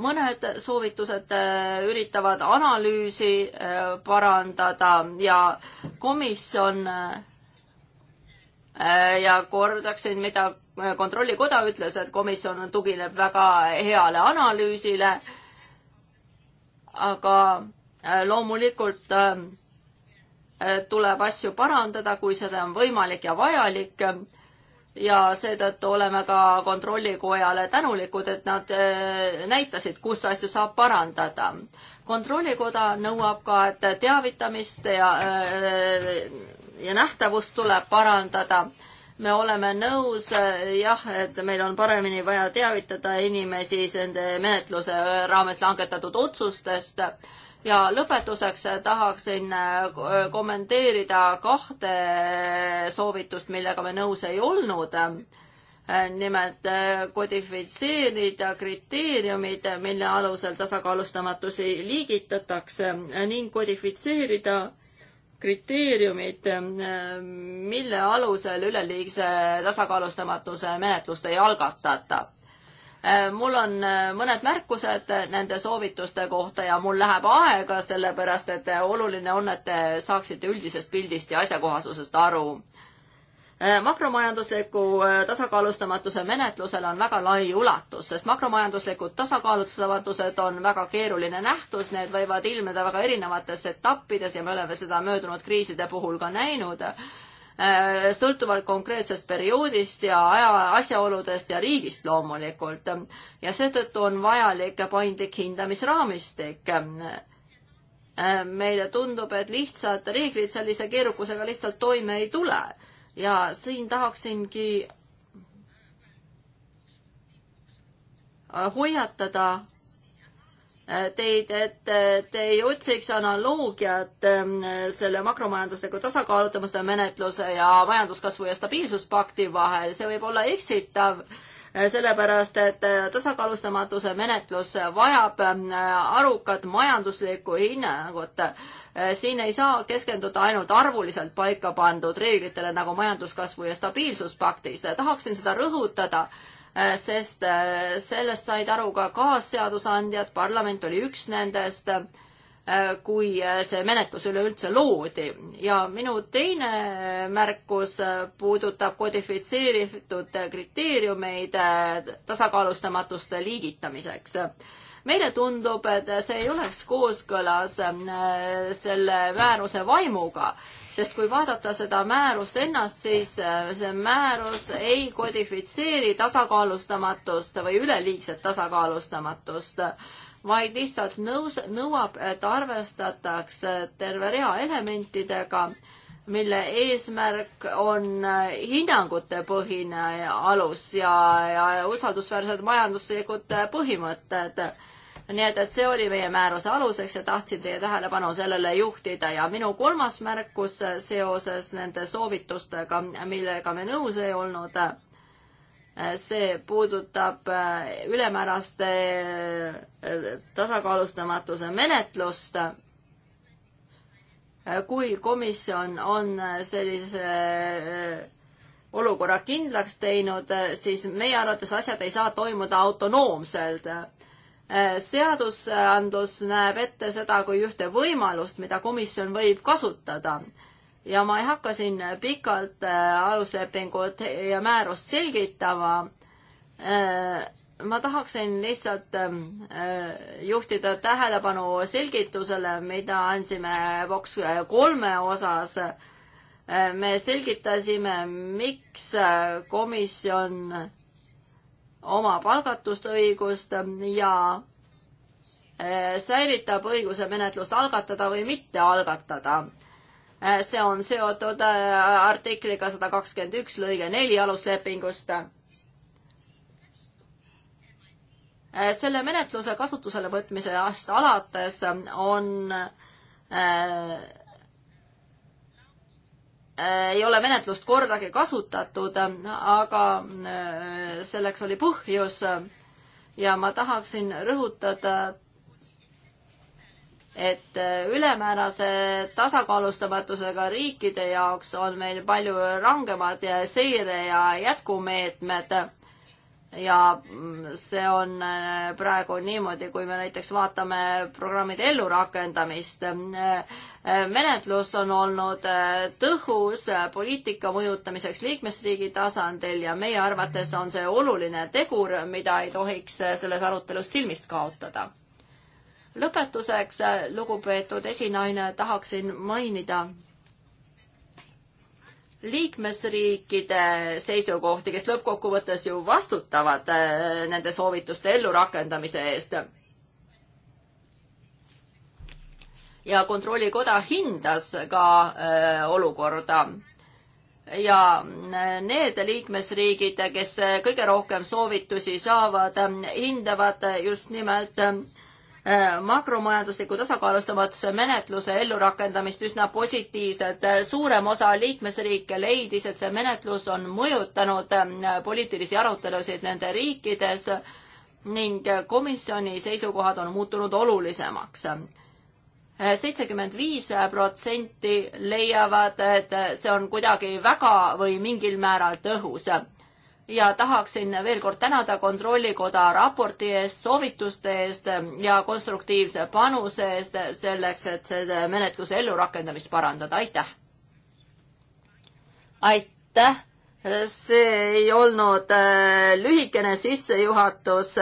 mõned soovitused äh, üritavad analüüsi äh, parandada ja komisjon äh, ja kordaksin, mida kontrollikoda ütles, et komisjon tugineb väga heale analüüsile. aga loomulikult tuleb asju parandada, kui seda on võimalik ja vajalik ja seetõttu oleme ka Kontrollikojale tänulikud, et nad äh, näitasid, kus asju saab parandada. kontrollikoda nõuab ka, et teavitamist ja, äh, ja nähtavust tuleb parandada. me oleme nõus äh, jah, et meil on paremini vaja teavitada inimesi nende menetluse raames langetatud otsustest ja lõpetuseks tahaksin äh, kommenteerida kahte soovitust, millega me nõus ei olnud. Äh, nimelt äh, kodifitseerida kriteeriumid, mille alusel tasakaalustamatusi liigitatakse ning kodifitseerida kriteeriumid, mille alusel üleliigse tasakaalustamatuse menetlust ei algatata Äh, mul on äh, mõned märkused nende soovituste kohta ja mul läheb aega, sellepärast et äh, oluline on, et te saaksite üldisest pildist ja asjakohasusest aru. makromajandusliku tasakaalustamatuse menetlusel on väga lai ulatus, sest makromajanduslikud tasakaalustamatused on väga keeruline nähtus, need võivad ilmneda väga erinevates etappides ja me oleme seda möödunud kriiside puhul ka näinud Äh, sõltuvalt konkreetsest perioodist ja aja, asjaoludest ja riigist loomulikult. ja seetõttu on vajalik paindlik hindamisraamistik. Äh, meile tundub, et lihtsad reeglid sellise keerukusega lihtsalt toime ei tule ja siin tahaksingi äh, hoiatada teid, et te ei otsiks analoogiat ähm, selle makromajandusliku tasakaalutamiste menetluse ja majanduskasvu ja stabiilsuspakti vahel, see võib olla eksitav, äh, sellepärast et äh, tasakaalustamatuse menetlus vajab ähm, arukat majanduslikku hinnangut. Äh, siin ei saa keskenduda ainult arvuliselt paika pandud reeglitele nagu majanduskasvu ja stabiilsuspaktis. tahaksin seda rõhutada Äh, sest äh, sellest said aru ka kaasseadusandjad, parlament oli üks nendest, äh, kui see menetlus üleüldse loodi. ja minu teine märkus puudutab kodifitseeritud kriteeriumeid tasakaalustamatuste liigitamiseks meile tundub, et see ei oleks kooskõlas selle määruse vaimuga sest kui vaadata seda määrust ennast, siis äh, see määrus ei kodifitseeri tasakaalustamatust või üleliigset tasakaalustamatust, vaid lihtsalt nõus, nõuab, et arvestatakse terve rea elementidega, mille eesmärk on äh, hinnangute põhine alus ja, ja usaldusväärsed majanduslikud põhimõtted nii et, et see oli meie määruse aluseks ja tahtsin teie tähelepanu sellele juhtida ja minu kolmas märkus seoses nende soovitustega, millega me nõus ei olnud, see puudutab äh, ülemääraste äh, tasakaalustamatuse menetlust äh, kui komisjon on sellise olukorra kindlaks teinud, siis meie arvates asjad ei saa toimuda autonoomselt. Äh, seadusandlus näeb ette seda kui ühte võimalust, mida komisjon võib kasutada ja ma ei hakka siin pikalt äh, aluslepingut ja määrust selgitama. Äh, ma tahaksin lihtsalt ähm, juhtida tähelepanu selgitusele, mida andsime Vox kolme osas. me selgitasime, miks komisjon omab algatust õigust ja eh, säilitab õiguse menetlust algatada või mitte algatada. Eh, see on seotud eh, artikliga sada kakskümmend üks lõige neli aluslepingust. selle menetluse kasutusele võtmisest alates on Äh, ei ole menetlust kordagi kasutatud, aga äh, selleks oli põhjus. ja ma tahaksin rõhutada, et äh, ülemäärase tasakaalustamatusega riikide jaoks on meil palju rangemad seire ja jätkumeetmed ja mm, see on äh, praegu niimoodi, kui me näiteks vaatame programmide ellurakendamist. Äh, menetlus on olnud äh, tõhus poliitika mõjutamiseks liikmesriigi tasandil ja meie arvates on see oluline tegur, mida ei tohiks selles arutelus silmist kaotada. lõpetuseks, lugupeetud esinaine, tahaksin mainida liikmesriikide seisukohti, kes lõppkokkuvõttes ju vastutavad äh, nende soovituste ellurakendamise eest. ja Kontrollikoda hindas ka äh, olukorda ja äh, need liikmesriigid, kes äh, kõige rohkem soovitusi saavad, hindavad just nimelt äh, Äh, makromajandusliku tasakaalustamatuse menetluse ellurakendamist üsna positiivselt. Äh, suurem osa liikmesriike leidis, et see menetlus on mõjutanud äh, poliitilisi arutelusid nende riikides ning komisjoni seisukohad on muutunud olulisemaks seitsekümmend viis protsenti leiavad, et see on kuidagi väga või mingil määral tõhus ja tahaksin veel kord tänada Kontrollikoda raporti eest, soovituste eest ja konstruktiivse panuse eest selleks, et selle menetluse ellurakendamist parandada, aitäh! aitäh! see ei olnud äh, lühikene sissejuhatus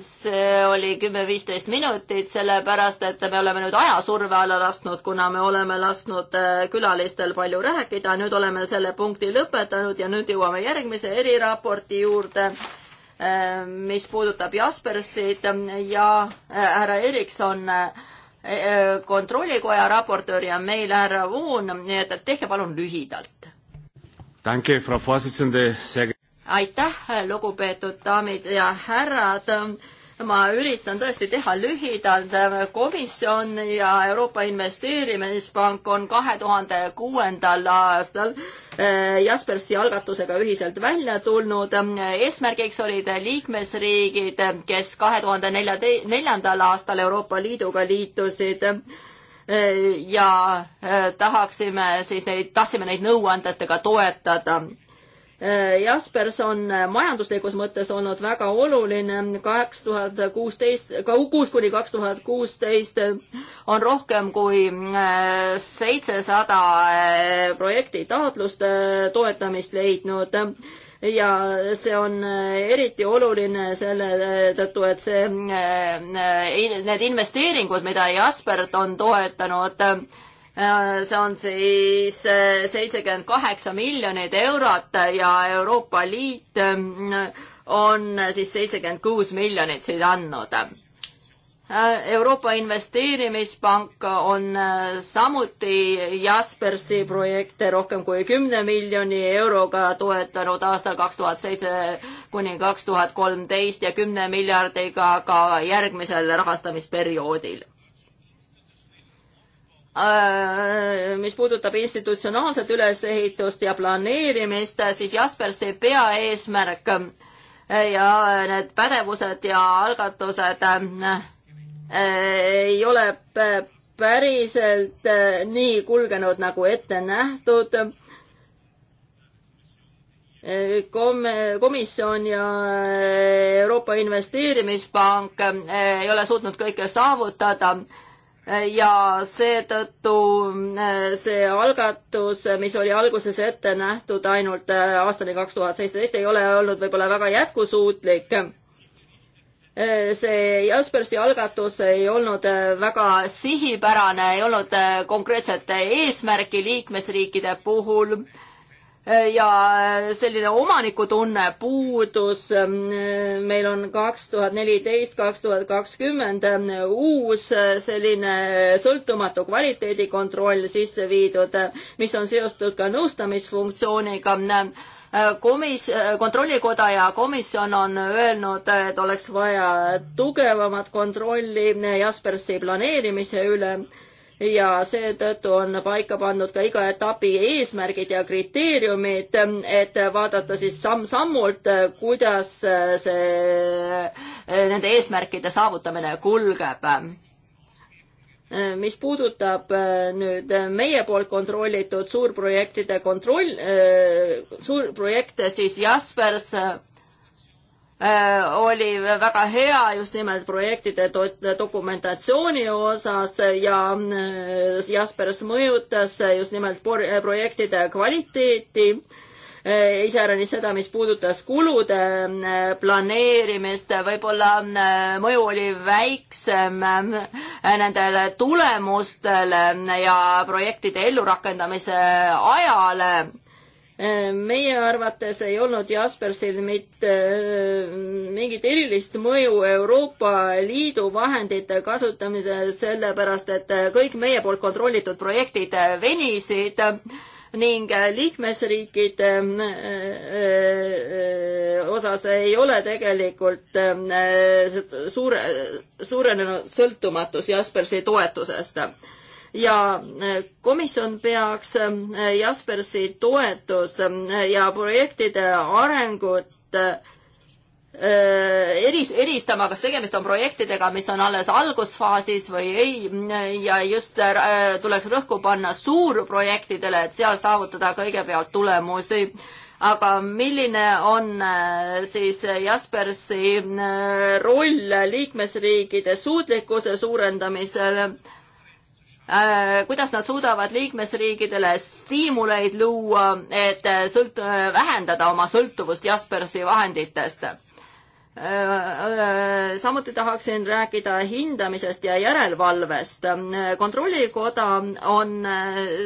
see oli kümme-viisteist minutit, sellepärast et me oleme nüüd ajasurve alla lasknud, kuna me oleme lasknud äh, külalistel palju rääkida, nüüd oleme selle punkti lõpetanud ja nüüd jõuame järgmise eriraporti juurde, äh, mis puudutab Jaspersit ja äh, härra Erikson, kontrollikoja raportöör ja meil härra Voon, nii et tehke palun lühidalt. Danke, Frau Vorsitzende, sehr aitäh, lugupeetud daamid ja härrad. ma üritan tõesti teha lühidalt. komisjon ja Euroopa Investeerimispank on kahe tuhande kuuendal aastal eh, Jaspersi algatusega ühiselt välja tulnud. eesmärgiks olid liikmesriigid, kes kahe tuhande neljate-, neljandal aastal Euroopa Liiduga liitusid eh, ja eh, tahaksime siis neid, tahtsime neid nõuandetega toetada Äh, Jaspers on äh, majanduslikus mõttes olnud väga oluline, kaks tuhat kuusteist, kuus kuni kaks tuhat kuusteist äh, on rohkem kui seitsesada projekti taotlust toetamist leidnud ja see on eriti oluline selle tõttu, et see, need investeeringud, mida Jaspert on toetanud, Äh, see on siis äh, seitsekümmend kaheksa miljonit eurot ja Euroopa Liit ähm, on siis seitsekümmend kuus miljonit siit andnud. Äh, Euroopa Investeerimispank on samuti Jaspersi projekte rohkem kui kümne miljoni euroga toetanud aastal kaks tuhat seitse kuni kaks tuhat kolmteist ja kümne miljardiga ka järgmisel rahastamisperioodil Äh, mis puudutab institutsionaalset ülesehitust ja planeerimist, siis Jaspersi peaeesmärk äh, ja need pädevused ja algatused äh, ei ole päriselt nii kulgenud nagu ette nähtud. Kom-, komisjon ja Euroopa Investeerimispank ei ole suutnud kõike saavutada ja seetõttu äh, see algatus, äh, mis oli alguses ette nähtud ainult äh, aastani kaks tuhat seitseteist, ei ole olnud võib-olla väga jätkusuutlik. see Jaspersi algatus ei olnud väga sihipärane, ei olnud konkreetset eesmärki liikmesriikide puhul ja äh, selline omanikutunne puudus, meil on kaks tuhat neliteist, kaks tuhat kakskümmend äh, uus äh, selline sõltumatu kvaliteedikontroll sisse viidud, mis on seostatud ka nõustamisfunktsiooniga komis-, kontrollikoda ja komisjon on öelnud, et oleks vaja tugevamat kontrolli Jaspersi planeerimise üle ja seetõttu on paika pandud ka iga etapi eesmärgid ja kriteeriumid, et vaadata siis samm-sammult, kuidas see, nende eesmärkide saavutamine kulgeb mis puudutab äh, nüüd meie poolt kontrollitud suurprojektide kontroll, äh, suurprojekte, siis Jaspers Äh, oli väga hea just nimelt projektide dokumentatsiooni osas ja äh, Jaspers mõjutas just nimelt projektide kvaliteeti äh, iseäranis seda, mis puudutas kulude planeerimist, võib-olla mõju oli väiksem nendele tulemustele ja projektide ellurakendamise ajale Äh, meie arvates ei olnud Jaspersil mitte äh, mingit erilist mõju Euroopa Liidu vahendite kasutamisel, sellepärast et äh, kõik meie poolt kontrollitud projektid venisid ning liikmesriikide osas ei ole tegelikult suure, suurenenud sõltumatus Jaspersi toetusest ja äh, komisjon peaks äh, Jaspersi toetus äh, ja projektide arengut eris, eristama, kas tegemist on projektidega, mis on alles algusfaasis või ei ja just tuleks rõhku panna suurprojektidele, et seal saavutada kõigepealt tulemusi aga milline on siis Jaspersi roll liikmesriikide suutlikkuse suurendamisel? Äh, kuidas nad suudavad liikmesriigidele stiimuleid luua, et äh, sõlt-, äh, vähendada oma sõltuvust Jaspersi vahenditest. samuti tahaksin rääkida hindamisest ja järelevalvest. kontrollikoda on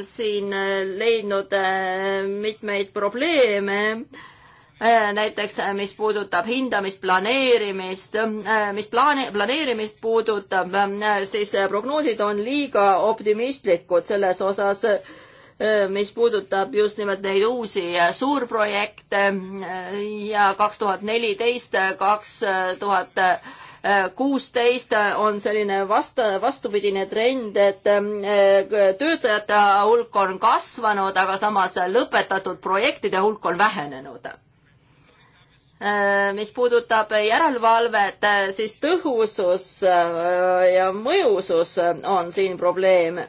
siin leidnud mitmeid probleeme Äh, näiteks äh, mis puudutab hindamist, planeerimist, äh, mis plaani, planeerimist puudutab, siis prognoosid on liiga optimistlikud selles osas, mis puudutab just nimelt neid uusi suurprojekte ja kaks tuhat neliteist, kaks tuhat kuusteist on selline vasta, vastupidine trend, et töötajate hulk on kasvanud, aga samas lõpetatud projektide hulk on vähenenud Äh, mis puudutab järelevalvet, äh, siis tõhusus äh, ja mõjusus on siin probleem.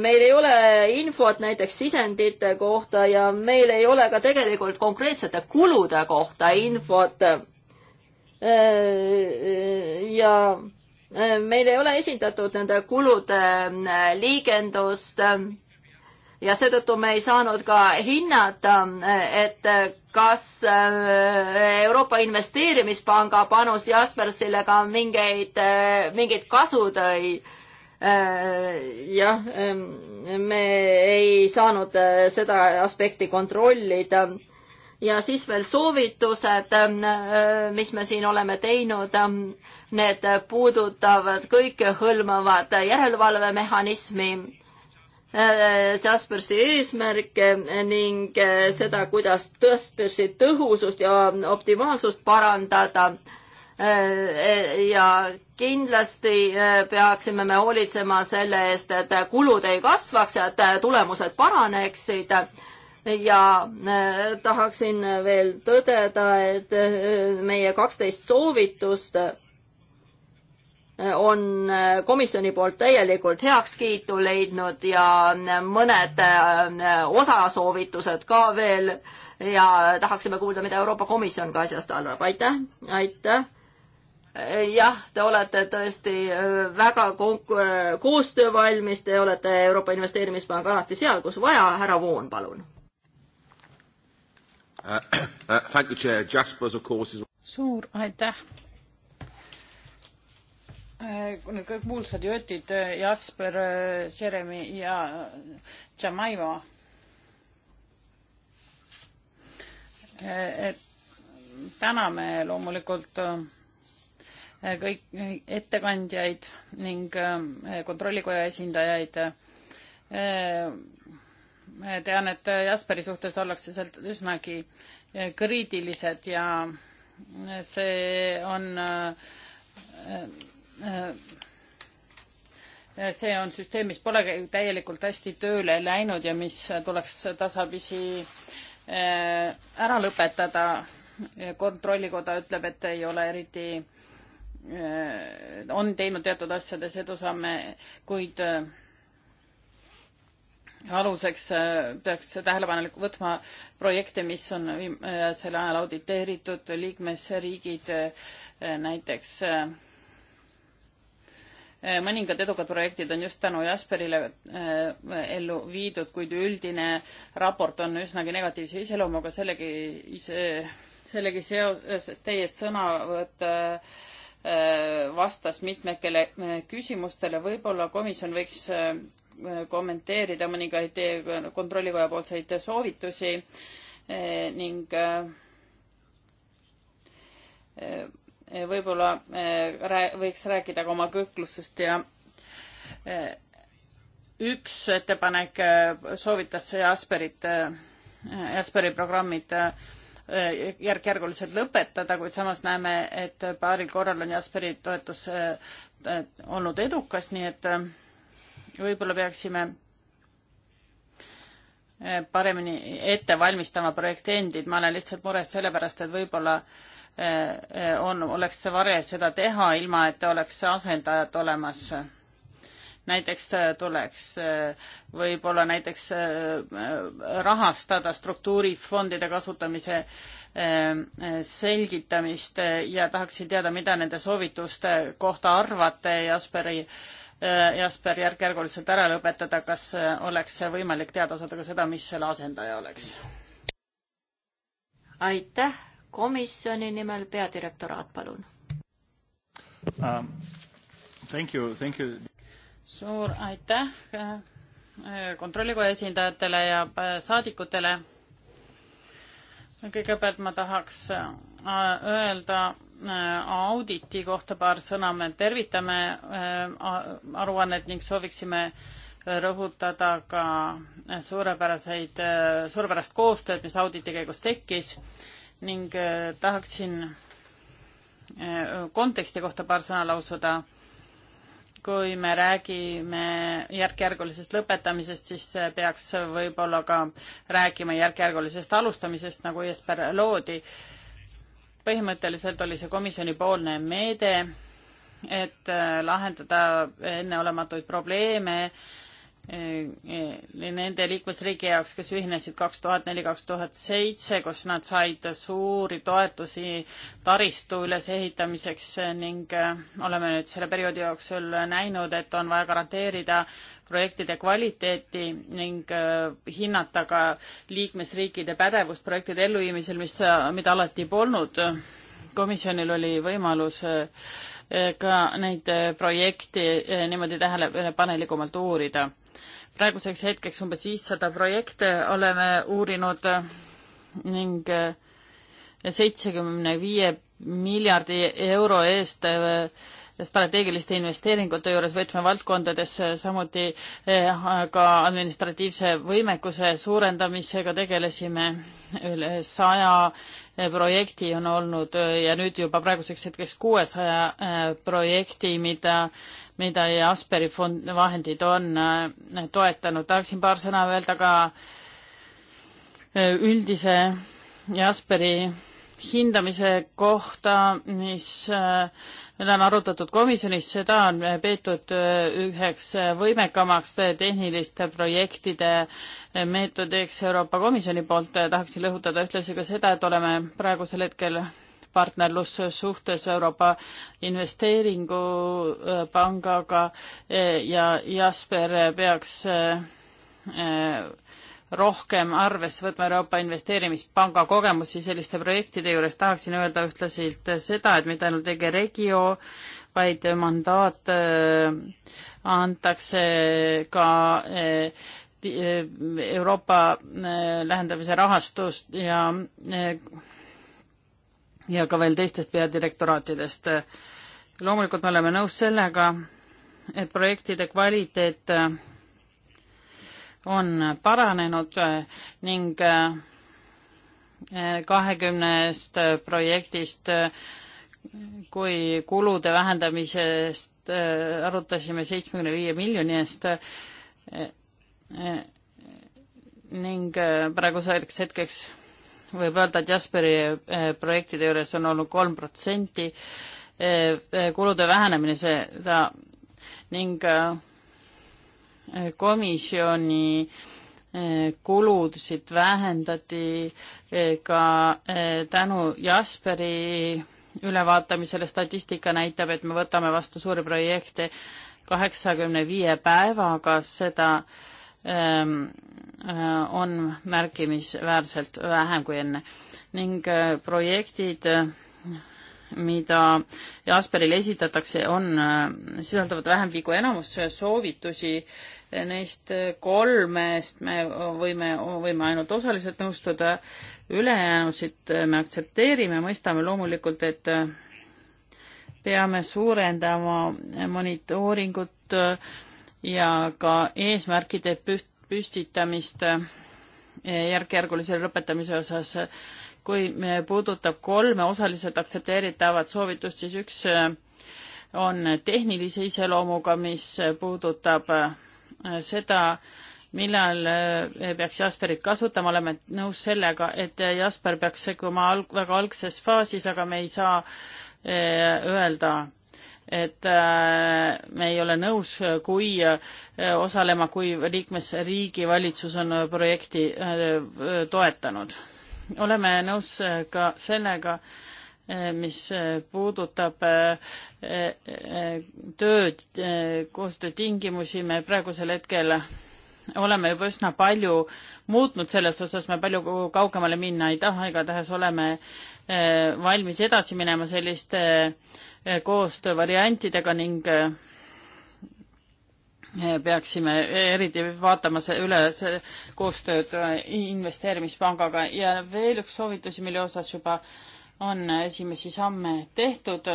meil ei ole infot näiteks sisendite kohta ja meil ei ole ka tegelikult konkreetsete kulude kohta infot. ja meil ei ole esindatud nende kulude liigendust ja seetõttu me ei saanud ka hinnata, et kas äh, Euroopa Investeerimispanga panus Jaspersile ka mingeid, äh, mingeid kasu tõi? Äh, jah, ähm, me ei saanud seda aspekti kontrollida. ja siis veel soovitused, mis me siin oleme teinud, need puudutavad kõikehõlmavat järelevalvemehhanismi Äh, Jaspersi eesmärke ning äh, seda, kuidas Jaspersi tõhusust ja optimaalsust parandada. Äh, ja kindlasti peaksime me hoolitsema selle eest, et kulud ei kasvaks ja et tulemused paraneksid ja tahaksin veel tõdeda, et meie kaksteist soovitust on äh, komisjoni poolt täielikult heakskiitu leidnud ja äh, mõned äh, osasoovitused ka veel ja tahaksime kuulda, mida Euroopa Komisjon ka asjast arvab, aitäh, aitäh. jah, te olete tõesti väga koostöövalmis, te olete Euroopa Investeerimispank alati seal, kus vaja, härra Voon, palun uh,. Uh, suur aitäh Äh, need kõik kuulsad jotid, äh, Jasper, äh, Jeremy ja Jamaiva. et täname loomulikult kõik ettekandjaid ning kontrollikoja esindajaid. tean, et Jasperi suhtes ollakse sealt üsnagi kriitilised ja see on Äh, see on süsteem, mis pole täielikult hästi tööle läinud ja mis tuleks tasapisi äh, ära lõpetada. kontrollikoda ütleb, et ei ole eriti, äh, on teinud teatud asjades edusamme, kuid aluseks peaks tähelepanelik võtma projekte, mis on viimasel ajal auditeeritud, liikmesriigid näiteks Eh, mõningad edukad projektid on just tänu Jasperile eh, ellu viidud, kuid üldine raport on üsnagi negatiivse iseloomuga, sellegi ise, sellegi seoses teie sõnavõtt eh, vastas mitmekele küsimustele, võib-olla komisjon võiks kommenteerida mõningaid teie kontrollikoja poolseid soovitusi ning Eh, võib-olla eh, võiks rääkida ka oma kõhklustest ja eh, üks ettepanek soovitas Asperit, Asperi programmid järk-järguliselt lõpetada, kuid samas näeme, et paaril korral on Jasperi toetus olnud edukas, nii et võib-olla peaksime paremini ette valmistama projekteendid, ma olen lihtsalt mures sellepärast, et võib-olla äh, on, oleks varje seda teha, ilma et oleks asendajad olemas. näiteks tuleks eh, võib-olla näiteks eh, rahastada struktuurifondide kasutamise eh, selgitamist ja tahaksin teada, mida nende soovituste kohta arvate Jasperi Jasper järk-järguliselt ära lõpetada, kas oleks võimalik teada saada ka seda, mis selle asendaja oleks? aitäh komisjoni nimel peadirektoraat, palun um,. Thank you, thank you. suur aitäh äh, kontrollikoja esindajatele ja äh, saadikutele. kõigepealt ma tahaks äh, öelda auditi kohta paar sõna, me tervitame aruannet ning sooviksime rõhutada ka suurepäraseid, suurepärast koostööd, mis auditi käigus tekkis ning äh, tahaksin äh, konteksti kohta paar sõna lausuda. kui me räägime järk-järgulisest lõpetamisest, siis äh, peaks võib-olla ka rääkima järk-järgulisest alustamisest, nagu Jesper loodi. põhimõtteliselt oli see komisjonipoolne meede, et lahendada enneolematuid probleeme äh, Äh, äh, nende liikmesriigi jaoks, kes ühinesid kaks tuhat neli, kaks tuhat seitse, kus nad said suuri toetusi taristu ülesehitamiseks äh, ning oleme nüüd selle perioodi jooksul näinud, et on vaja garanteerida projektide kvaliteeti ning hinnata ka liikmesriikide pädevust projektide elluviimisel, mis, mida alati polnud. komisjonil oli võimalus ka neid äh, projekte äh, niimoodi tähelepanelikumalt uurida. praeguseks hetkeks umbes viissada projekte oleme uurinud äh, ning seitsekümne viie miljardi euro eest strateegiliste investeeringute juures võtmevaldkondades, samuti ka administratiivse võimekuse suurendamisega tegelesime üle saja projekti on olnud äh, ja nüüd juba praeguseks hetkeks kuuesaja äh, projekti, mida, mida Jasperi fond, vahendid on äh, toetanud. tahaksin paar sõna öelda ka üldise Jasperi hindamise kohta, mis mida äh, on arutatud komisjonis, seda on peetud äh, üheks äh, võimekamaks tehniliste projektide meetodiks Euroopa Komisjoni poolt. tahaksin rõhutada ühtlasi ka seda, et oleme praegusel hetkel partnerlussuhtes Euroopa Investeeringupangaga ja Jasper peaks rohkem arvesse võtma Euroopa Investeerimispanga kogemusi selliste projektide juures, tahaksin öelda ühtlaselt seda, et mitte ainult EG Regio, vaid mandaat äh, antakse ka äh, äh, Euroopa lähendamise rahastust ja ja ka veel teistest peadirektoraatidest. loomulikult me oleme nõus sellega, et projektide kvaliteet on paranenud eh, ning eh, kahekümnest eh, projektist kui kulude vähendamisest arutasime seitsmekümne viie miljoni eest ning praeguseks hetkeks võib öelda, et Jasperi projektide juures on olnud kolm protsenti kulude vähenemine seda ning komisjoni eh, kulusid vähendati eh, ka eh, tänu Jasperi ülevaatamisele. statistika näitab, et me võtame vastu suuri projekte kaheksakümne viie päevaga, seda ehm, on märkimisväärselt vähem kui enne ning projektid mida Jasperil esitatakse, on, sisaldavad vähem vigu, enamus soovitusi neist kolmest me võime, võime ainult osaliselt nõustuda, ülejäänusid me aktsepteerime, mõistame loomulikult, et peame suurendama monitooringut ja ka eesmärkide püstitamist järk-järgulise lõpetamise osas. kui puudutab kolme osaliselt aktsepteeritavat soovitust, siis üks on tehnilise iseloomuga, mis puudutab Äh, seda, millal äh, peaks Jasperit kasutama, oleme nõus sellega, et äh, Jasper peaks sekkuma alg-, väga algses faasis, aga me ei saa öelda, et me ei ole nõus, kui osalema, kui liikmesriigi valitsus on projekti toetanud. oleme nõus ka sellega, Eh, mis eh, puudutab eh, tööd, koostöötingimusi, me praegusel hetkel oleme juba üsna palju muutnud selles osas, me palju kaugemale minna ei taha, igatahes oleme valmis edasi minema selliste koostöövariantidega ning peaksime eriti vaatama see üle see koostööd investeerimispangaga ja veel üks soovitusi, mille osas juba äh, on esimesi samme tehtud,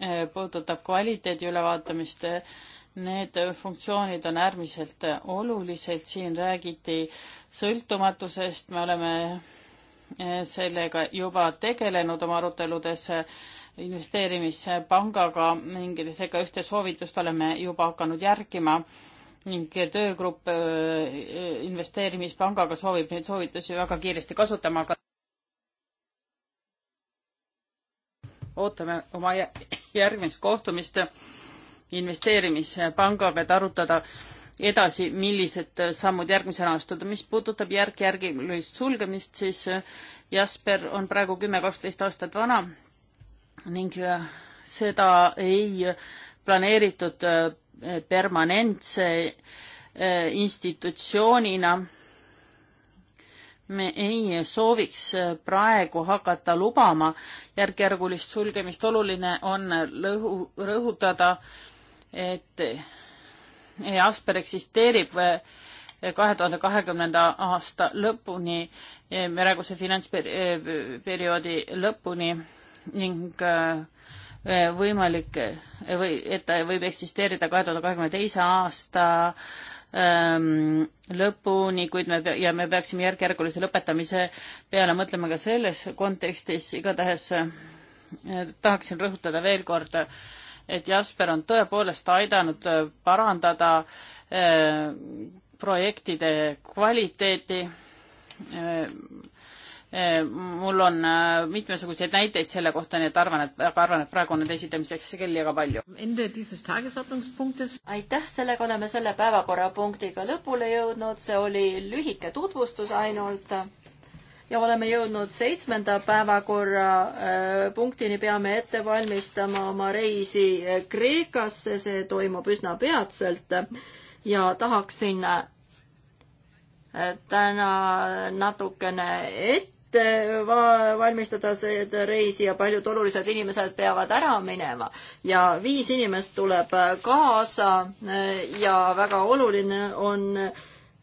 eh, puudutab kvaliteedi ülevaatamist, need funktsioonid on äärmiselt olulised, siin räägiti sõltumatusest, me oleme eh, sellega juba tegelenud oma aruteludes investeerimispangaga ning seega ühte soovitust oleme juba hakanud järgima ning töögrupp eh, investeerimispangaga soovib neid soovitusi väga kiiresti kasutama hakata ootame oma järgmist kohtumist investeerimispangaga, et arutada edasi, millised sammud järgmisena astuda. mis puudutab järk-järgilist sulgemist, siis äh, Jasper on praegu kümme-kaksteist aastat vana ning äh, seda ei äh, planeeritud permanentse institutsioonina me ei sooviks äh, praegu hakata lubama järk-järgulist sulgemist, oluline on lõhu, rõhutada, et Asper eksisteerib äh, kahe tuhande kahekümnenda aasta lõpuni, äh, praeguse finantsperioodi lõpuni ning võimalik või et ta võib eksisteerida kahe tuhande kahekümne teise aasta Ähm, lõpuni, kuid me ja me peaksime järk-järgulise lõpetamise peale mõtlema ka selles kontekstis, igatahes äh, tahaksin rõhutada veel kord, et Jasper on tõepoolest aidanud äh, parandada äh, projektide kvaliteeti Eh, mul on eh, mitmesuguseid näiteid selle kohta, nii et arvan, et, aga arvan, et praegu on need esitamiseks küll väga palju. aitäh, sellega oleme selle päevakorrapunktiga lõpule jõudnud, see oli lühike tutvustus ainult ja oleme jõudnud seitsmenda päevakorrapunktini, eh, peame ette valmistama oma reisi Kreekasse, see toimub üsna peatselt ja tahaksin täna natukene ette ette äh, valmistada seda reisi ja paljud olulised inimesed peavad ära minema. ja viis inimest tuleb äh, kaasa äh, ja väga oluline on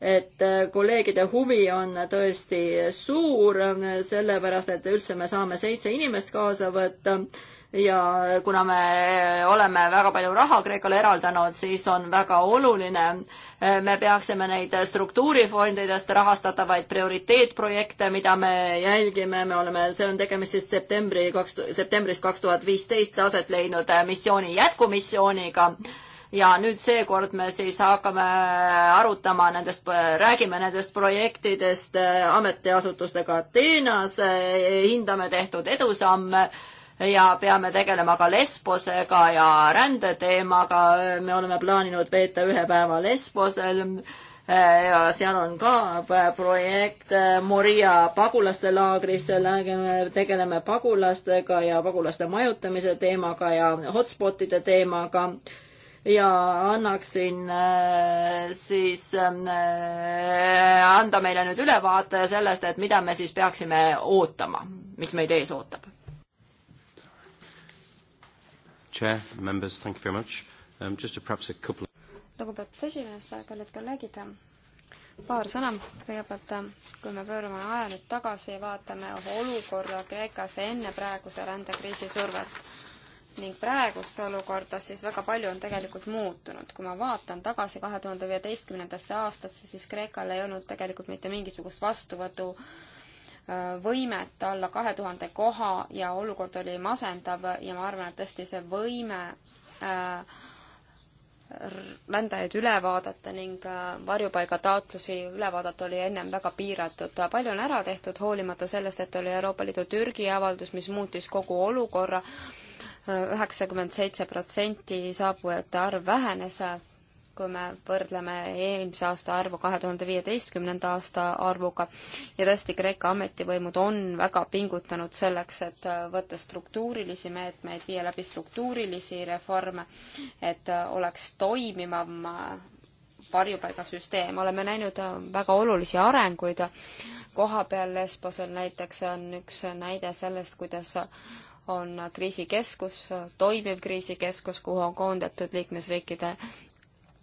et kolleegide huvi on tõesti suur, sellepärast et üldse me saame seitse inimest kaasa võtta ja kuna me eh, oleme väga palju raha Kreekale eraldanud, siis on väga oluline, eh, me peaksime neid struktuurifondidest rahastatavaid prioriteetprojekte, mida me jälgime, me oleme, see on tegemist siis septembri kaks, septembrist kaks tuhat viisteist aset leidnud eh, missiooni jätkumissiooniga ja nüüd seekord me siis hakkame arutama nendest, räägime nendest projektidest ametiasutustega Ateenas, hindame tehtud edusamme ja peame tegelema ka Lesbosega ja rändeteemaga. me oleme plaaninud veeta ühe päeva Lesbosel ja seal on ka projekt Moria pagulaste laagris, tegeleme pagulastega ja pagulaste majutamise teemaga ja hotspotide teemaga ja annaksin äh, siis, äh, anda meile nüüd ülevaate sellest, et mida me siis peaksime ootama, mis meid ees ootab Chair, members, thank you very much um,. Just a, perhaps a couple lugupeetud esimees, kallid kolleegid, paar sõna kõigepealt, um, kui me pöörame aja nüüd tagasi ja vaatame olukorda Kreekas enne praeguse rändekriisi survet ning praegust olukorda, siis väga palju on tegelikult muutunud. kui ma vaatan tagasi kahe tuhande viieteistkümnendasse aastasse, siis Kreekal ei olnud tegelikult mitte mingisugust vastuvõtu äh, Äh, võimet alla kahe tuhande koha ja olukord oli masendav ja ma arvan, et tõesti see võime äh, rändajaid üle vaadata ning äh, varjupaigataotlusi üle vaadata oli ennem väga piiratud. palju on ära tehtud, hoolimata sellest, et oli Euroopa Liidu Türgi avaldus, mis muutis kogu olukorra. üheksakümmend seitse protsenti saabujate arv vähenes kui me võrdleme eelmise aasta arvu kahe tuhande viieteistkümnenda aasta arvuga ja tõesti, Kreeka ametivõimud on väga pingutanud selleks, et äh, võtta struktuurilisi meetmeid, viia läbi struktuurilisi reforme, et äh, oleks toimivam äh, varjupaigasüsteem, oleme näinud väga olulisi arenguid, koha peal Lesbosel näiteks on üks näide sellest, kuidas on kriisikeskus, toimiv kriisikeskus, kuhu on koondatud liikmesriikide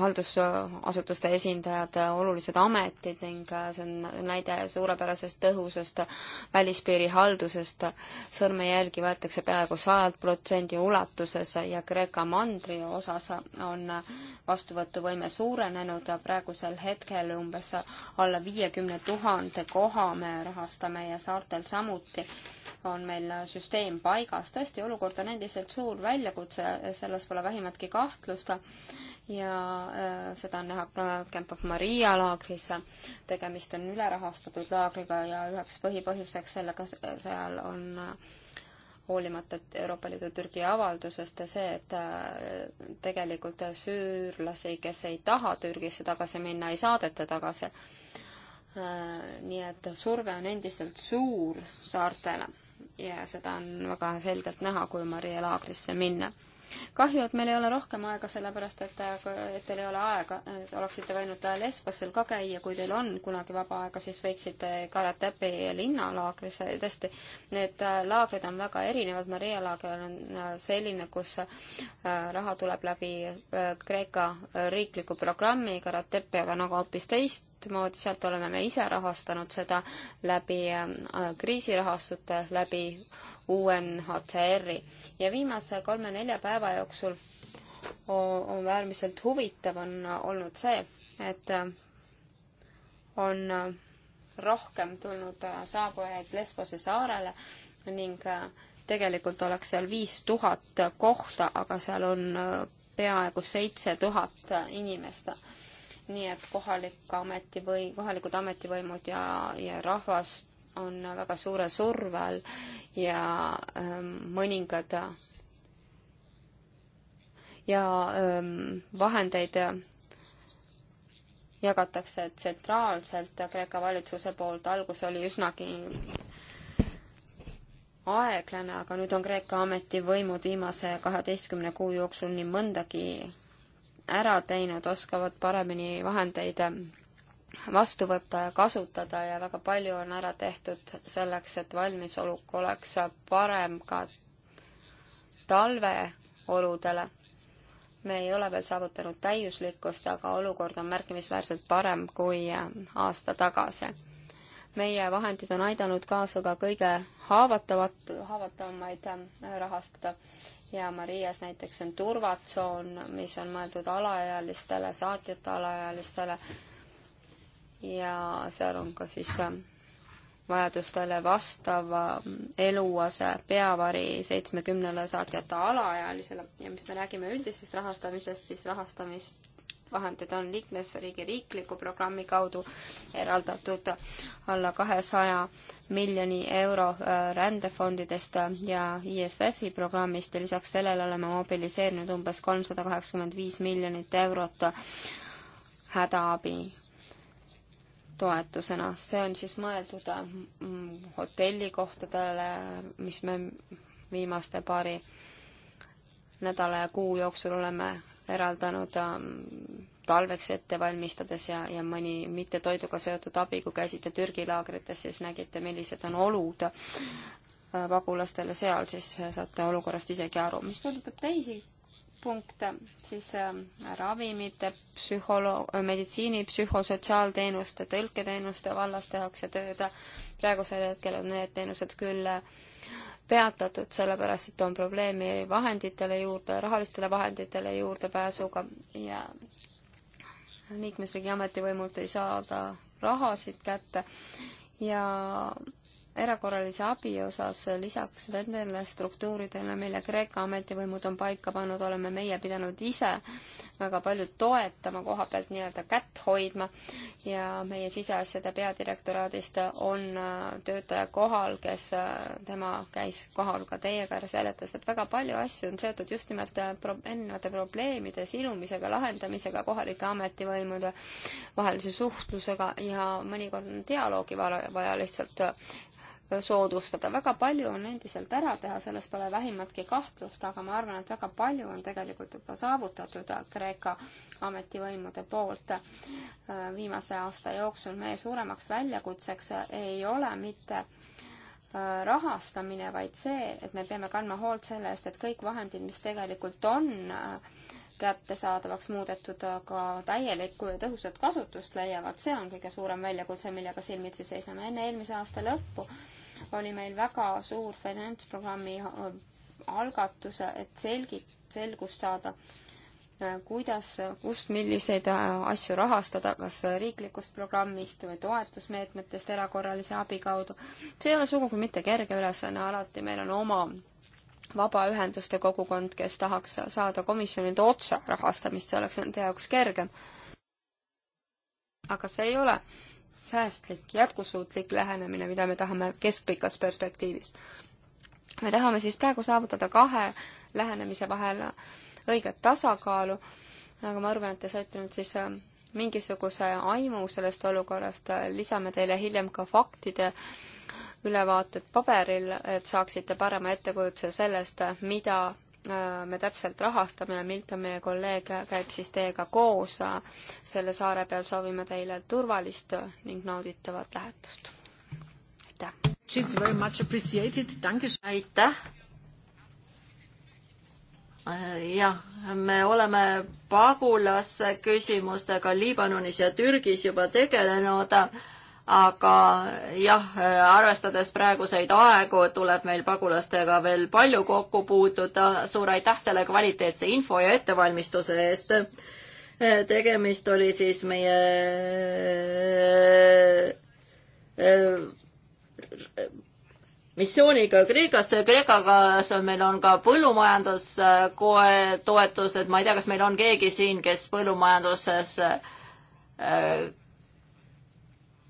haldusasutuste esindajad, olulised ametid ning äh, see on näide suurepärasest tõhusast välispiiri haldusest. sõrmejälgi võetakse peaaegu sajalt protsendi ulatuses ja Kreeka mandri osas on vastuvõtuvõime suurenenud ja praegusel hetkel umbes alla viiekümne tuhande koha me rahastame ja saartel samuti on meil süsteem paigas. tõesti, olukord on endiselt suur väljakutse, selles pole vähimatki kahtlust ja äh, seda on näha ka Camp of Maria laagris. tegemist on ülerahastatud laagriga ja üheks põhipõhjuseks sellega seal on äh, hoolimata Euroopa Liidu Türgi avaldusest ja see, et äh, tegelikult süürlasi, kes ei taha Türgisse tagasi minna, ei saadeta tagasi. nii et surve on endiselt suur saartele ja seda on väga selgelt näha, kui Maria laagrisse minna kahju, et meil ei ole rohkem aega, sellepärast et, et teil ei ole aega, oleksite võinud Lesbosel ka käia, kui teil on kunagi vaba aega, siis võiksite Karatepi linnalaagris, tõesti, need laagrid on väga erinevad, Maria laager on äh, selline, kus äh, raha tuleb läbi äh, Kreeka riikliku programmi, Karatepi aga nagu hoopis teist, ühtmoodi, sealt oleme me ise rahastanud seda läbi äh, kriisirahastute, läbi UNHCR-i. ja viimase kolme-nelja päeva jooksul on äärmiselt huvitav on olnud see, et äh, on äh, rohkem tulnud saabujaid Lesbose saarele ning tegelikult oleks seal viis tuhat kohta, aga seal on peaaegu seitse tuhat inimest nii et kohalik ameti või, kohalikud ametivõimud ja, ja rahvas on väga suure surve all ja ähm, mõningad ja ähm, vahendeid jagatakse tsentraalselt Kreeka valitsuse poolt, algus oli üsnagi aeglane, aga nüüd on Kreeka ametivõimud viimase kaheteistkümne kuu jooksul nii mõndagi ära teinud, oskavad paremini vahendeid äh, vastu võtta ja kasutada ja väga palju on ära tehtud selleks, et valmisolek oleks parem ka talveoludele. me ei ole veel saavutanud täiuslikkust, aga olukord on märkimisväärselt parem kui äh, aasta tagasi. meie vahendid on aidanud kaasa ka kõige haavatavat, haavatavamaid äh, rahastada ja Marias näiteks on turvatsoon, mis on mõeldud alaealistele, saatjate alaealistele ja seal on ka siis äh, vajadustele vastava äh, eluase peavari seitsmekümnele saatjata alaealisele ja mis me räägime üldisest rahastamisest, siis rahastamist vahendid on liikmesriigi riikliku programmi kaudu eraldatud alla kahesaja miljoni euro äh, rändefondidest ja ISF-i programmist ja lisaks sellele oleme mobiliseerinud umbes kolmsada kaheksakümmend viis miljonit eurot hädaabi toetusena, see on siis mõeldud äh, hotellikohtadele, mis me viimaste paari nädala ja kuu jooksul oleme eraldanud ähm, talveks ette valmistades ja, ja mõni mitte toiduga seotud abi, kui käisite Türgi laagrites, siis nägite, millised on olud äh, pagulastele seal, siis saate olukorrast isegi aru. mis puudutab teisi punkte, siis ähm, ravimite, psühholoog-, meditsiini, psühhosotsiaalteenuste, tõlketeenuste vallas tehakse tööd. praegusel hetkel on need teenused küll äh, peatatud, sellepärast et on probleemi vahenditele juurde, rahalistele vahenditele juurdepääsuga ja liikmesriigi ametivõimult ei saada rahasid kätte ja erakorralise abi osas lisaks nendele struktuuridele, mille Kreeka ametivõimud on paika pannud, oleme meie pidanud ise väga palju toetama koha pealt nii-öelda kätt hoidma ja meie siseasjade peadirektoraadist on äh, töötaja kohal, kes, äh, tema käis kohal ka teiega ja seletas, et väga palju asju on seotud just nimelt äh, pro-, erinevate probleemide silumisega, lahendamisega, kohalike ametivõimude vahelise suhtlusega ja mõnikord on dialoogi vaja lihtsalt soodustada, väga palju on endiselt ära teha, selles pole vähimatki kahtlust, aga ma arvan, et väga palju on tegelikult juba saavutatud Kreeka ametivõimude poolt viimase aasta jooksul. meie suuremaks väljakutseks ei ole mitte rahastamine, vaid see, et me peame kandma hoolt selle eest, et kõik vahendid, mis tegelikult on kättesaadavaks muudetud, aga täielikku ja tõhusat kasutust leiavad, see on kõige suurem väljakutse, millega silmitsi seisame. enne eelmise aasta lõppu oli meil väga suur finantsprogrammi äh, algatuse, et selgit-, selgust saada, äh, kuidas, kust, milliseid äh, asju rahastada, kas riiklikust programmist või toetusmeetmetest erakorralise abi kaudu. see ei ole sugugi mitte kerge ülesanne, alati meil on oma vabaühenduste kogukond, kes tahaks saada komisjonilt otse rahastamist, see oleks nende jaoks kergem. aga see ei ole säästlik, jätkusuutlik lähenemine, mida me tahame keskpikas perspektiivis. me tahame siis praegu saavutada kahe lähenemise vahel õiget tasakaalu, aga ma arvan, et te saite nüüd siis äh, mingisuguse aimu sellest olukorrast, lisame teile hiljem ka faktide äh, ülevaated paberil, et saaksite parema ettekujutuse sellest, mida äh, me täpselt rahastame ja Milton, meie kolleeg, käib siis teiega koos selle saare peal, soovime teile turvalist ning nauditavat lähetust. aitäh! aitäh! Äh, jah, me oleme pagulasküsimustega Liibanonis ja Türgis juba tegelenud aga jah, arvestades praeguseid aegu, tuleb meil pagulastega veel palju kokku puutuda, suur aitäh selle kvaliteetse info ja ettevalmistuse eest. tegemist oli siis meie missiooniga Kreekasse, Kreekagas meil on ka põllumajanduskoe toetused, ma ei tea, kas meil on keegi siin, kes põllumajanduses äh,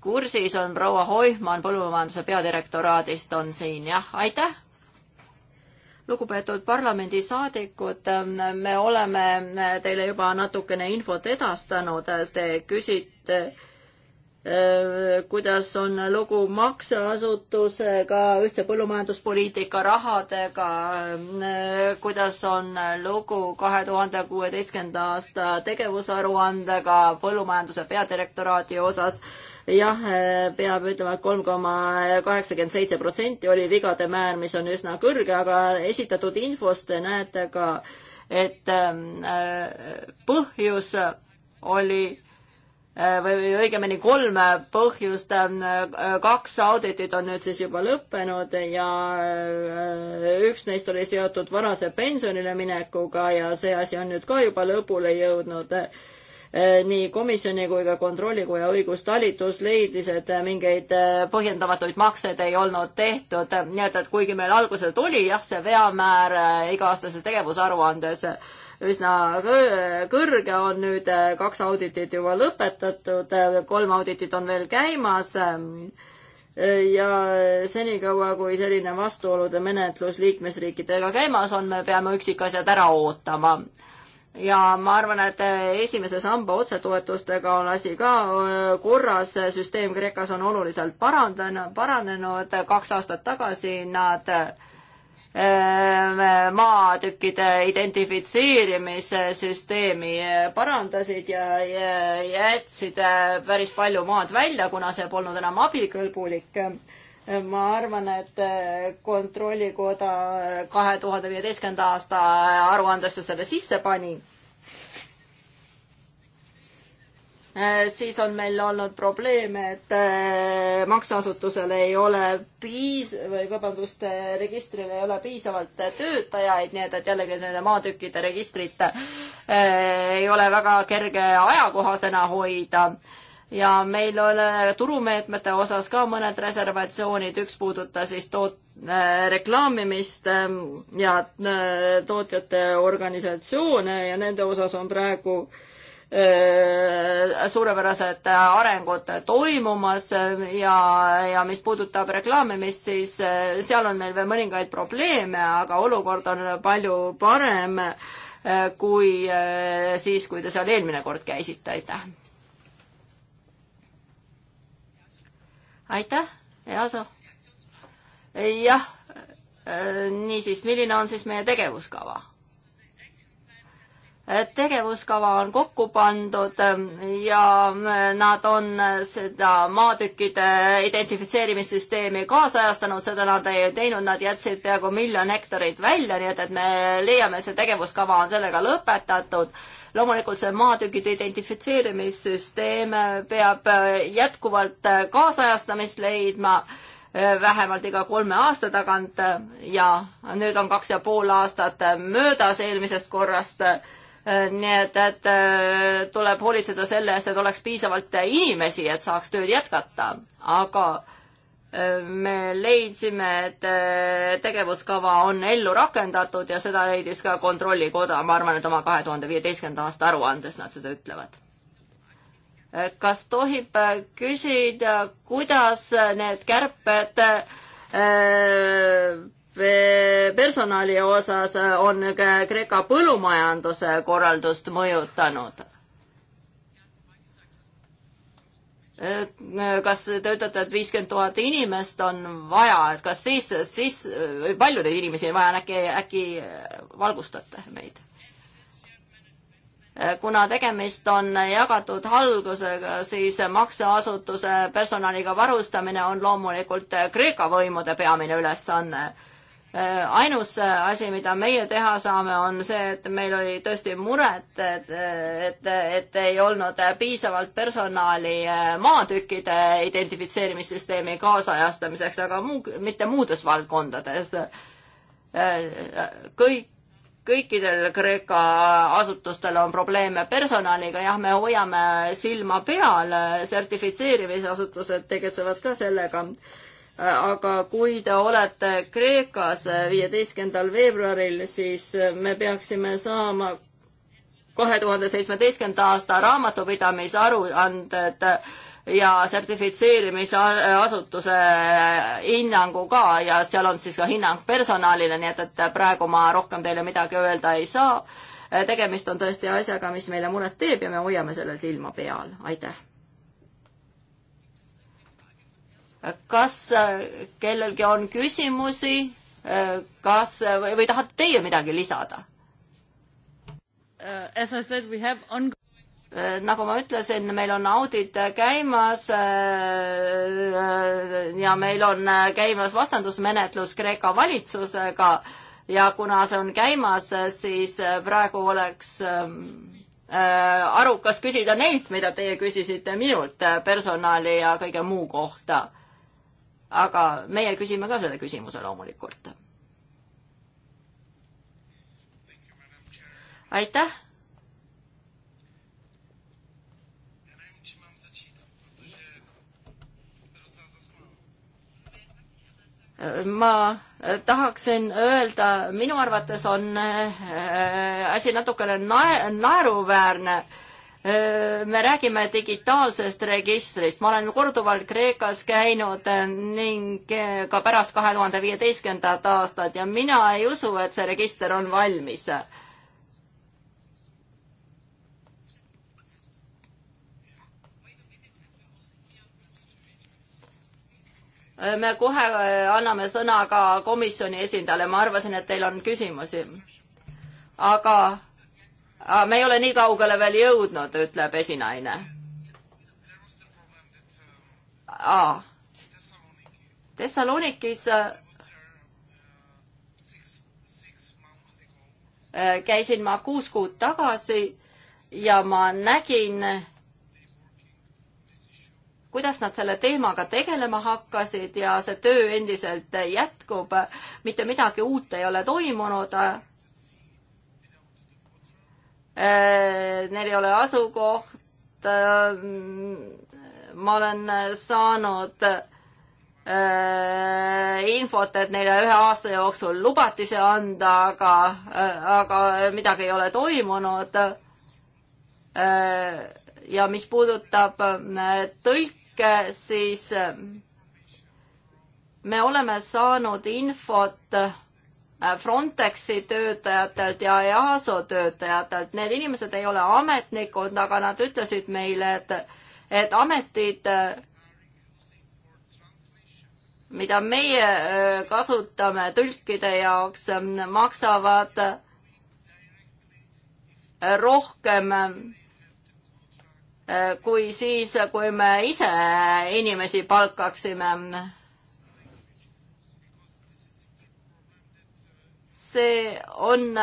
kursis on proua Hoihmann põllumajanduse peadirektoraadist on siin, jah, aitäh. lugupeetud parlamendisaadikud, me oleme teile juba natukene infot edastanud, te küsite Äh, kuidas on lugu makseasutusega, ühtse põllumajanduspoliitika rahadega, äh, kuidas on lugu kahe tuhande kuueteistkümnenda aasta tegevusaruandega põllumajanduse peadirektoraadi osas. jah, äh, peab ütlema et, et kolm koma kaheksakümmend seitse protsenti oli vigade määr, mis on üsna kõrge, aga esitatud infost te näete ka, et ähm, põhjus oli Äh, või õigemini kolm põhjust. Äh, kaks auditit on nüüd siis juba lõppenud ja äh, üks neist oli seotud varase pensionile minekuga ja see asi on nüüd ka juba lõpule jõudnud Äh, nii komisjoni kui ka kontrollikoja õigustalitus leidis, et äh, mingeid äh, põhjendamatuid makseid ei olnud tehtud, nii et, et kuigi meil alguses oli jah, see veamäär iga-aastases tegevusaruandes üsna kõrge, on nüüd kaks auditit juba lõpetatud, kolm auditit on veel käimas ähm, ja senikaua, kui selline vastuolude menetlus liikmesriikidega käimas on, me peame üksikasjad ära ootama ja ma arvan, et eh, esimese samba otsetoetustega on asi ka eh, korras, süsteem Kreekas on oluliselt parandanud, paranenud, kaks aastat tagasi nad eh, maatükkide identifitseerimise süsteemi parandasid ja jätsid päris palju maad välja, kuna see polnud enam abikõlbulik ma arvan, et eh, Kontrollikoda kahe tuhande viieteistkümnenda aasta aruandesse selle sisse pani. Eh, siis on meil olnud probleeme, et eh, makseasutusel ei ole piis- või vabandust, registril ei ole piisavalt töötajaid, nii et, et jällegi nende maatükkide registrit ei ole väga kerge ajakohasena hoida ja meil on äh, turumeetmete osas ka mõned reservatsioonid, üks puudutas siis toot-, äh, reklaamimist ähm, ja äh, tootjate organisatsioone ja nende osas on praegu suurepärased arengud toimumas ähm, ja, ja mis puudutab reklaamimist, siis seal on meil veel mõningaid probleeme, aga olukord on palju parem kui siis, kui te seal eelmine kord käisite, aitäh aitäh, Easo. jah, äh, niisiis, milline on siis meie tegevuskava? Äh, tegevuskava on kokku pandud ähm, ja äh, nad on seda maatükkide identifitseerimissüsteemi kaasajastanud, seda nad ei teinud, nad jätsid peaaegu miljon hektarit välja, nii et, et me leiame, see tegevuskava on sellega lõpetatud loomulikult see maatükide identifitseerimissüsteem peab äh, jätkuvalt äh, kaasajastamist leidma äh, vähemalt iga kolme aasta tagant ja nüüd on kaks ja pool aastat möödas eelmisest korrast. nii et, et tuleb hoolitseda selle eest, et oleks piisavalt inimesi, et saaks tööd jätkata, aga me leidsime, et äh, tegevuskava on ellu rakendatud ja seda leidis ka Kontrollikoda, ma arvan, et oma kahe tuhande viieteistkümnenda aasta aruandes nad seda ütlevad. Äh, kas tohib äh, küsida, kuidas need kärped personali osas on Kreeka põllumajanduse korraldust mõjutanud? Äh, kas te ütlete, et viiskümmend tuhat inimest on vaja, et kas siis, siis, äh, palju neid inimesi on vaja, äkki, äkki äh, valgustate meid? kuna tegemist on jagatud haldusega, siis makseasutuse personaliga varustamine on loomulikult Kreeka võimude peamine ülesanne Äh, ainus äh, asi, mida meie teha saame, on see, et meil oli tõesti muret, et, et, et ei olnud piisavalt personali äh, maatükkide identifitseerimissüsteemi kaasajastamiseks, aga muu, mitte muudes valdkondades. kõik, kõikidel Kreeka asutustel on probleeme personaliga, jah, me hoiame silma peal, sertifitseerimisasutused tegutsevad ka sellega aga kui te olete Kreekas viieteistkümnendal veebruaril, siis me peaksime saama kahe tuhande seitsmeteistkümnenda aasta raamatupidamise aruanded ja sertifitseerimise asutuse hinnangu ka ja seal on siis ka hinnang personalile, nii et, et praegu ma rohkem teile midagi öelda ei saa. tegemist on tõesti asjaga, mis meile muret teeb ja me hoiame sellel silma peal, aitäh. kas äh, kellelgi on küsimusi, äh, kas äh, või, või tahate teie midagi lisada uh,? Said, on... uh, nagu ma ütlesin, meil on audit käimas uh, ja meil on käimas vastandusmenetlus Kreeka valitsusega ja kuna see on käimas, siis praegu oleks ähm, arukas küsida neilt, mida teie küsisite minult personali ja kõige muu kohta aga meie küsime ka selle küsimuse loomulikult. aitäh. ma tahaksin öelda, minu arvates on äh, asi natukene nae-, naeruväärne me räägime digitaalsest registrist, ma olen korduvalt Kreekas käinud äh, ning äh, ka pärast kahe tuhande viieteistkümnendat aastat ja mina ei usu, et see register on valmis. me kohe äh, anname sõna ka komisjoni esindajale, ma arvasin, et teil on küsimusi. aga me ei ole nii kaugele veel jõudnud, ütleb esinaine. Thessalonikis äh, käisin ma kuus kuud tagasi ja ma nägin, kuidas nad selle teemaga tegelema hakkasid ja see töö endiselt jätkub. mitte midagi uut ei ole toimunud Äh, neil ei ole asukohta. Äh, ma olen saanud äh, infot, et neile ühe aasta jooksul lubati see anda, aga, aga midagi ei ole toimunud. ja mis puudutab tõlke, siis me oleme saanud infot Frontexi töötajatelt ja EASO töötajatelt. Need inimesed ei ole ametnikud, aga nad ütlesid meile, et, et ametid, mida meie äh, kasutame tõlkide jaoks, äh, maksavad äh, rohkem kui siis, kui me ise inimesi palkaksime see on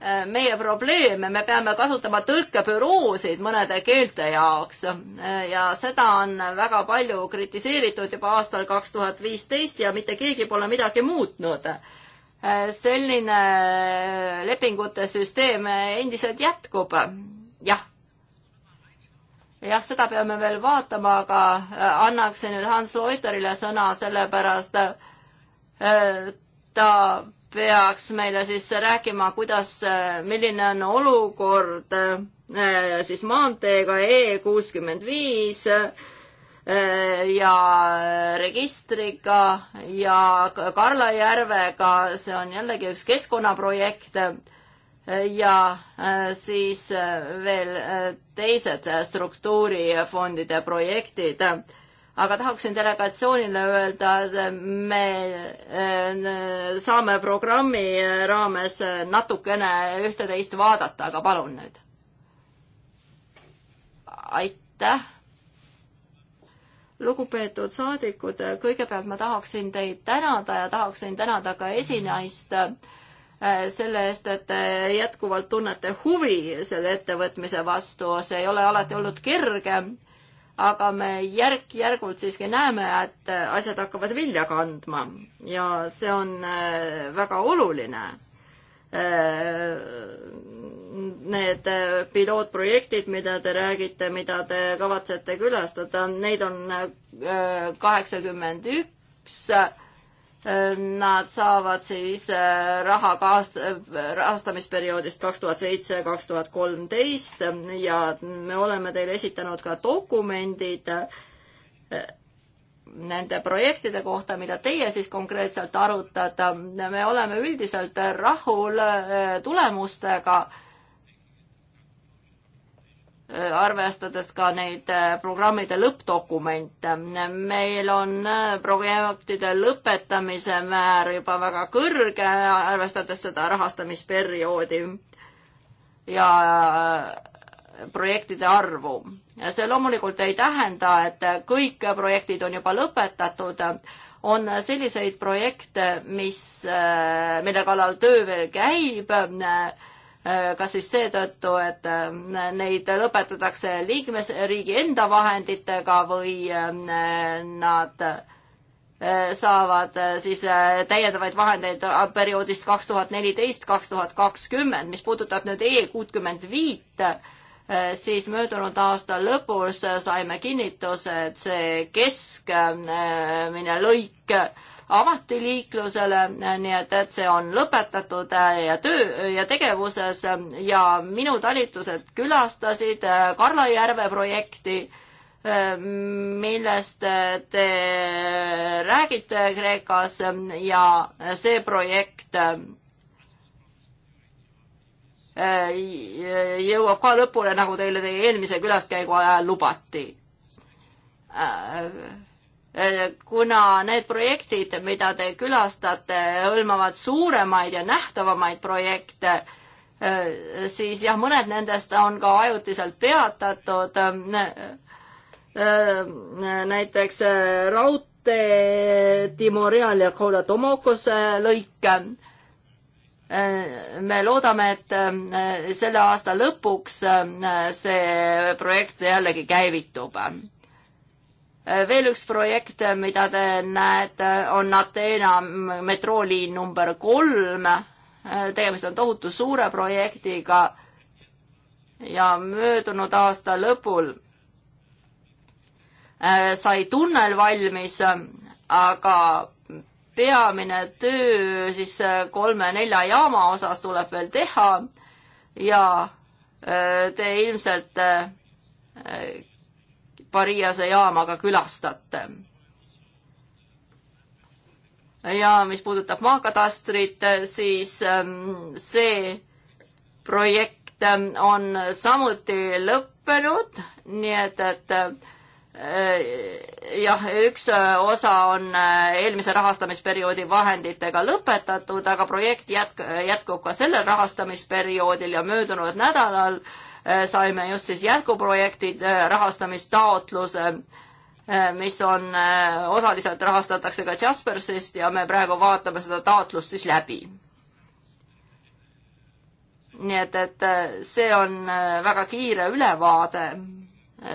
äh, meie probleem, me peame kasutama tõlkebüroosid mõnede keelte jaoks äh, ja seda on väga palju kritiseeritud juba aastal kaks tuhat viisteist ja mitte keegi pole midagi muutnud. Äh, selline lepingute süsteem endiselt jätkub, jah jah, seda peame veel vaatama, aga annaksin nüüd Hans Loiterile sõna, sellepärast äh, ta peaks meile siis rääkima, kuidas, milline on olukord eh, siis maanteega E kuuskümmend viis eh, ja registriga ja Karlajärvega, see on jällegi üks keskkonnaprojekt eh, ja siis veel teised struktuurifondide projektid aga tahaksin delegatsioonile öelda, et me äh, saame programmi raames natukene ühte-teist vaadata, aga palun nüüd. aitäh. lugupeetud saadikud, kõigepealt ma tahaksin teid tänada ja tahaksin tänada ka esinaist äh, selle eest, et te jätkuvalt tunnete huvi selle ettevõtmise vastu, see ei ole alati olnud kerge aga me järk-järgult siiski näeme, et asjad hakkavad vilja kandma ja see on äh, väga oluline. Äh, need äh, pilootprojektid, mida te räägite, mida te kavatsete külastada, neid on kaheksakümmend üks Nad saavad siis äh, raha kaast-, äh, rahastamisperioodist kaks tuhat seitse, kaks tuhat kolmteist ja me oleme teile esitanud ka dokumendid äh, nende projektide kohta, mida teie siis konkreetselt arutate. me oleme üldiselt rahul tulemustega Äh, arvestades ka neid äh, programmide lõppdokumente. meil on äh, projektide lõpetamise määr juba väga kõrge, arvestades seda rahastamisperioodi ja projektide arvu. see loomulikult ei tähenda, et kõik projektid on juba lõpetatud, on selliseid projekte, mis, mille kallal töö veel käib Äh, kas siis seetõttu, et äh, neid lõpetatakse liikmesriigi enda vahenditega või äh, nad saavad siis täiendavaid vahendeid perioodist kaks tuhat neliteist, kaks tuhat kakskümmend, mis puudutab nüüd E kuutkümmend viit, siis möödunud aasta lõpus saime kinnituse, et see keskmine lõik avati liiklusele, nii et, et see on lõpetatud äh, ja töö ja tegevuses äh, ja minu talitused külastasid äh, Karlajärve projekti, millest te räägite Kreekas ja see projekt jõuab ka lõpule, nagu teile teie eelmise külaskäigu ajal lubati Äh, kuna need projektid, mida te külastate, hõlmavad suuremaid ja nähtavamaid projekte, äh, siis jah, mõned nendest on ka ajutiselt peatatud. Äh, näiteks raudtee Timoreal ja Kola-Tomokos lõik. me loodame, et selle aasta lõpuks see projekt jällegi käivitub Äh, veel üks projekt, äh, mida te näete, on Ateena metrooliin number kolm. Äh, tegemist on tohutu suure projektiga ja möödunud aasta lõpul sai tunnel valmis, aga peamine töö siis kolme-nelja jaama osas tuleb veel teha ja te ilmselt Pariase jaama ka külastate. ja mis puudutab maakatastrit, siis ähm, see projekt ähm, on samuti lõppenud, nii et, et äh, jah, üks äh, osa on äh, eelmise rahastamisperioodi vahenditega lõpetatud, aga projekt jätk-, jätkub ka sellel rahastamisperioodil ja möödunud nädalal äh, Äh, saime just siis jätkuprojekti äh, rahastamistaotluse, äh, mis on, osaliselt rahastatakse ka Jaspersist ja me praegu vaatame seda taotlust siis läbi. nii et, et see on väga kiire ülevaade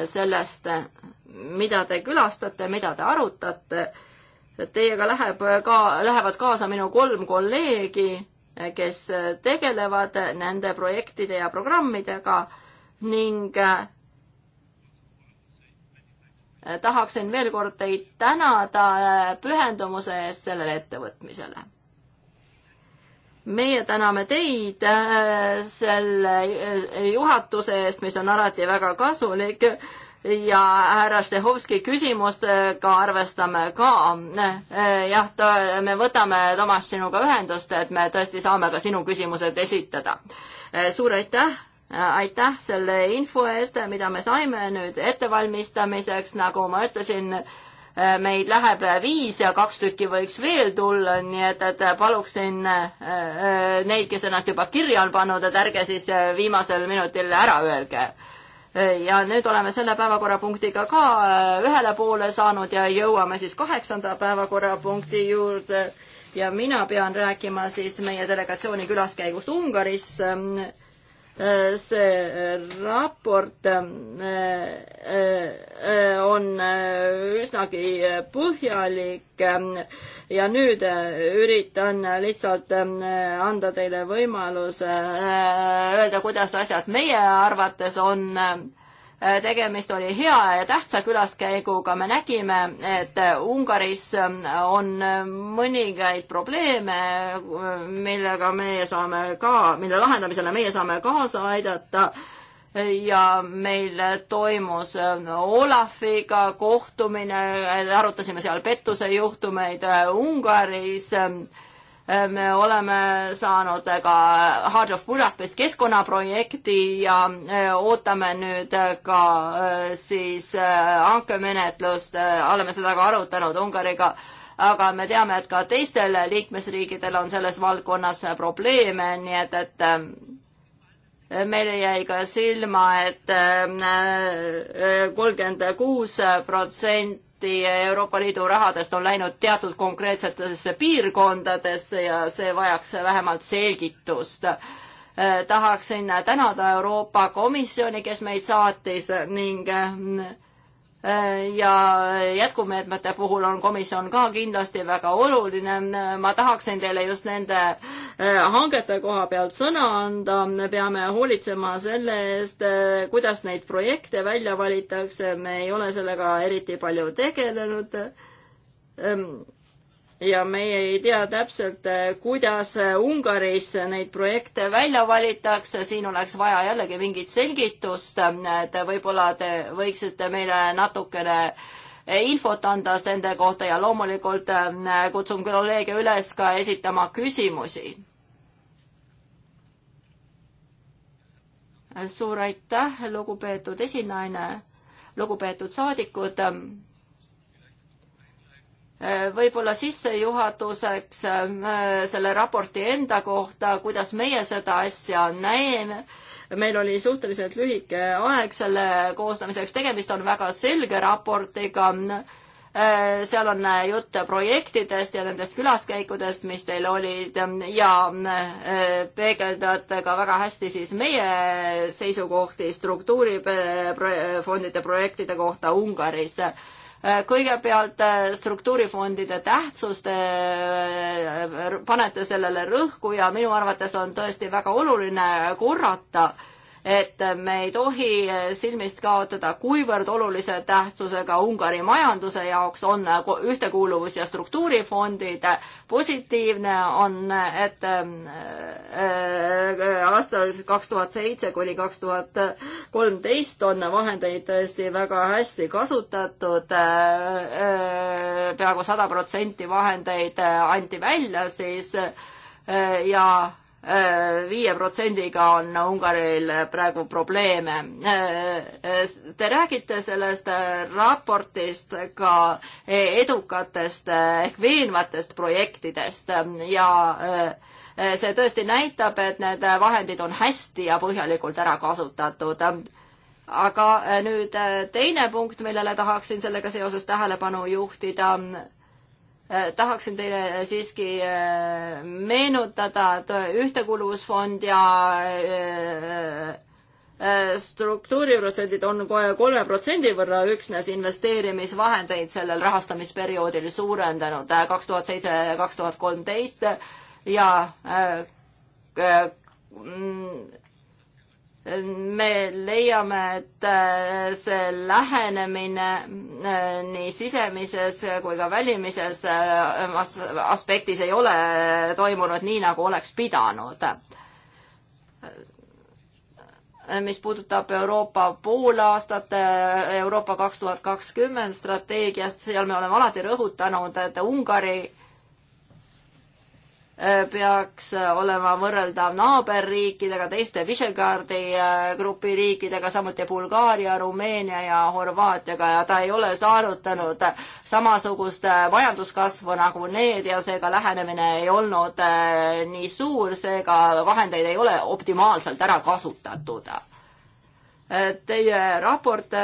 sellest, mida te külastate, mida te arutate. Teiega läheb ka, lähevad kaasa minu kolm kolleegi kes tegelevad nende projektide ja programmidega ning äh, tahaksin veel kord teid tänada äh, pühendumuse eest sellele ettevõtmisele meie täname teid äh, selle juhatuse eest, mis on alati väga kasulik ja härra Štehovski küsimustega arvestame ka. Äh, jah, me võtame, Toomas, sinuga ühendust, et me tõesti saame ka sinu küsimused esitada. Äh, suur aitäh, äh, aitäh selle info eest, mida me saime nüüd ettevalmistamiseks, nagu ma ütlesin, meid läheb viis ja kaks tükki võiks veel tulla, nii et, et paluksin neid, kes ennast juba kirja on pannud, et ärge siis viimasel minutil ära öelge ja nüüd oleme selle päevakorrapunktiga ka äh, ühele poole saanud ja jõuame siis kaheksanda päevakorrapunkti juurde ja mina pean rääkima siis meie delegatsiooni külaskäigust Ungarisse see raport äh, äh, on äh, üsnagi põhjalik ja nüüd üritan lihtsalt anda teile võimaluse öelda, kuidas asjad meie arvates on Äh, tegemist oli hea ja tähtsa külaskäiguga, me nägime, et äh, Ungaris äh, on mõningaid probleeme, millega meie saame ka, mille lahendamisele meie saame kaasa aidata ja meil toimus Olafiga kohtumine, arutasime seal pettuse juhtumeid Ungaris me oleme saanud ka Heart of Budapest keskkonnaprojekti ja e, ootame nüüd ka e, siis e, hankemenetlust, oleme seda ka arutanud Ungariga, aga me teame, et ka teistel liikmesriikidel on selles valdkonnas probleeme, nii et, et meile jäi ka silma et, et kolmkümmend kuus protsenti tõesti Euroopa Liidu rahadest on läinud teatud konkreetsetesse piirkondadesse ja see vajaks vähemalt selgitust. tahaksin tänada Euroopa Komisjoni, kes meid saatis ning mm, ja jätkumeetmete puhul on komisjon ka kindlasti väga oluline. ma tahaksin teile just nende eh, hangete koha pealt sõna anda. me peame hoolitsema selle eest, eh, kuidas neid projekte välja valitakse. me ei ole sellega eriti palju tegelenud ehm, ja meie ei tea täpselt, eh, kuidas eh, Ungaris neid projekte välja valitakse, siin oleks vaja jällegi mingit selgitust, et võib-olla te võiksite meile natukene eh, infot anda nende kohta ja loomulikult kutsun kolleege üles ka esitama küsimusi. suur aitäh, lugupeetud esinaine, lugupeetud saadikud võib-olla sissejuhatuseks äh, selle raporti enda kohta, kuidas meie seda asja näeme. meil oli suhteliselt lühike aeg selle koostamiseks, tegemist on väga selge raportiga. Äh, seal on jutt projektidest ja nendest külaskäikudest, mis teil olid ja äh, peegeldate ka väga hästi siis meie seisukohti struktuurifondide projektide kohta Ungaris kõigepealt äh, struktuurifondide tähtsust, äh, panete sellele rõhku ja minu arvates on tõesti väga oluline korrata äh, et me ei tohi silmist kaotada, kuivõrd olulise tähtsusega Ungari majanduse jaoks on ühtekuuluvus- ja struktuurifondid. positiivne on, et ähm, äh, aastal kaks tuhat seitse kuni kaks tuhat kolmteist on vahendeid tõesti väga hästi kasutatud äh, äh, peaaegu sada protsenti vahendeid anti välja siis ja viie protsendiga on Ungaril praegu probleeme. Te räägite sellest raportist ka edukatest ehk veenvatest projektidest ja eh, see tõesti näitab, et need vahendid on hästi ja põhjalikult ära kasutatud. aga eh, nüüd eh, teine punkt, millele tahaksin sellega seoses tähelepanu juhtida Äh, tahaksin teile äh, siiski äh, meenutada, et Ühtekuuluvusfond ja struktuuriprotsendid on kolme protsendi võrra üksnes investeerimisvahendeid sellel rahastamisperioodil suurendanud kaks tuhat seitse, kaks tuhat kolmteist ja mm, me leiame, et äh, see lähenemine äh, nii sisemises kui ka välimises äh, aspektis ei ole toimunud nii, nagu oleks pidanud. mis puudutab Euroopa poolaastat, Euroopa kaks tuhat kakskümmend strateegiast, seal me oleme alati rõhutanud, et Ungari Äh, peaks äh, olema võrreldav naaberriikidega, teiste Visegrádi äh, grupi riikidega, samuti Bulgaaria, Rumeenia ja Horvaatiaga ja ta ei ole saavutanud samasugust majanduskasvu nagu need ja seega lähenemine ei olnud nii suur, seega vahendeid ei ole optimaalselt ära kasutatud Teie raport äh,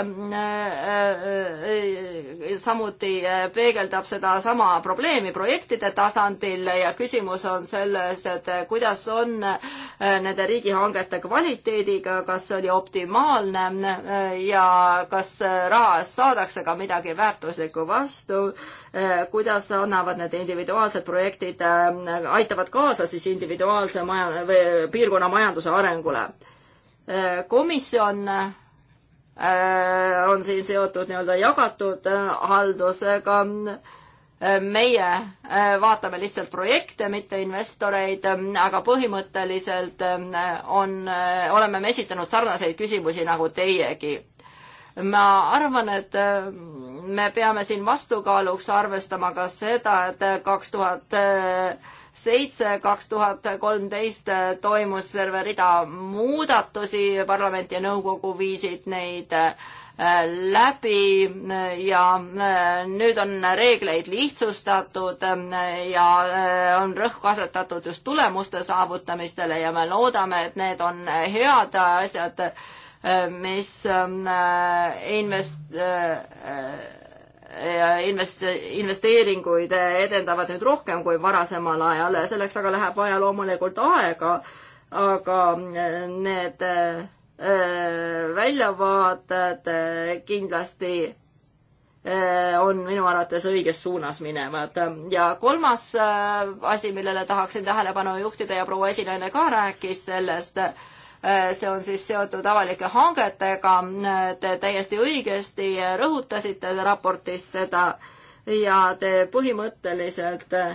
äh, samuti äh, peegeldab sedasama probleemi projektide tasandil ja küsimus on selles, et kuidas on nende riigihangete kvaliteediga, kas see oli optimaalne ja kas raha eest saadakse ka midagi väärtuslikku vastu, kuidas annavad need individuaalsed projektid, aitavad kaasa siis individuaalse maja- või piirkonna majanduse arengule komisjon äh, on siin seotud nii-öelda jagatud äh, haldusega. meie äh, vaatame lihtsalt projekte, mitte investoreid, aga põhimõtteliselt on, oleme me esitanud sarnaseid küsimusi nagu teiegi. ma arvan, et me peame siin vastukaaluks arvestama ka seda, et kaks tuhat 2000 seitse, kaks tuhat kolmteist toimus terve rida muudatusi, parlament ja nõukogu viisid neid äh, läbi äh, ja äh, nüüd on reegleid lihtsustatud ja on rõhku asetatud just tulemuste saavutamistele ja me loodame, et need on head asjad, mis invest-, ja invest-, investeeringuid edendavad nüüd rohkem kui varasemal ajal, selleks aga läheb vaja loomulikult aega, aga need äh, väljavaated äh, kindlasti äh, on minu arvates õiges suunas minevad. ja kolmas asi, millele tahaksin tähelepanu juhtida ja proua esinaine ka rääkis sellest, Äh, see on siis seotud avalike hangetega. Te täiesti õigesti rõhutasite raportis seda ja te põhimõtteliselt äh,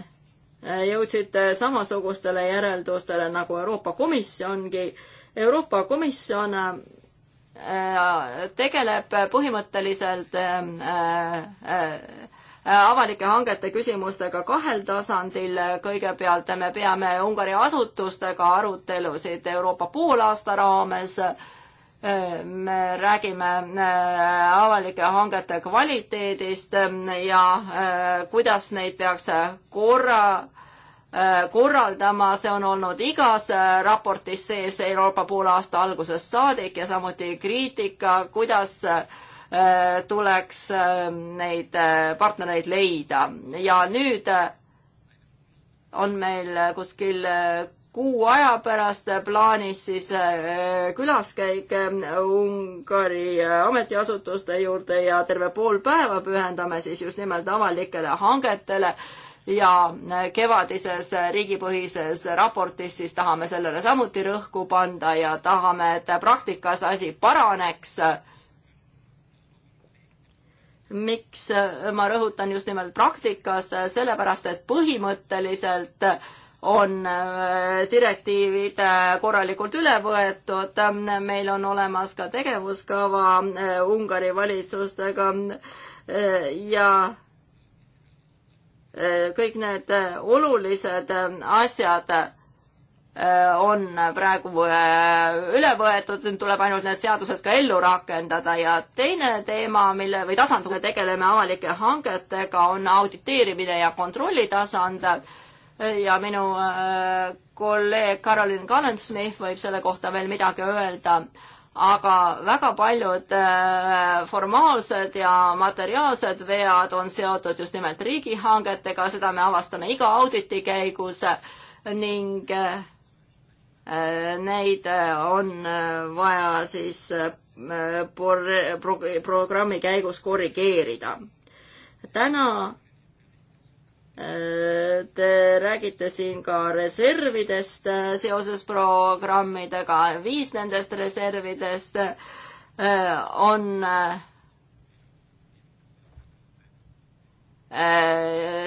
jõudsite samasugustele järeldustele nagu Euroopa Komisjongi. Euroopa Komisjon äh, tegeleb põhimõtteliselt avalike hangete küsimustega kahel tasandil. kõigepealt me peame Ungari asutustega arutelusid Euroopa poolaasta raames. me räägime äh, avalike hangete kvaliteedist äh, ja äh, kuidas neid peaks korra korraldama, see on olnud igas raportis sees Euroopa poolaasta algusest saadik ja samuti kriitika, kuidas äh, Äh, tuleks äh, neid äh, partnereid leida ja nüüd on meil kuskil kuu aja pärast plaanis siis külaskäik Ungari ametiasutuste juurde ja terve pool päeva pühendame siis just nimelt avalikele hangetele ja kevadises riigipõhises raportis siis tahame sellele samuti rõhku panda ja tahame, et praktikas asi paraneks miks äh, ma rõhutan just nimelt praktikas, äh, sellepärast et põhimõtteliselt äh, on direktiivid korralikult üle võetud, meil on olemas ka tegevuskava Ungari valitsustega ja kõik need olulised asjad Äh, on praegu äh, üle võetud, nüüd tuleb ainult need seadused ka ellu rakendada ja teine teema, mille või tasand, millega tegeleme avalike hangetega, on auditeerimine ja kontrolli tasand. ja minu äh, kolleeg Carolyn Kallen-Smith võib selle kohta veel midagi öelda aga väga paljud formaalsed ja materiaalsed vead on seotud just nimelt riigihangetega, seda me avastame iga auditi käigus ning Äh, neid äh, on äh, vaja siis por-, pro-, programmi käigus korrigeerida. täna Te räägite siin ka reservidest seoses programmidega, viis nendest reservidest on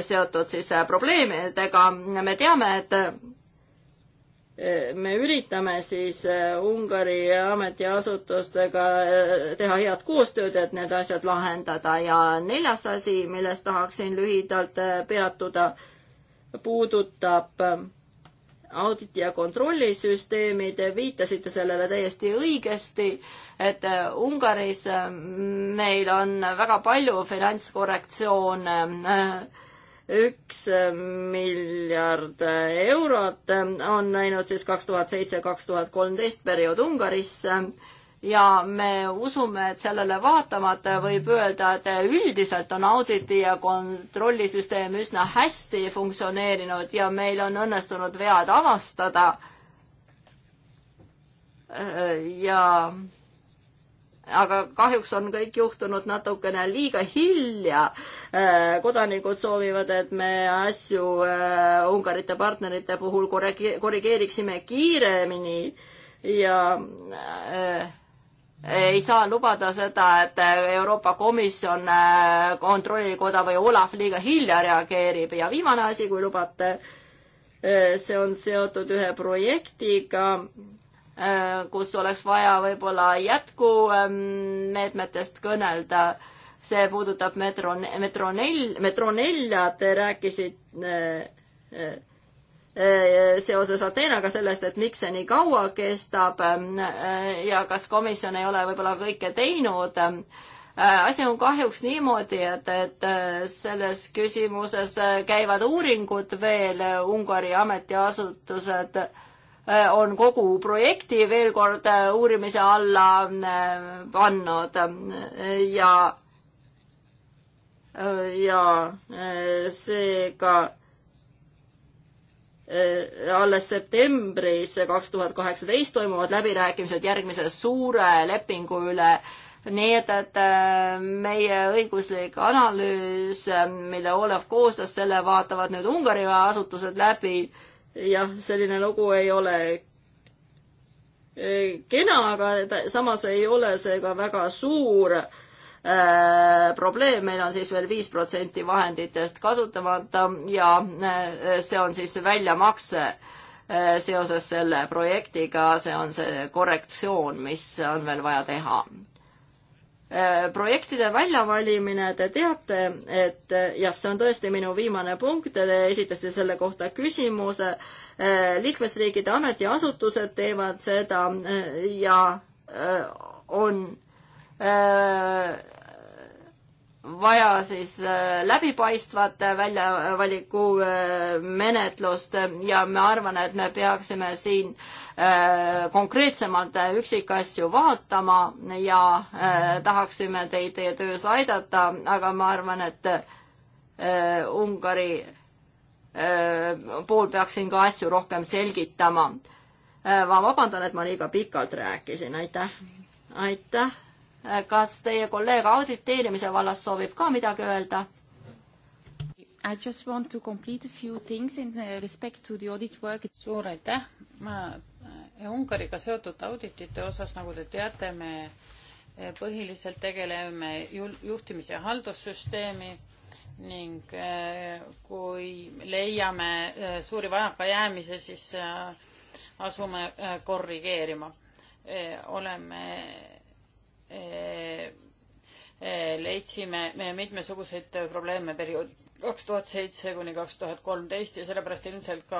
seotud siis probleemidega, me teame, et me üritame siis äh, Ungari ametiasutustega äh, teha head koostööd, et need asjad lahendada ja neljas asi, millest tahaksin lühidalt äh, peatuda, puudutab auditi- ja kontrollisüsteemi, te viitasite sellele täiesti õigesti, et Ungaris meil on väga palju finantskorrektsioone äh, üks miljard eurot on läinud siis kaks tuhat seitse, kaks tuhat kolmteist periood Ungarisse ja me usume, et sellele vaatamata võib öelda, et üldiselt on auditi ja kontrollisüsteem üsna hästi funktsioneerinud ja meil on õnnestunud vead avastada. ja aga kahjuks on kõik juhtunud natukene liiga hilja. Äh, kodanikud soovivad, et me asju äh, Ungarite partnerite puhul korrigeeriksime kiiremini ja äh, ei saa lubada seda, et Euroopa Komisjon, Kontrollikoda või Olav liiga hilja reageerib ja viimane asi, kui lubate, see on seotud ühe projektiga Äh, kus oleks vaja võib-olla jätkumeetmetest ähm, kõnelda. see puudutab metro, metro nel-, metro nelja, te rääkisite äh, äh, seoses Ateenaga sellest, et miks see nii kaua kestab ähm, ja kas komisjon ei ole võib-olla kõike teinud. asi on kahjuks niimoodi, et, et selles küsimuses käivad uuringud veel, Ungari ametiasutused Äh, on kogu projekti veel kord äh, uurimise alla äh, pannud ja ja seega alles septembris kaks tuhat kaheksateist toimuvad läbirääkimised järgmise suure lepingu üle nii et, et meie õiguslik analüüs, mille Olev koostas, selle vaatavad nüüd Ungari asutused läbi jah, selline lugu ei ole eh, kena, aga ta, samas ei ole see ka väga suur äh, probleem, meil on siis veel viis protsenti vahenditest kasutamata ja äh, see on siis väljamakse äh, seoses selle projektiga, see on see korrektsioon, mis on veel vaja teha Äh, projektide väljavalimine, te teate, et äh, jah, see on tõesti minu viimane punkt, te esitasite selle kohta küsimuse, äh, liikmesriigide ametiasutused teevad seda ja on vaja siis äh, läbipaistvat äh, väljavaliku äh, menetlust ja ma arvan, et me peaksime siin konkreetsemalt üksikasju vaatama ja tahaksime teid teie töös aidata, aga ma arvan, et Ungari pool peaks siin ka asju rohkem selgitama. ma vabandan, et ma liiga pikalt rääkisin, aitäh. aitäh kas teie kolleeg auditeerimise vallas soovib ka midagi öelda? I just want to complete a few things in uh, respect to the audit work. suur aitäh, ma äh, Ungariga seotud auditite osas, nagu te teate, me äh, põhiliselt tegeleme juhtimise ja haldussüsteemi ning äh, kui leiame suuri vajakajäämisi, siis asume korrigeerima. oleme Äh, äh, leidsime me mitmesuguseid probleeme periood kaks tuhat seitse kuni kaks tuhat kolmteist ja sellepärast ilmselt ka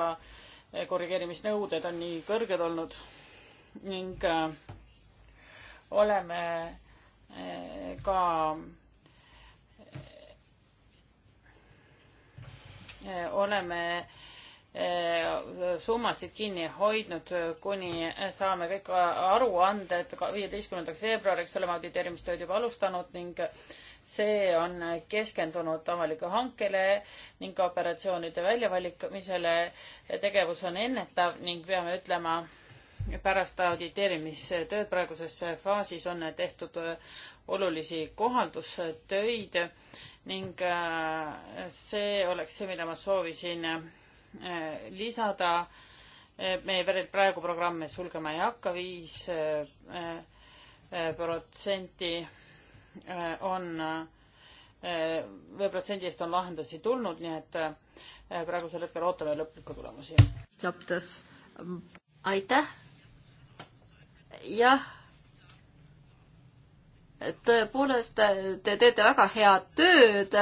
äh, korrigeerimisnõuded on nii kõrged olnud ning oleme ka oleme Eh, summasid kinni hoidnud, eh, kuni saame kõik aruanded viieteistkümnendaks veebruariks, oleme auditeerimistööd juba alustanud ning see on keskendunud avalikule hankele ning operatsioonide väljavalikamisele. tegevus on ennetav ning peame ütlema, pärast auditeerimistööd praeguses faasis on tehtud olulisi kohaldustöid ning eh, see oleks see, mida ma soovisin Äh, lisada. Äh, me praegu programme sulgema ei hakka, viis äh, protsenti on, või protsendi eest on lahendusi tulnud, nii et praegusel hetkel ootame lõplikke tulemusi. aitäh. jah tõepoolest, te teete väga head tööd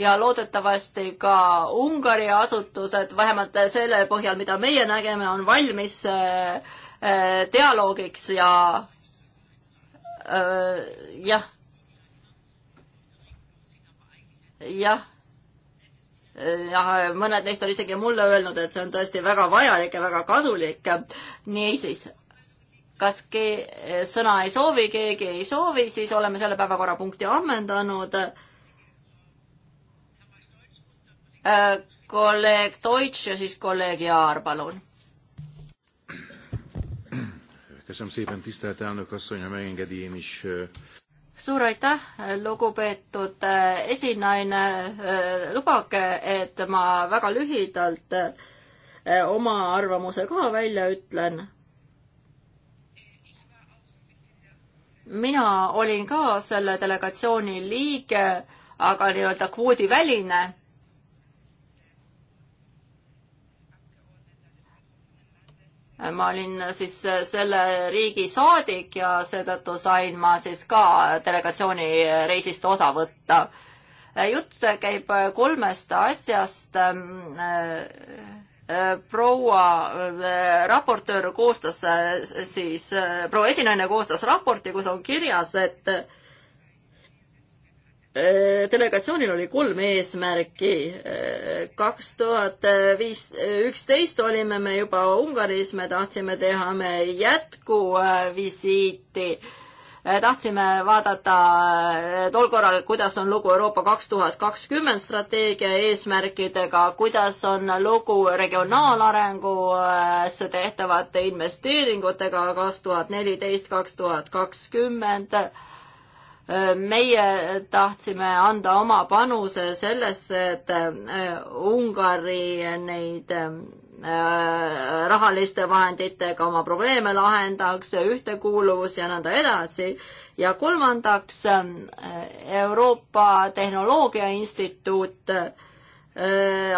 ja loodetavasti ka Ungari asutused, vähemalt selle põhjal, mida meie nägime, on valmis äh, äh, dialoogiks ja äh, jah, jah, jah, mõned neist on isegi mulle öelnud, et see on tõesti väga vajalik ja väga kasulik. niisiis kas ke-, sõna ei soovi, keegi ei soovi, siis oleme selle päevakorrapunkti ammendanud. Äh, kolleeg Deutsch ja siis kolleeg Jaar, palun. suur aitäh, lugupeetud esinaine. lubage, et ma väga lühidalt oma arvamuse ka välja ütlen mina olin ka selle delegatsiooni liige, aga nii-öelda kvoodiväline ma olin siis selle riigi saadik ja seetõttu sain ma siis ka delegatsiooni reisist osa võtta. jutt käib kolmest asjast proua äh, raportöör koostas äh, siis, äh, proua esinaine koostas raporti, kus on kirjas, et delegatsioonil oli kolm eesmärki. kaks tuhat viis, üksteist olime me juba Ungaris, me tahtsime teha me jätkuvisiiti äh, Eh, tahtsime vaadata eh, tol korral, kuidas on lugu Euroopa kaks tuhat kakskümmend strateegia eesmärkidega, kuidas on lugu regionaalarengusse eh, tehtavate investeeringutega kaks tuhat neliteist, kaks tuhat kakskümmend meie tahtsime anda oma panuse sellesse, et Ungari neid Äh, rahaliste vahenditega oma probleeme lahendaks, ühtekuuluvus ja nõnda edasi. ja kolmandaks äh, Euroopa Tehnoloogia Instituut äh,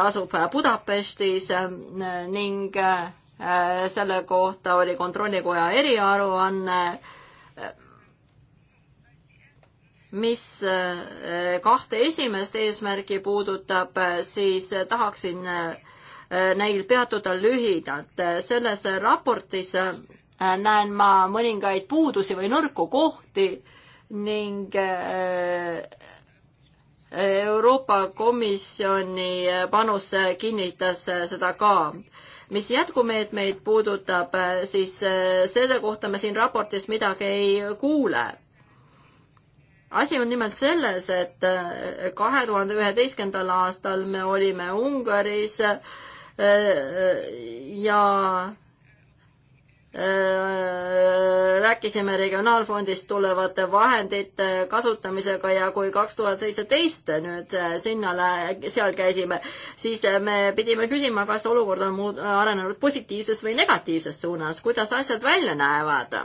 asub Budapestis ning selle kohta oli Kontrollikoja eriaruanne, mis kahte esimest eesmärki puudutab, siis tahaksin Äh, neil peatuda lühidalt. Äh, selles raportis äh, näen ma mõningaid puudusi või nõrku kohti ning Euroopa Komisjoni panus kinnitas seda ka. mis jätkumeetmeid puudutab, siis selle kohta me siin raportis midagi ei kuule asi on nimelt selles, et kahe tuhande üheteistkümnendal aastal me olime Ungaris äh, Äh, äh, ja äh, rääkisime Regionaalfondist tulevate vahendite kasutamisega ja kui kaks tuhat seitseteist nüüd sinnale, seal käisime, siis me pidime küsima, kas olukord on muud, arenenud positiivses või negatiivses suunas, kuidas asjad välja näevad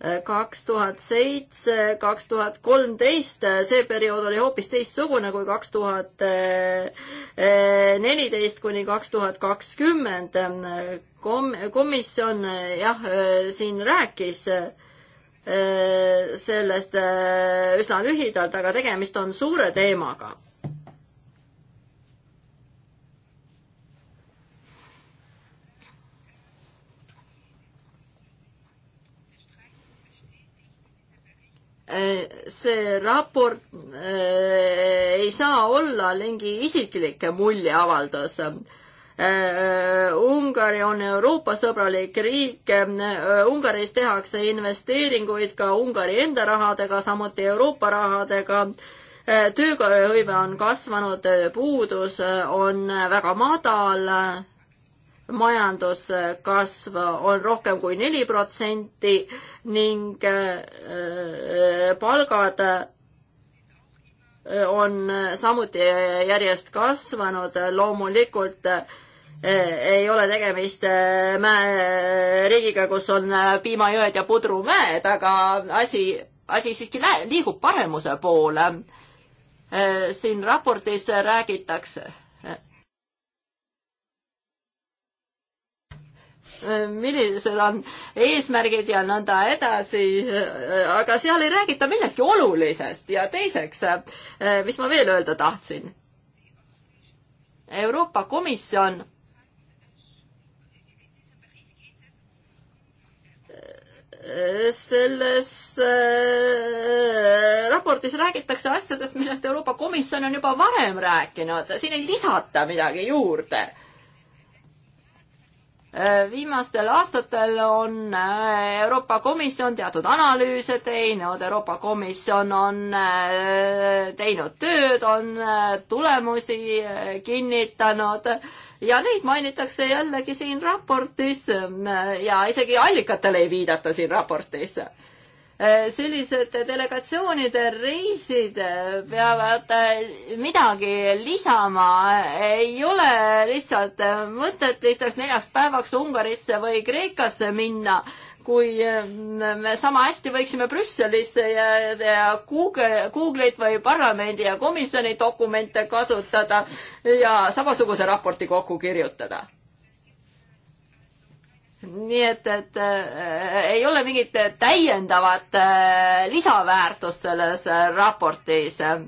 kaks tuhat seitse, kaks tuhat kolmteist, see periood oli hoopis teistsugune kui kaks tuhat eh, eh, neliteist kuni kaks tuhat kakskümmend. Kom-, komisjon jah, siin rääkis eh, sellest üsna lühidalt, aga tegemist on suure teemaga Äh, see raport äh, ei saa olla mingi isiklike muljeavaldus äh,. Ungari on Euroopa sõbralik riik äh,, Ungaris tehakse investeeringuid ka Ungari enda rahadega, samuti Euroopa rahadega äh,, tööhõive on kasvanud, puudus on väga madal majanduskasv äh, on rohkem kui neli protsenti ning äh, äh, palgad on samuti järjest kasvanud, loomulikult ei ole tegemist mäe, riigiga, kus on piimajõed ja pudrumäed, aga asi, asi siiski liigub paremuse poole. siin raportis räägitakse millised on eesmärgid ja nõnda edasi, aga seal ei räägita millestki olulisest ja teiseks, eh, mis ma veel öelda tahtsin. Euroopa Komisjon eh, selles eh, raportis räägitakse asjadest, millest Euroopa Komisjon on juba varem rääkinud, siin ei lisata midagi juurde Äh, viimastel aastatel on äh, Euroopa Komisjon teatud analüüse teinud, Euroopa Komisjon on äh, teinud tööd, on tulemusi kinnitanud ja neid mainitakse jällegi siin raportis ja isegi allikatele ei viidata siin raportis Eh, sellised delegatsioonide reisid eh, peavad eh, midagi lisama, ei ole lihtsalt mõtet lihtsalt neljaks päevaks Ungarisse või Kreekasse minna, kui me sama hästi võiksime Brüsselisse ja, ja Google, Google'it või parlamendi ja komisjoni dokumente kasutada ja samasuguse raporti kokku kirjutada nii et, et äh, ei ole mingit täiendavat äh, lisaväärtust selles äh, raportis äh,.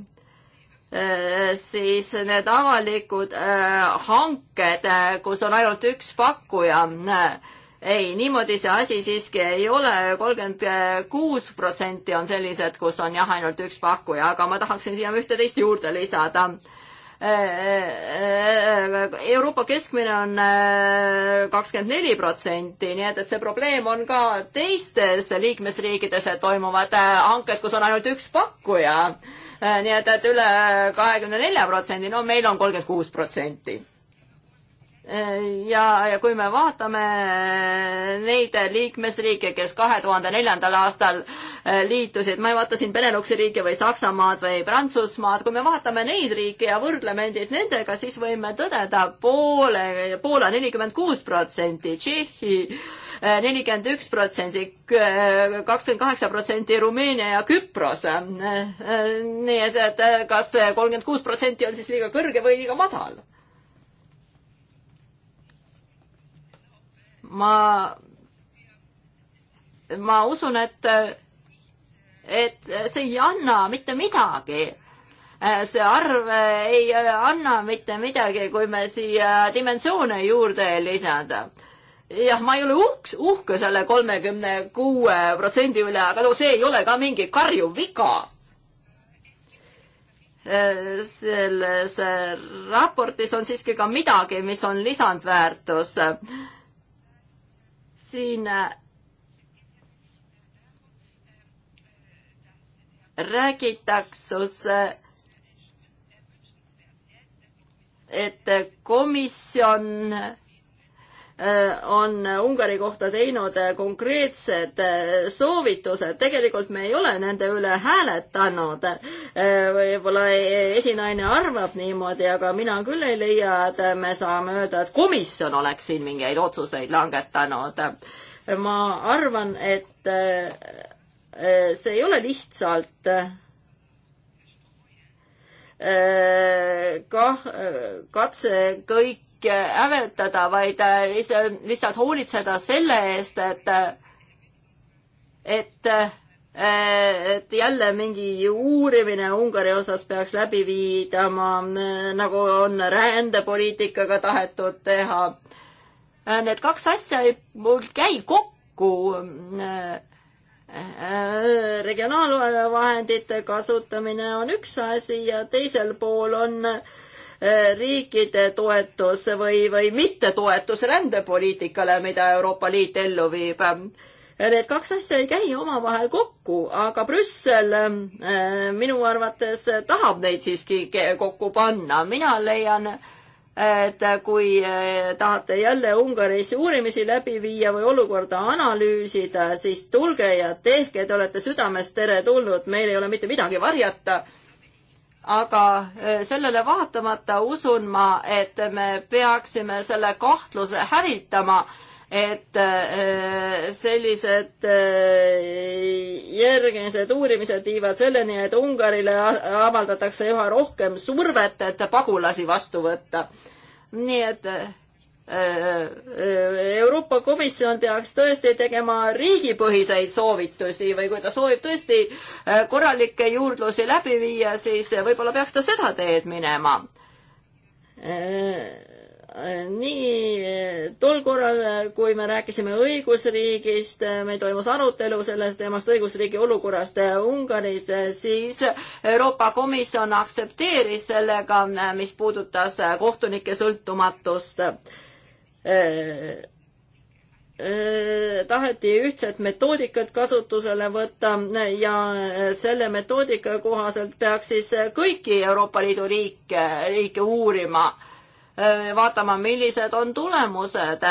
siis need avalikud äh, hanked äh,, kus on ainult üks pakkuja äh,, ei, niimoodi see asi siiski ei ole, kolmkümmend kuus protsenti on sellised, kus on jah, ainult üks pakkuja, aga ma tahaksin siia ühte-teist juurde lisada äh, Euroopa keskmine on äh, kakskümmend neli protsenti, nii et, et see probleem on ka teistes liikmesriikides, et toimuvad äh, hanked, kus on ainult üks pakkuja. Äh, nii et, et üle kahekümne nelja protsendi, no meil on kolmkümmend kuus protsenti ja, ja kui me vaatame neid liikmesriike, kes kahe tuhande neljandal aastal äh, liitusid, ma ei vaata siin Beneluxi riike või Saksamaad või Prantsusmaad, kui me vaatame neid riike ja võrdleme endid nendega, siis võime tõdeda poole, Poola nelikümmend kuus protsenti, Tšehhi äh, nelikümmend üks protsendi, äh, kakskümmend kaheksa protsenti Rumeenia ja Küpros. nii et, et kas kolmkümmend kuus protsenti on siis liiga kõrge või liiga madal? ma, ma usun, et, et see ei anna mitte midagi. see arv ei anna mitte midagi, kui me siia dimensioone juurde lisada jah, ma ei ole uhks, uhke selle kolmekümne kuue protsendi üle, aga no see ei ole ka mingi karjuv viga. selles raportis on siiski ka midagi, mis on lisandväärtus siin äh, räägitakse, et komisjon Äh, on Ungari kohta teinud äh, konkreetsed äh, soovitused, tegelikult me ei ole nende üle hääletanud. võib-olla e, esinaine arvab niimoodi, aga mina küll ei leia, et me saame öelda, et komisjon oleks siin mingeid otsuseid langetanud. ma arvan, et see ei ole lihtsalt kah katse kõik kõike hävetada, vaid äh, lihtsalt hoolitseda selle eest, et, et äh, et jälle mingi uurimine Ungari osas peaks läbi viidama, äh, nagu on rändepoliitikaga tahetud teha. Need kaks asja ei, mul käi kokku. regionaalvahendite kasutamine on üks asi ja teisel pool on äh, riikide toetus või, või mittetoetus rändepoliitikale, mida Euroopa Liit ellu viib. Need kaks asja ei käi omavahel kokku, aga Brüssel eh, minu arvates tahab neid siiski kokku panna. mina leian, et kui eh, tahate jälle Ungaris uurimisi läbi viia või olukorda analüüsida, siis tulge ja tehke, te olete südamest teretulnud, meil ei ole mitte midagi varjata aga e, sellele vaatamata usun ma, et me peaksime selle kahtluse hävitama, et e, sellised e, järgmised uurimised viivad selleni, et Ungarile avaldatakse üha rohkem survet, et pagulasi vastu võtta. nii et Euroopa Komisjon peaks tõesti tegema riigipõhiseid soovitusi või kui ta soovib tõesti äh, korralikke juurdlusi läbi viia, siis võib-olla peaks ta seda teed minema. Äh, äh, nii tol korral, kui me rääkisime õigusriigist, meil toimus arutelu sellest teemast õigusriigi olukorrast Ungaris, siis Euroopa Komisjon aktsepteeris sellega, mis puudutas kohtunike sõltumatust Äh, äh, taheti ühtset metoodikat kasutusele võtta ja äh, selle metoodika kohaselt peaks siis kõiki Euroopa Liidu riike, riike uurima, vaatama, millised on tulemused.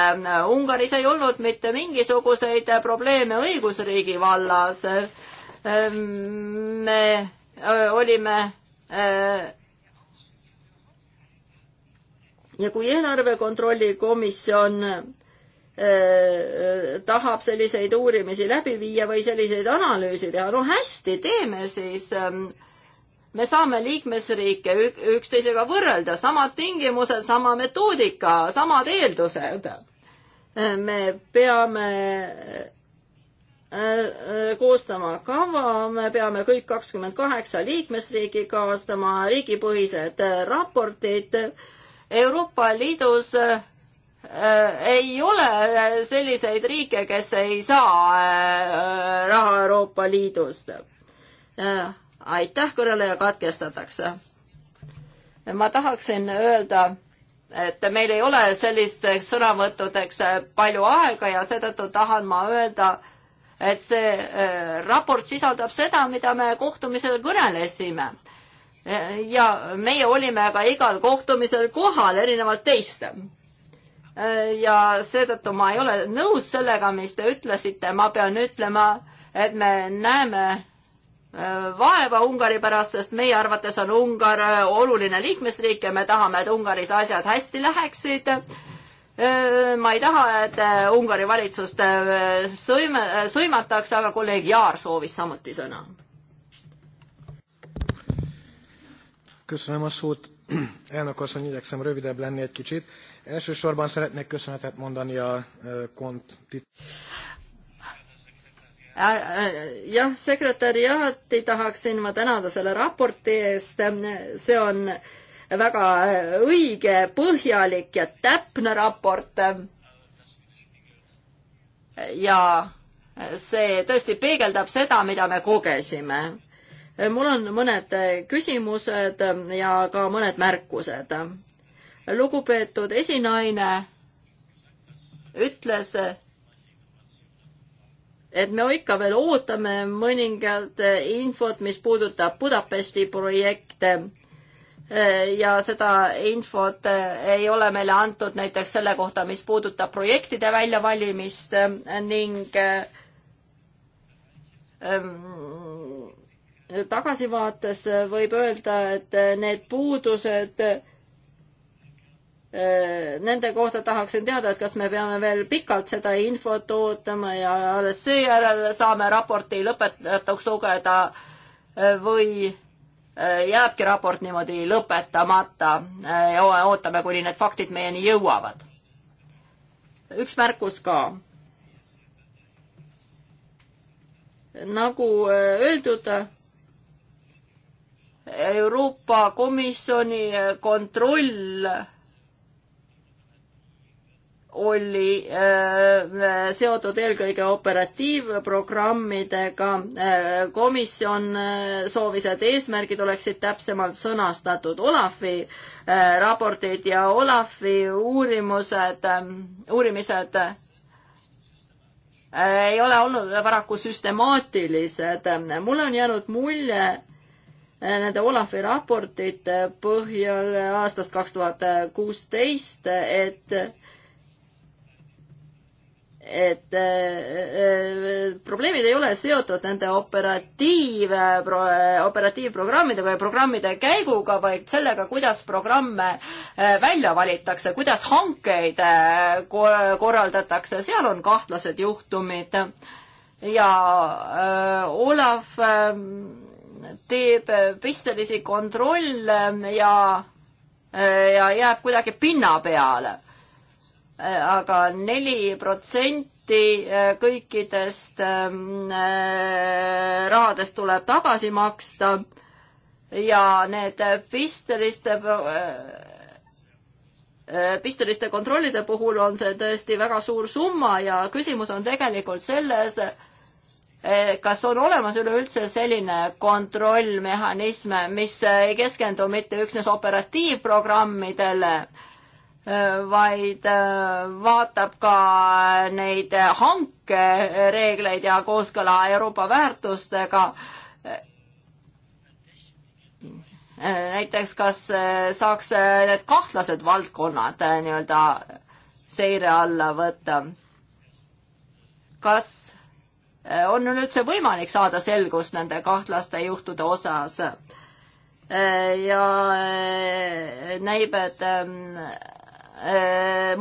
Ungaris ei olnud mitte mingisuguseid probleeme õigusriigi vallas. me olime ja kui eelarve kontrolli komisjon äh, äh, tahab selliseid uurimisi läbi viia või selliseid analüüse teha, no hästi, teeme siis. Ähm, me saame liikmesriike üksteisega võrrelda, samad tingimused, sama metoodika, samad eeldused. Äh, me peame koostama kava, me peame kõik kakskümmend kaheksa liikmesriiki kaastama, riigipõhised raportid Euroopa Liidus äh, ei ole selliseid riike, kes ei saa äh, raha Euroopa Liidust. Äh, aitäh, kõneleja katkestatakse. ma tahaksin öelda, et meil ei ole sellisteks sõnavõttudeks palju aega ja seetõttu tahan ma öelda, et see raport sisaldab seda, mida me kohtumisel kõnelesime ja meie olime aga igal kohtumisel kohal, erinevalt teist. ja seetõttu ma ei ole nõus sellega, mis te ütlesite, ma pean ütlema, et me näeme äh, vaeva Ungari pärast, sest meie arvates on Ungar äh, oluline liikmesriik ja me tahame, et Ungaris asjad hästi läheksid. Äh, ma ei taha, et Ungari valitsust sõim-, sõimatakse, aga kolleeg Jaar soovis samuti sõna Köszönöm a szót. Elnök asszony, igyekszem rövidebb lenni egy kicsit. Elsősorban szeretnék köszönetet mondani a kont jah, sekretäriaati tahaksin ma tänada selle raporti eest, see on väga õige, põhjalik ja täpne raport. ja see tõesti peegeldab seda, mida me kogesime mul on mõned äh, küsimused äh, ja ka mõned märkused. lugupeetud esinaine ütles, et me ikka veel ootame mõningat äh, infot, mis puudutab Budapesti projekte ja seda infot ei ole meile antud näiteks selle kohta, mis puudutab projektide väljavalimist ning ähm, tagasivaates võib öelda, et need puudused, eh, nende kohta tahaksin teada, et kas me peame veel pikalt seda infot ootama ja alles seejärel saame raporti lõpetatuks lugeda või eh, jääbki raport niimoodi lõpetamata ja eh, ootame, kuni need faktid meieni jõuavad. üks märkus ka nagu öeldud, Euroopa Komisjoni kontroll oli äh, seotud eelkõige operatiivprogrammidega. Äh, komisjon äh, soovis, et eesmärgid oleksid täpsemalt sõnastatud. Olafi raportid ja Olafi uurimused, ähm, uurimised ei ole olnud paraku süstemaatilised. mulle on jäänud mulje, nende Olafi raportite põhjal aastast kaks tuhat kuusteist, et et äh, probleemid ei ole seotud nende operatiiv, operatiivprogrammidega ja programmide käiguga, vaid sellega, kuidas programme äh, välja valitakse, kuidas hankeid äh, eh, kor korraldatakse, seal on kahtlased juhtumid. ja äh, eh, Olav äh, teeb pistelisi kontrolle ja, ja jääb kuidagi pinna peale aga. aga neli protsenti protsenti kõikidest ähm, äh, rahadest tuleb tagasi maksta ja need pisteliste äh, äh, pisteliste kontrollide puhul on see tõesti väga suur summa ja küsimus on tegelikult selles, Eh, kas on olemas üleüldse selline kontrollmehhanism, mis eh, ei keskendu mitte üksnes operatiivprogrammidele, eh, vaid vaatab ka neid hankereegleid ja kooskõla Euroopa väärtustega. näiteks, kas saaks need kahtlased valdkonnad nii-öelda seire alla võtta? kas Äh, on üldse võimalik saada selgust nende kahtlaste juhtude osas. Äh, ja äh, näib, et ähm,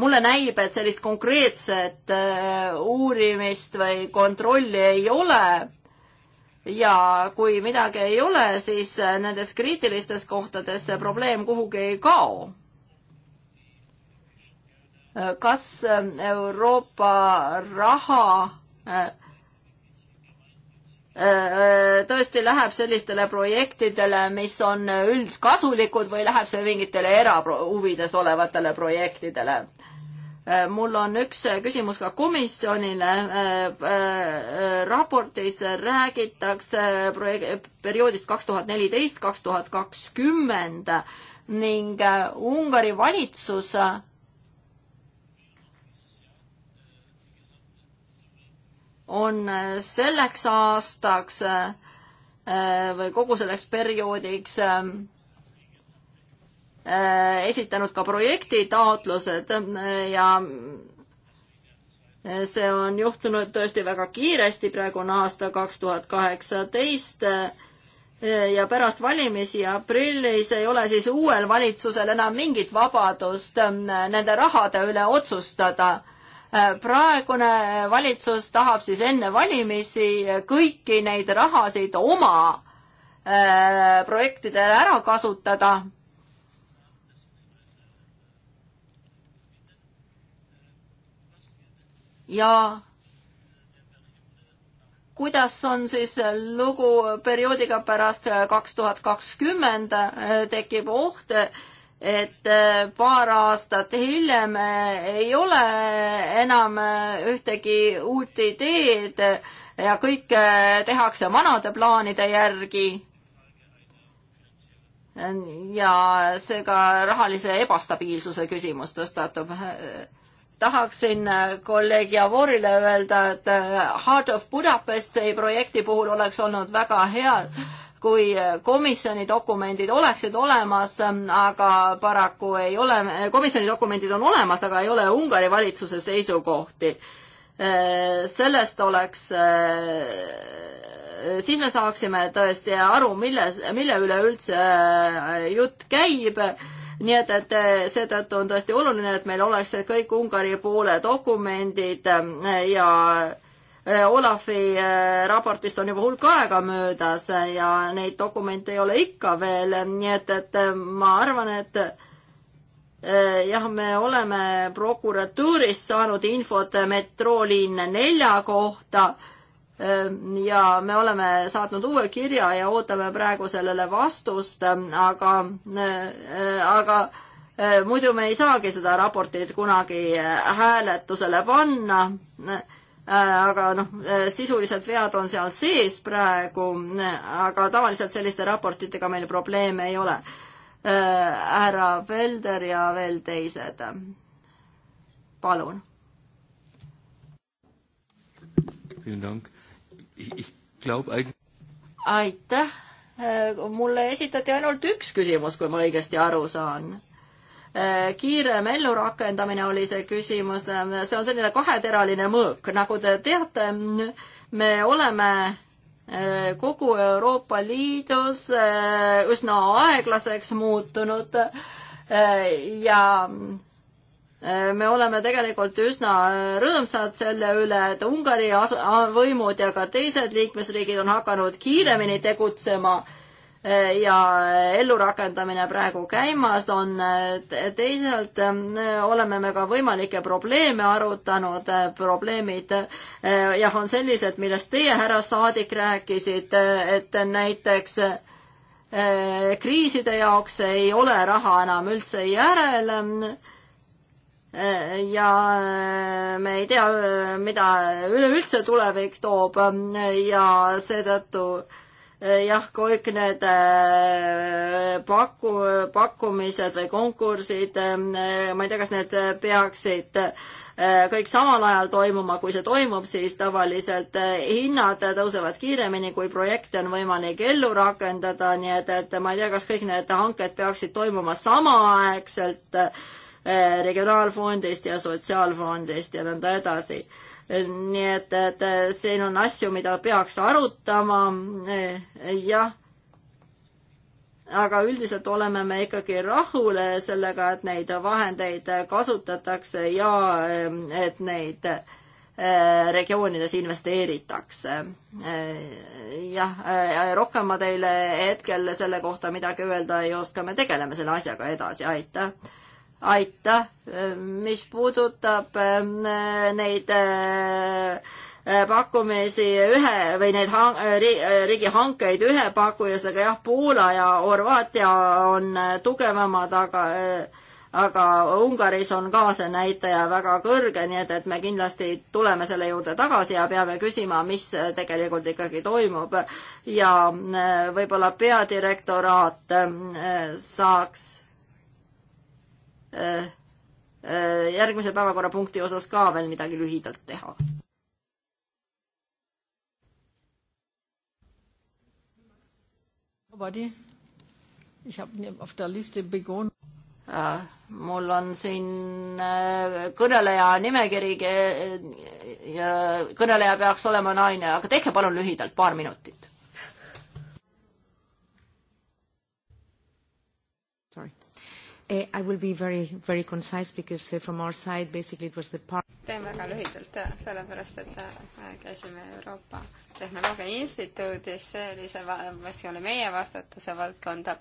mulle näib, et sellist konkreetset uurimist või kontrolli ei ole. ja kui midagi ei ole, siis nendes kriitilistes kohtades see probleem kuhugi ei kao. kas ähm, Euroopa raha Äh, äh, tõesti läheb sellistele projektidele, mis on üldkasulikud või läheb see mingitele erahuvides olevatele projektidele? Äh, mul on üks küsimus ka komisjonile. raportis räägitakse projek-, perioodist kaks tuhat neliteist, kaks tuhat kakskümmend ning Ungari valitsus on selleks aastaks äh, või kogu selleks perioodiks äh, esitanud ka projektitaotlused äh, ja see on juhtunud tõesti väga kiiresti, praegu on aasta kaks tuhat kaheksateist ja pärast valimisi aprillis ei ole siis uuel valitsusel enam mingit vabadust nende rahade üle otsustada praegune valitsus tahab siis enne valimisi kõiki neid rahasid oma äh, projektidele ära kasutada. ja kuidas on siis lugu perioodiga pärast kaks tuhat kakskümmend, äh, tekib oht, et äh, paar aastat hiljem äh, ei ole enam äh, ühtegi uut ideed ja kõike tehakse vanade plaanide järgi. ja seega rahalise ebastabiilsuse küsimus tõstatub. tahaksin kolleeg Javorile öelda, et Heart of Budapesti projekti puhul oleks olnud väga hea, kui komisjoni dokumendid oleksid olemas, aga paraku ei ole, komisjoni dokumendid on olemas, aga ei ole Ungari valitsuse seisukohti. sellest oleks, siis me saaksime tõesti aru, milles, mille üle üldse jutt käib nii et, et seetõttu on tõesti oluline, et meil oleks kõik Ungari poole dokumendid ja Äh, Olafi äh, raportist on juba hulk aega möödas äh, ja neid dokumente ei ole ikka veel, nii et, et ma arvan, et jah, me oleme prokuratuurist saanud infot metrooliin nelja kohta ja me oleme saatnud uue kirja ja ootame praegu sellele vastust, aga, aga muidu me ei saagi seda raportit kunagi hääletusele panna Äh, aga noh, äh, sisulised vead on seal sees praegu, aga tavaliselt selliste raportitega meil probleeme ei ole. Äh, härra Velder ja veel teised. palun. aitäh, mulle esitati ainult üks küsimus, kui ma õigesti aru saan kiirem ellurakendamine oli see küsimus, see on selline kaheteraline mõõk, nagu te teate, me oleme e, kogu Euroopa Liidus e, üsna aeglaseks muutunud e, ja me oleme tegelikult üsna rõõmsad selle üle, et Ungari võimud ja ka teised liikmesriigid on hakanud kiiremini tegutsema ja ellurakendamine praegu käimas on. teisalt ähm, oleme me ka võimalikke probleeme arutanud, äh, probleemid äh, jah, on sellised, millest teie, härra saadik, rääkisite, äh, et näiteks kriiside jaoks ei ole raha enam üldse järele ähm, ja me ei tea, mida üleüldse tulevik toob ja seetõttu äh, Eh, jah, kõik need eh, paku, pakkumised või konkursid, eh, ma ei tea, kas need peaksid kõik samal ajal toimuma, kui see toimub, siis tavaliselt hinnad tõusevad kiiremini, kui projekte on võimalik ellu rakendada, nii et, et ma ei tea, kas kõik need hanked peaksid toimuma samaaegselt regionaalfondist ja sotsiaalfondist ja nõnda edasi nii et, et siin on asju, mida peaks arutama, jah. aga üldiselt oleme me ikkagi rahul sellega, et neid vahendeid kasutatakse ja et neid e, regioonides investeeritakse. E, jah, e, rohkem ma teile hetkel selle kohta midagi öelda ei oska, me tegeleme selle asjaga edasi, aitäh aitäh, mis puudutab äh, neid äh, pakkumisi ühe või neid hang, äh, riigihankeid ühe pakkujastega, jah, Poola ja Horvaatia on tugevamad, aga aga Ungaris on ka see näitaja väga kõrge, nii et, et me kindlasti tuleme selle juurde tagasi ja peame küsima, mis tegelikult ikkagi toimub. ja võib-olla peadirektoraat saaks Äh, äh, järgmise päevakorrapunkti osas ka veel midagi lühidalt teha. Äh, mul on siin kõneleja nimekiri ja kõneleja peaks olema naine, aga tehke palun lühidalt, paar minutit. Sorry Uh, I will be very, very concise because uh, from our side basically it was the part teen väga lühidalt, sellepärast et eh, käisime Euroopa Tehnoloogia Instituudis, see oli see, mis ei ole meie vastutuse valdkonda.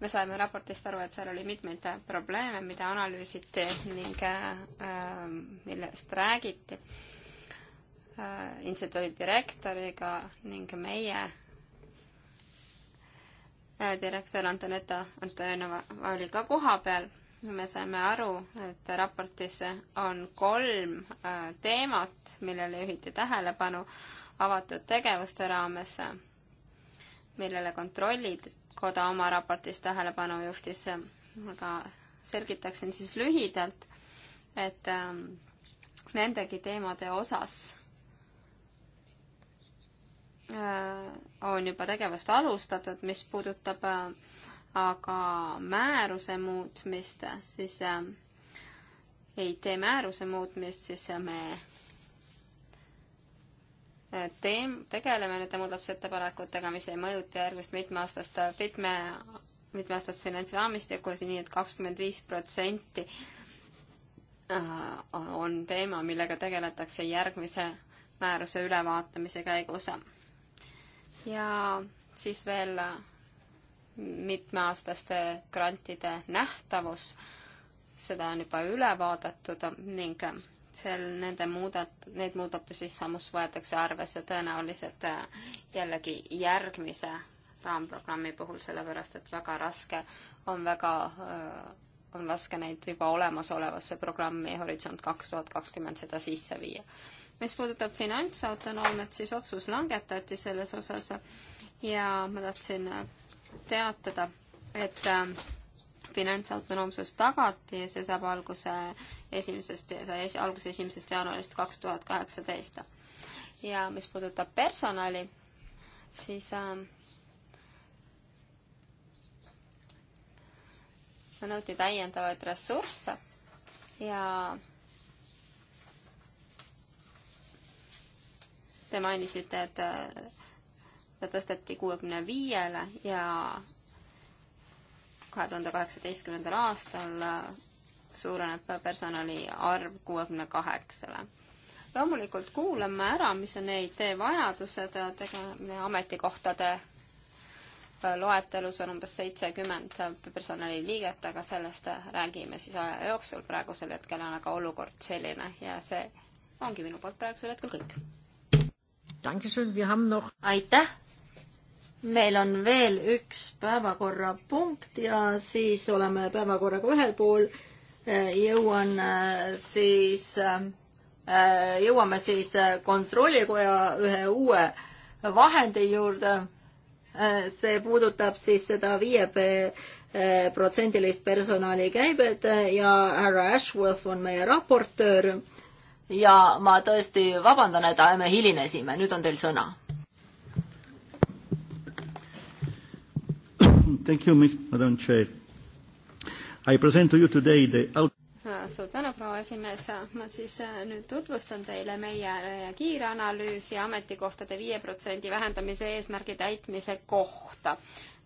me saime raportist aru, et seal oli mitmeid probleeme, mida analüüsiti ning äh, millest räägiti äh, instituudi direktoriga ning meie äh, Äh, direktor Antoneta Antonova oli ka kohapeal. me saime aru, et raportis on kolm äh, teemat, millele juhiti tähelepanu avatud tegevuste raames, millele Kontrollikoda oma raportis tähelepanu juhtis. aga selgitaksin siis lühidalt, et ähm, nendegi teemade osas Äh, on juba tegevust alustatud, mis puudutab äh, aga määruse muutmist, siis äh, ei tee määruse muutmist, siis me teem-, tegeleme nende muudatusettepanekutega, mis ei mõjuta järgmist mitmeaastast, mitme, mitmeaastast finantsraamistikku, nii et kakskümmend viis protsenti on teema, millega tegeletakse järgmise määruse ülevaatamise käigus ja siis veel mitmeaastaste grantide nähtavus, seda on juba üle vaadatud ning seal nende muudat-, neid muudatusi samus võetakse arvesse tõenäoliselt jällegi järgmise raamprogrammi puhul, sellepärast et väga raske on väga, on raske neid juba olemasolevasse programmi Horisont kaks tuhat kakskümmend seda sisse viia mis puudutab finantsautonoomiat, siis otsus langetati selles osas ja ma tahtsin teatada, et ähm, finantsautonoomsus tagati ja see saab alguse esimesest, sai alguse esimesest jaanuarist kaks tuhat kaheksateist. ja mis puudutab personali, siis äh, nõuti täiendavaid ressursse ja Te mainisite, et äh, ta tõsteti kuuekümne viiele ja kahe tuhande kaheksateistkümnendal aastal äh, suureneb personali arv kuuekümne kaheksale. loomulikult kuulame ära, mis on EIT vajadused, ametikohtade äh, loetelus on umbes seitsekümmend personaliliiget, aga sellest räägime siis aja jooksul. praegusel hetkel on aga olukord selline ja see ongi minu poolt praegusel hetkel kõik aitäh! meil on veel üks päevakorrapunkt ja siis oleme päevakorraga ühel pool. jõuan äh, siis, äh, jõuame siis äh, kontrollikoja ühe uue vahendi juurde. see puudutab siis seda viie protsendilist personalikäibed ja härra Ashworth on meie raportöör ja ma tõesti vabandan, et me hilinesime, nüüd on teil sõna. Thank you, Miss Madam Chair. I present to you today the out- ah, suur tänu, proua esimees. ma siis äh, nüüd tutvustan teile meie äh, kiiranalüüsi ametikohtade viie protsendi vähendamise eesmärgi täitmise kohta,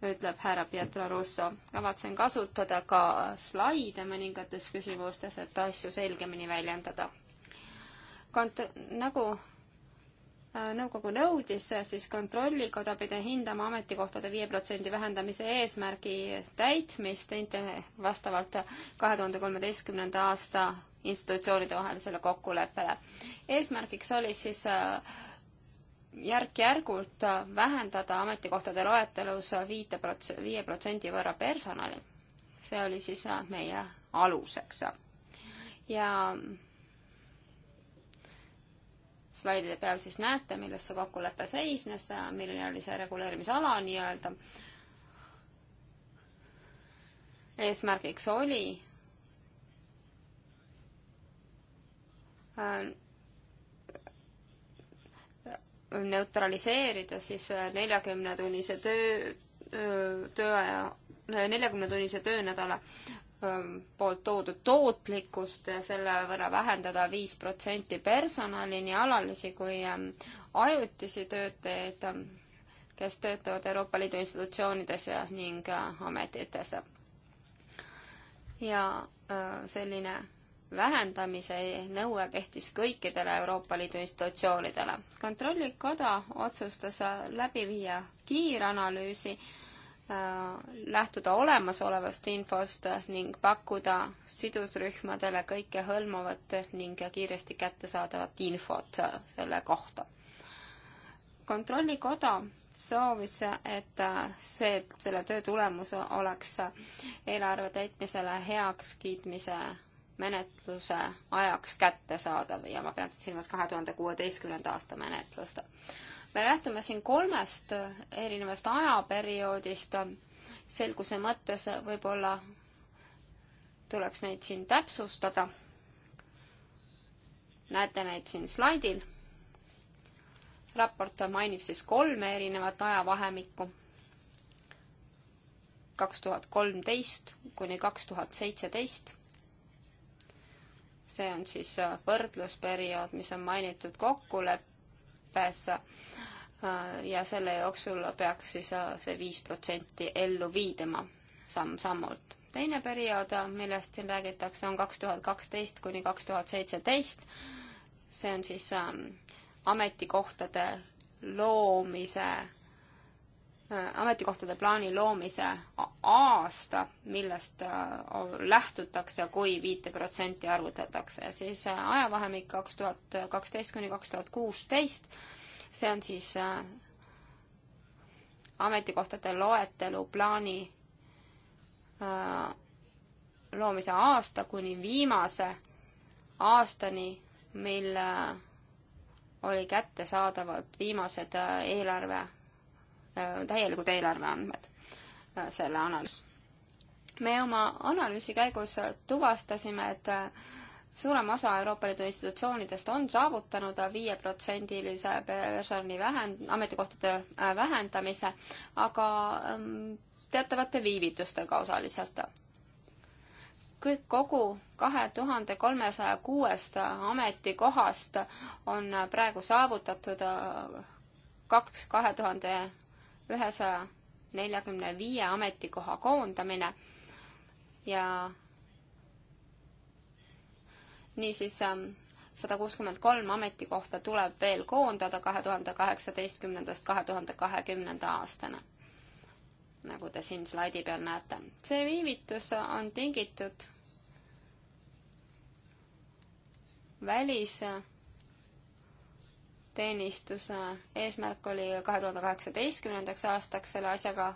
ütleb härra Pietro Russo. kavatsen kasutada ka slaide mõningates küsimustes, et asju selgemini väljendada kont-, nagu äh, nõukogu nõudis, siis Kontrollikoda pidi hindama ametikohtade viie protsendi vähendamise eesmärgi täitmist vastavalt kahe tuhande kolmeteistkümnenda aasta institutsioonide vahelisele kokkuleppele. eesmärgiks oli siis äh, järk-järgult vähendada ametikohtade loetelus viite prots-, viie protsendi võrra personali. see oli siis äh, meie aluseks. ja slaidide peal siis näete, milles see kokkulepe seisnes, äh, milline oli see reguleerimisala nii-öelda. eesmärgiks oli äh, neutraliseerida siis äh, neljakümnetunnise töö, tööaja, neljakümnetunnise töönädala Ähm, poolt toodud tootlikkust ja selle võrra vähendada viis protsenti personali, nii alalisi kui ähm, ajutisi töötajaid, ähm, kes töötavad Euroopa Liidu institutsioonides ning äh, ametites. ja äh, selline vähendamise nõue kehtis kõikidele Euroopa Liidu institutsioonidele. kontrollikoda otsustas äh, läbi viia kiiranalüüsi Äh, lähtuda olemasolevast infost ning pakkuda sidusrühmadele kõikehõlmavat ning kiiresti kättesaadavat infot selle kohta. kontrollikoda soovis, et see, et selle töö tulemus oleks eelarve täitmisele heakskiitmise menetluse ajaks kättesaadav ja ma pean silmas kahe tuhande kuueteistkümnenda aasta menetlust me lähtume siin kolmest erinevast ajaperioodist. selguse mõttes võib-olla tuleks neid siin täpsustada. näete neid siin slaidil. raport mainib siis kolme erinevat ajavahemikku. kaks tuhat kolmteist kuni kaks tuhat seitseteist see on siis võrdlusperiood, mis on mainitud kokkuleppes Äh, ja selle jooksul peaks siis äh, see viis protsenti ellu viidama samm-sammult. teine periood, äh, millest siin räägitakse, on kaks tuhat kaksteist kuni kaks tuhat seitseteist. see on siis ähm, ametikohtade loomise, ametikohtade plaani loomise aasta, millest lähtutakse kui, kui viite protsenti arvutatakse. siis ajavahemik kaks tuhat kaksteist kuni kaks tuhat kuusteist see on siis äh, ametikohtade loetelu plaani äh, loomise aasta kuni viimase aastani, mil äh, oli kättesaadavad viimased eelarve, täielikud eelarveandmed, selle analüüs. me oma analüüsi käigus tuvastasime, et suurem osa Euroopa Liidu institutsioonidest on saavutanud viieprotsendilise personali vähend-, ametikohtade äh, vähendamise, aga ähm, teatavate viivitustega osaliselt. kõik, kogu kahe tuhande kolmesaja kuuest ametikohast on praegu saavutatud äh, kaks kahe tuhande ühesaja neljakümne viie ametikoha koondamine ja niisiis ähm, sada kuuskümmend kolm ametikohta tuleb veel koondada kahe tuhande kaheksateistkümnendast kahe tuhande kahekümnenda aastani, nagu te siin slaidi peal näete. see viivitus on tingitud välisteenistuse eesmärk oli kahe tuhande kaheksateistkümnendaks aastaks selle asjaga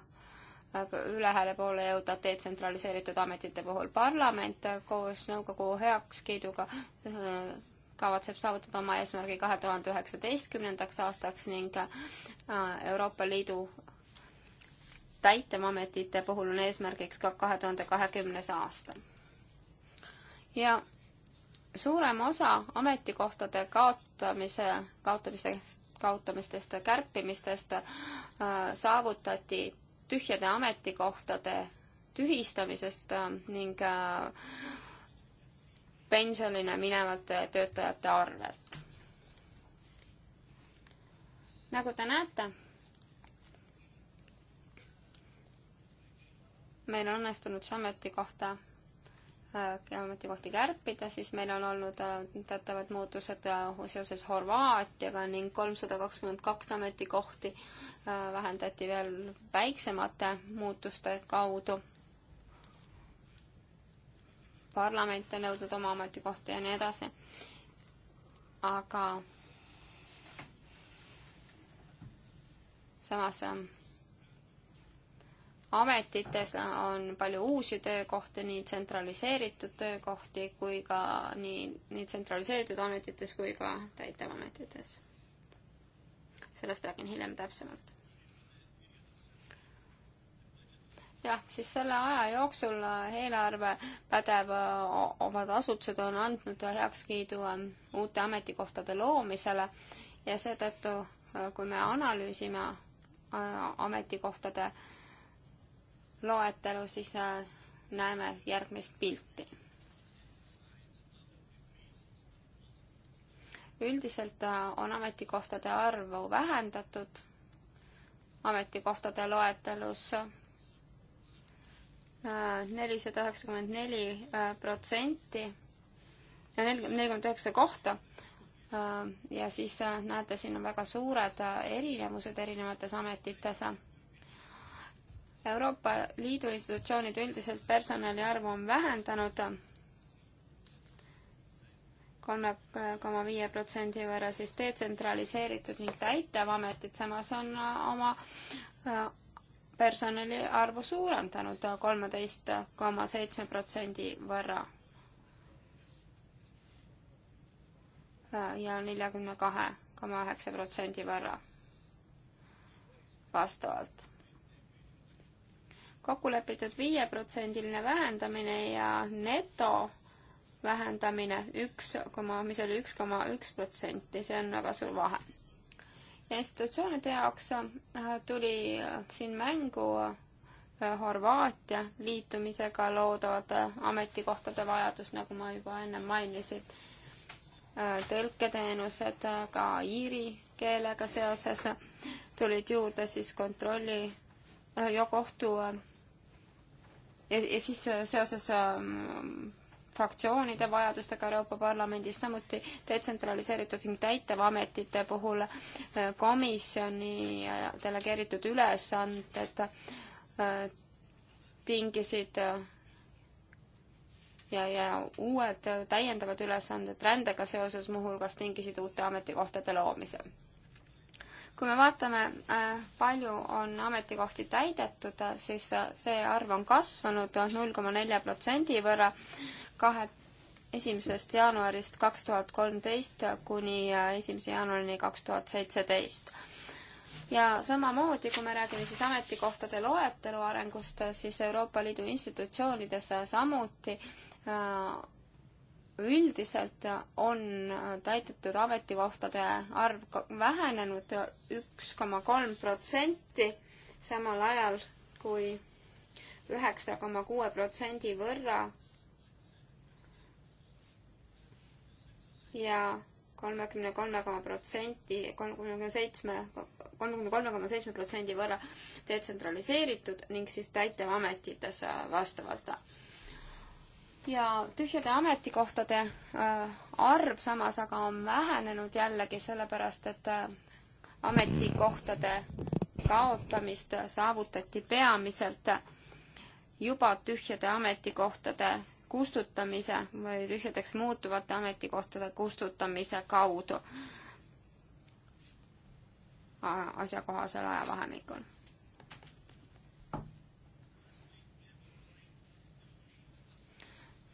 ülehääle poole jõuda detsentraliseeritud ametite puhul. parlament koos nõukogu heakskiiduga äh, kavatseb saavutada oma eesmärgi kahe tuhande üheksateistkümnendaks aastaks ning äh, Euroopa Liidu täitevametite puhul on eesmärgiks ka kahe tuhande kahekümnes aasta. ja suurem osa ametikohtade kaotamise, kaotamistest, kaotamistest, kärpimistest äh, saavutati tühjade ametikohtade tühistamisest äh, ning äh, pensionile minevate töötajate arvelt. nagu te näete, meil on õnnestunud see ametikohta Äh, ametikohti kärpida, siis meil on olnud äh, teatavad muutused äh, seoses Horvaatiaga ning kolmsada kakskümmend kaks ametikohti vähendati veel väiksemate muutuste kaudu. parlament on nõudnud oma ametikohti ja nii edasi. aga samas ähm, ametites on palju uusi töökohti, nii tsentraliseeritud töökohti kui ka nii, nii tsentraliseeritud ametites kui ka täitevametites. sellest räägin hiljem täpsemalt. jah, siis selle aja jooksul eelarvepädev omad asutused on andnud heakskiidu ähm, uute ametikohtade loomisele ja seetõttu, äh, kui me analüüsime äh, ametikohtade äh, loetelu, siis äh, näeme järgmist pilti. üldiselt äh, on ametikohtade arvu vähendatud ametikohtade loetelus äh, nelisada üheksakümmend neli protsenti ja nelikümmend üheksa kohta. ja siis näete, siin on väga suured erinevused erinevates ametites Euroopa Liidu institutsioonid üldiselt personali arvu on vähendanud kolme koma viie protsendi võrra, siis detsentraliseeritud ning täitevametid samas on äh, oma äh, personali arvu suurendanud kolmeteist koma seitsme protsendi võrra. Äh, ja neljakümne kahe koma üheksa protsendi võrra vastavalt kokku lepitud viieprotsendiline vähendamine ja neto vähendamine üks koma, mis oli üks koma üks protsenti, see on väga suur vahe. ja institutsioonide jaoks äh, tuli äh, siin mängu äh, Horvaatia liitumisega loodavate ametikohtade vajadus, nagu ma juba enne mainisin, tõlketeenused ka iiri keelega seoses tulid juurde siis kontrolli ja kohtu ja, ja siis äh, seoses ähm, fraktsioonide vajadustega Euroopa Parlamendis, samuti detsentraliseeritud ning täitevametite puhul äh, komisjoni äh, delegeeritud ülesanded tingisid ja, ja uued täiendavad ülesanded rändega seoses muuhulgas tingisid uute ametikohtade loomise kui me vaatame, äh, palju on ametikohti täidetud, äh, siis äh, see arv on kasvanud null koma nelja protsendi võrra kahe, esimesest jaanuarist kaks tuhat kolmteist kuni esimese jaanuarini kaks tuhat seitseteist. ja samamoodi, kui me räägime siis ametikohtade loetelu arengust, siis Euroopa Liidu institutsioonides samuti üldiselt on täidetud ametikohtade arv vähenenud üks koma kolm protsenti, samal ajal kui üheksa koma kuue protsendi võrra ja kolmekümne kolme koma protsenti, kolmekümne seitsme, kolmekümne kolme koma seitsme protsendi võrra detsentraliseeritud ning siis täitevametites vastavalt ja tühjade ametikohtade äh, arv samas aga on vähenenud jällegi sellepärast, et äh, ametikohtade kaotamist saavutati peamiselt juba tühjade ametikohtade kustutamise või tühjadeks muutuvate ametikohtade kustutamise kaudu äh, asjakohasel ajavahemikul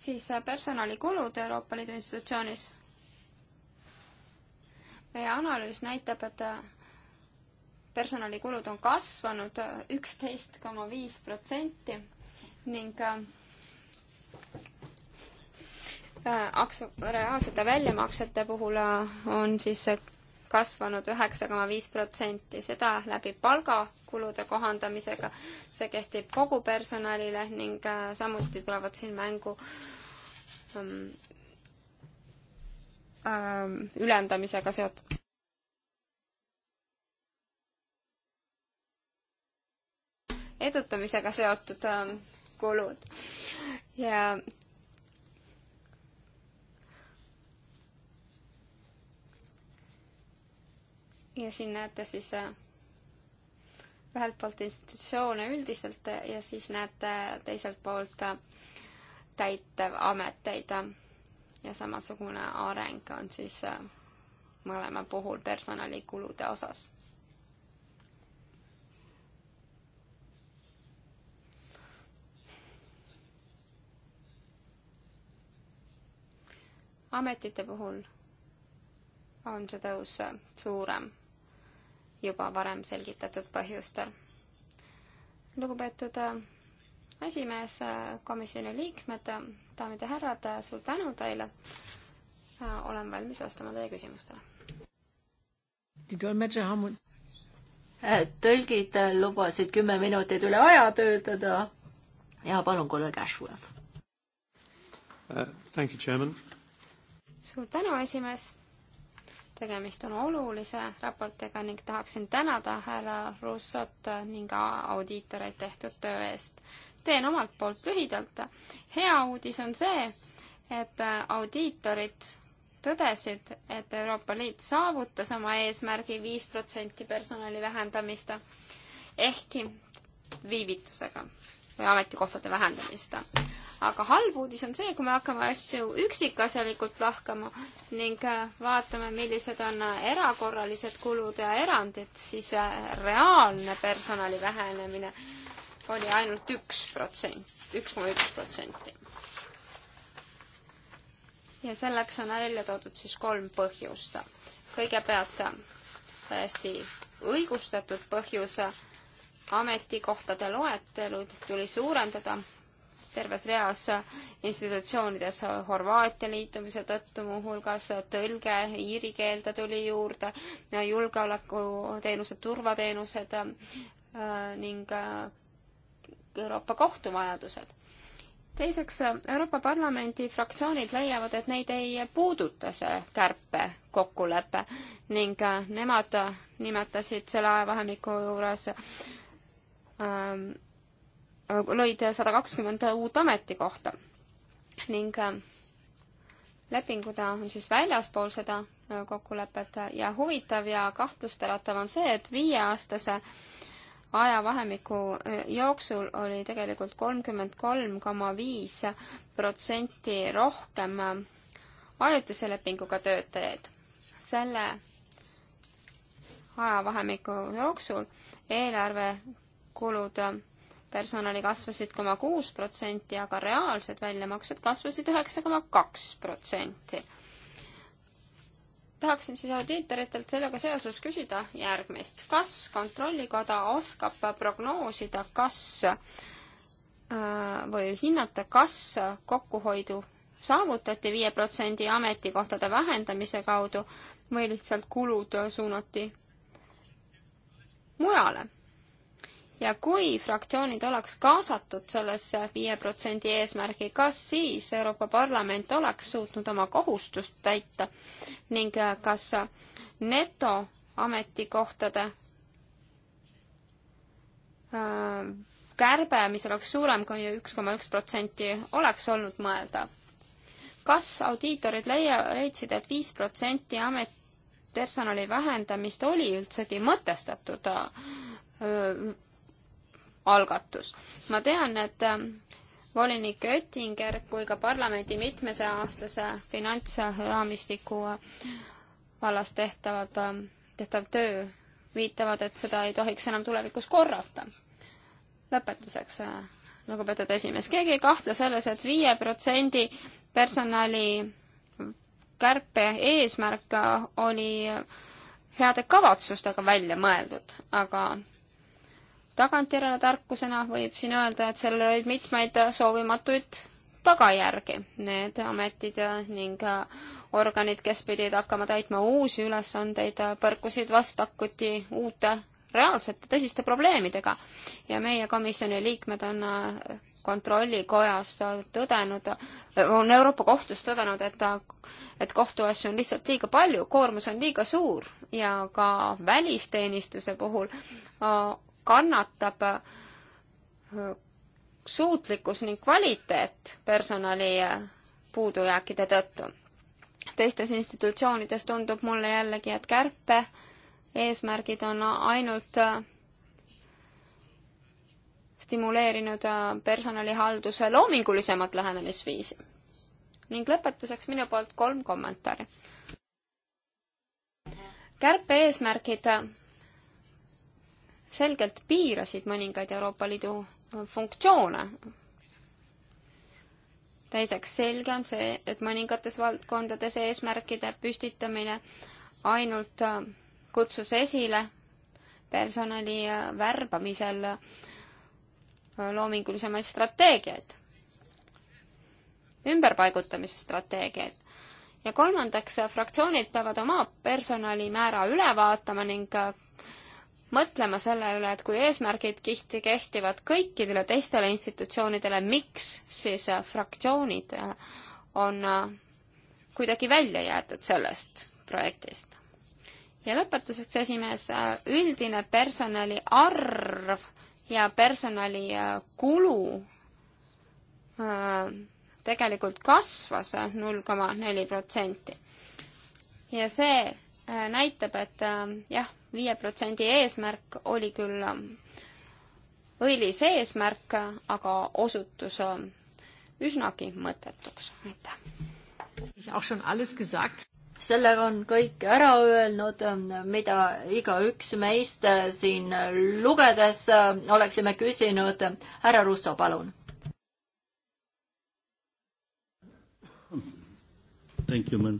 siis äh, personalikulud Euroopa Liidu institutsioonis. meie analüüs näitab, et äh, personalikulud on kasvanud äh, üksteist koma viis protsenti ning äh, reaalsete väljamaksete puhul on siis kasvanud üheksa koma viis protsenti, seda läbi palgakulude kohandamisega. see kehtib kogu personalile ning äh, samuti tulevad siin mängu ähm, ähm, ülendamisega seotud. edutamisega seotud ähm, kulud ja ja siin näete siis äh, ühelt poolt institutsioone üldiselt ja siis näete teiselt poolt äh, täitevameteid. ja samasugune areng on siis äh, mõlema puhul personalikulude osas. ametite puhul on see tõus suurem juba varem selgitatud põhjustel. lugupeetud äh, esimees, äh, komisjoni liikmed, äh, daamid ja härrad, suur tänu teile. olen valmis vastama teie küsimustele. tõlgid lubasid kümme minutit üle aja töötada ja palun, kolleeg Ashworth uh,. Suur tänu, esimees tegemist on olulise raportiga ning tahaksin tänada härra Russot ning audiitoreid tehtud töö eest. teen omalt poolt lühidalt. hea uudis on see, et audiitorid tõdesid, et Euroopa Liit saavutas oma eesmärgi viis protsenti personali vähendamist, ehkki viivitusega või ametikohtade vähendamist aga halb uudis on see, kui me hakkame asju üksikasjalikult lahkama ning äh, vaatame, millised on äh, erakorralised kulud ja erandid, siis äh, reaalne personali vähenemine oli ainult üks protsent, üks koma üks protsenti. ja selleks on välja toodud siis kolm põhjust. kõigepealt täiesti õigustatud põhjus ametikohtade loetelud tuli suurendada terves reas institutsioonides Horvaatia liitumise tõttu muuhulgas tõlge iiri keelde tuli juurde, julgeolekuteenused, turvateenused äh, ning äh, Euroopa Kohtu vajadused teiseks, äh, Euroopa Parlamendi fraktsioonid leiavad, et neid ei puuduta see kärpekokkulepe ning nemad nimetasid selle ajavahemiku juures ähm, Äh, lõid sada kakskümmend uut ametikohta ning äh, lepingud on siis väljaspool seda äh, kokkulepet ja huvitav ja kahtlustäratav on see, et viieaastase ajavahemiku jooksul oli tegelikult kolmkümmend kolm koma viis protsenti rohkem ajutise lepinguga töötajaid. selle ajavahemiku jooksul eelarvekulud personali kasvasid koma kuus protsenti, aga reaalsed väljamaksed kasvasid üheksa koma kaks protsenti. tahaksin siis audiitoritelt sellega seoses küsida järgmist. kas Kontrollikoda oskab prognoosida, kas äh, või hinnata, kas kokkuhoidu saavutati viie protsendi ametikohtade vähendamise kaudu või lihtsalt kulud suunati mujale ja kui fraktsioonid oleks kaasatud sellesse viie protsendi eesmärgi, kas siis Euroopa Parlament oleks suutnud oma kohustust täita ning äh, kas neto ametikohtade äh, kärbe, mis oleks suurem kui üks koma üks protsenti, oleks olnud mõeldav. kas audiitorid leia-, leidsid et, et viis protsenti amet-, personali vähendamist oli üldsegi mõtestatud öö, äh, algatus. ma tean, et ähm, volinik Oettinger kui ka parlamendi mitmeseaastase finantsraamistiku äh, vallas tehtavad, ähm, tehtav töö viitavad, et seda ei tohiks enam tulevikus korrata. lõpetuseks, äh, lugupeetud esimees, keegi ei kahtle selles et, et viie protsendi personali kärpe eesmärk oli äh, heade kavatsustega välja mõeldud, aga tagantjärele tarkusena võib siin öelda, et sellel olid mitmeid soovimatuid tagajärgi. Need ametid ning organid, kes pidid hakkama täitma uusi ülesandeid, põrkusid vastakuti uute reaalsete tõsiste probleemidega ja meie komisjoni liikmed on kontrollikojas tõdenud, on Euroopa Kohtus tõdenud, et ta, et kohtuasju on lihtsalt liiga palju, koormus on liiga suur ja ka välisteenistuse puhul kannatab äh, suutlikkus ning kvaliteet personali äh, puudujääkide tõttu. teistes institutsioonides tundub mulle jällegi, et kärpe eesmärgid on ainult äh, stimuleerinud personalihalduse loomingulisemat lähenemisviisi. ning lõpetuseks minu poolt kolm kommentaari. kärpe eesmärgid selgelt piirasid mõningaid Euroopa Liidu funktsioone. teiseks, selge on see, et mõningates valdkondades eesmärkide püstitamine ainult äh, kutsus esile personali äh, värbamisel äh, loomingulisemaid strateegiaid, ümberpaigutamise strateegiaid. ja kolmandaks, fraktsioonid peavad oma personalimäära üle vaatama ning mõtlema selle üle, et kui eesmärgid kihti kehtivad kõikidele teistele institutsioonidele, miks siis äh, fraktsioonid äh, on äh, kuidagi välja jäetud sellest projektist. ja lõpetuseks, esimees, üldine personali arv ja personali kulu tegelikult kasvas null koma neli protsenti. ja see näitab, et jah viie protsendi eesmärk oli küll õilis eesmärk, aga osutus üsnagi mõttetuks. aitäh! sellega on kõik ära öelnud, mida igaüks meist siin lugedes oleksime küsinud. härra Russo, palun. Uh,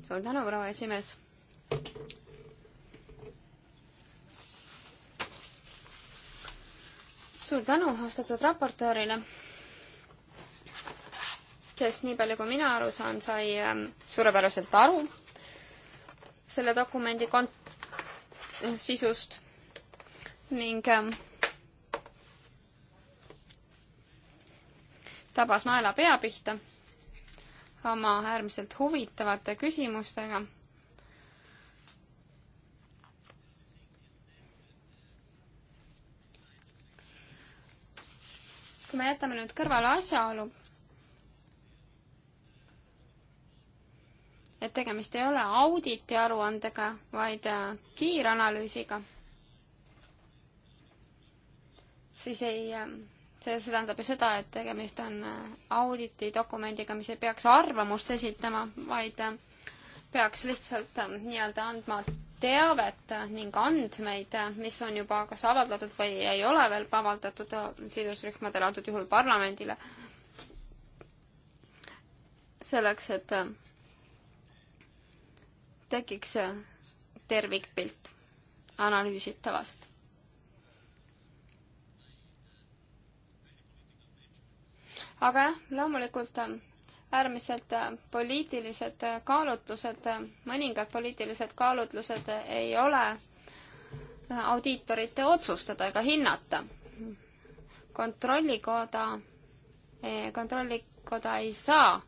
suur tänu, proua esimees suur tänu austatud raportöörile, kes nii palju, kui mina aru saan, sai ähm, suurepäraselt aru selle dokumendi kont-, sisust ning ähm, tabas naela pea pihta oma äärmiselt huvitavate küsimustega kui me jätame nüüd kõrvale asjaolu, et tegemist ei ole auditi aruandega, vaid äh, kiiranalüüsiga, siis ei, äh, see, see tähendab ju seda, et tegemist on äh, auditi dokumendiga, mis ei peaks arvamust esitama, vaid peaks lihtsalt nii-öelda andma teavet ning andmeid, mis on juba kas avaldatud või ei ole veel avaldatud sidusrühmadele, antud juhul parlamendile, selleks, et tekiks tervikpilt analüüsitavast. aga jah, loomulikult äärmiselt äh, poliitilised äh, kaalutlused, äh, mõningad poliitilised kaalutlused ei ole audiitorite otsustada ega hinnata. kontrollikoda, kontrollikoda ei saa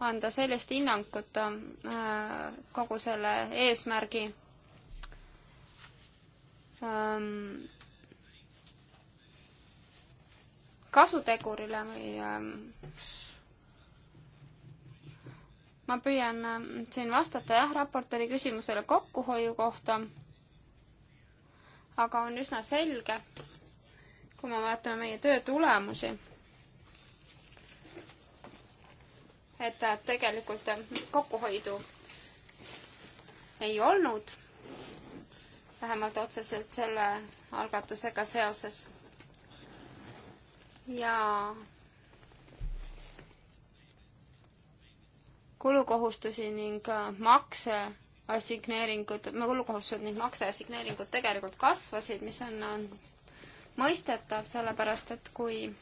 anda sellist hinnangut kogu selle eesmärgi ähm, kasutegurile või ähm, ma püüan ähm, siin vastata jah, raportööri küsimusele kokkuhoiu kohta, aga on üsna selge, kui me vaatame meie töö tulemusi, et äh, tegelikult äh, kokkuhoidu ei olnud, vähemalt otseselt selle algatusega seoses ja kulukohustusi ning äh, makse assigneeringud, kulukohustused ning makse assigneeringud tegelikult kasvasid, mis on, on mõistetav, sellepärast et kui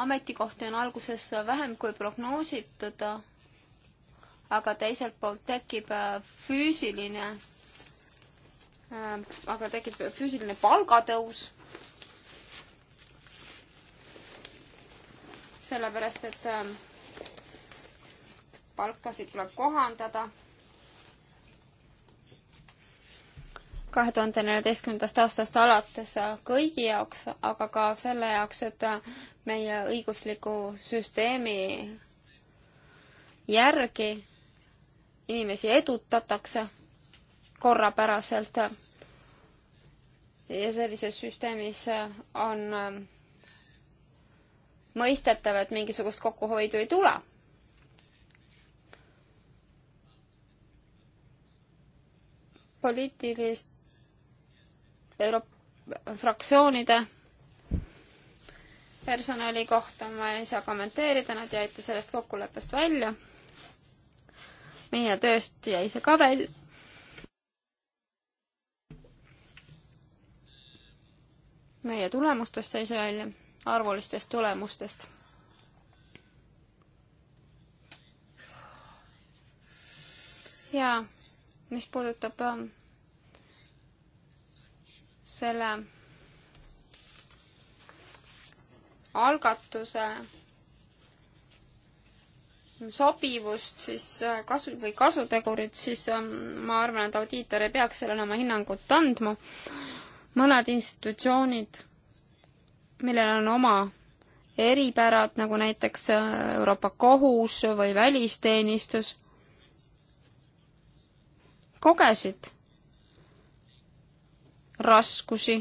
ametikohti on alguses vähem kui prognoositud, aga teiselt poolt tekib äh, füüsiline Äh, aga tekib füüsiline palgatõus. sellepärast, et äh, palkasid tuleb kohandada kahe tuhande neljateistkümnendast aastast alates kõigi jaoks, aga ka selle jaoks, et äh, meie õigusliku süsteemi järgi inimesi edutatakse korrapäraselt. ja sellises süsteemis äh, on ähm, mõistetav, et mingisugust kokkuhoidu ei tule. poliitilist euro-, fraktsioonide personali kohta ma ei saa kommenteerida, nad jäite sellest kokkuleppest välja. meie tööst jäi see ka välja meie tulemustest sai see välja, arvulistest tulemustest. ja mis puudutab ähm, selle algatuse sobivust siis äh, kasu või kasutegurit, siis ähm, ma arvan, et audiitor ei peaks sellele oma hinnangut andma mõned institutsioonid, millel on oma eripärad, nagu näiteks äh, Euroopa Kohus või välisteenistus, kogesid raskusi,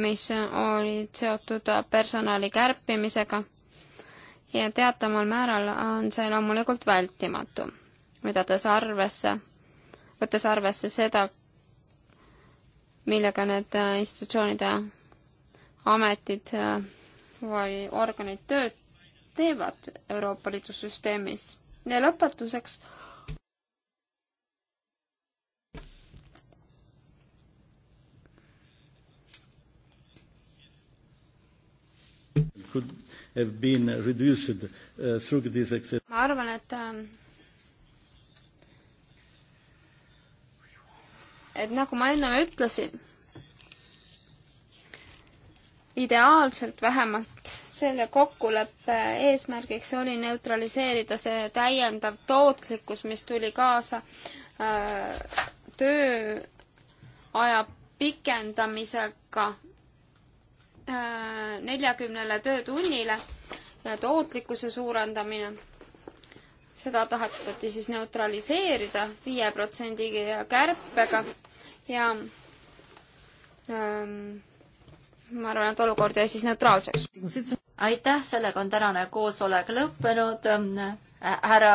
mis olid seotud personali kärpimisega ja teataval määral on see loomulikult vältimatu, võtades arvesse, võttes arvesse seda, millega need äh, institutsioonide ametid äh, või organid tööd teevad Euroopa Liidu süsteemis. ja lõpetuseks could have been reduced uh, through this exception. ma arvan, et äh, et nagu ma ennem ütlesin, ideaalselt vähemalt selle kokkuleppe eesmärgiks oli neutraliseerida see täiendav tootlikkus, mis tuli kaasa äh, tööaja pikendamisega äh, neljakümnele töötunnile ja tootlikkuse suurendamine. seda tahetati siis neutraliseerida viie protsendi kärpega ja ähm, ma arvan, et olukord jäi siis neutraalseks. aitäh, sellega on tänane koosolek lõppenud. Ähm, härra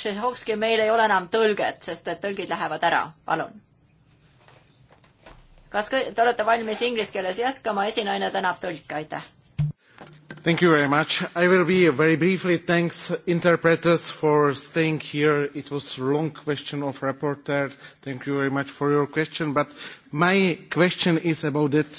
Šehovski, meil ei ole enam tõlget, sest et tõlgid lähevad ära, palun. kas te olete valmis inglise keeles jätkama, esinaine tänab tõlke, aitäh Thank you very much. I will be very briefly. Thanks, interpreters, for staying here. It was a long question of reporter. Thank you very much for your question. But my question is about that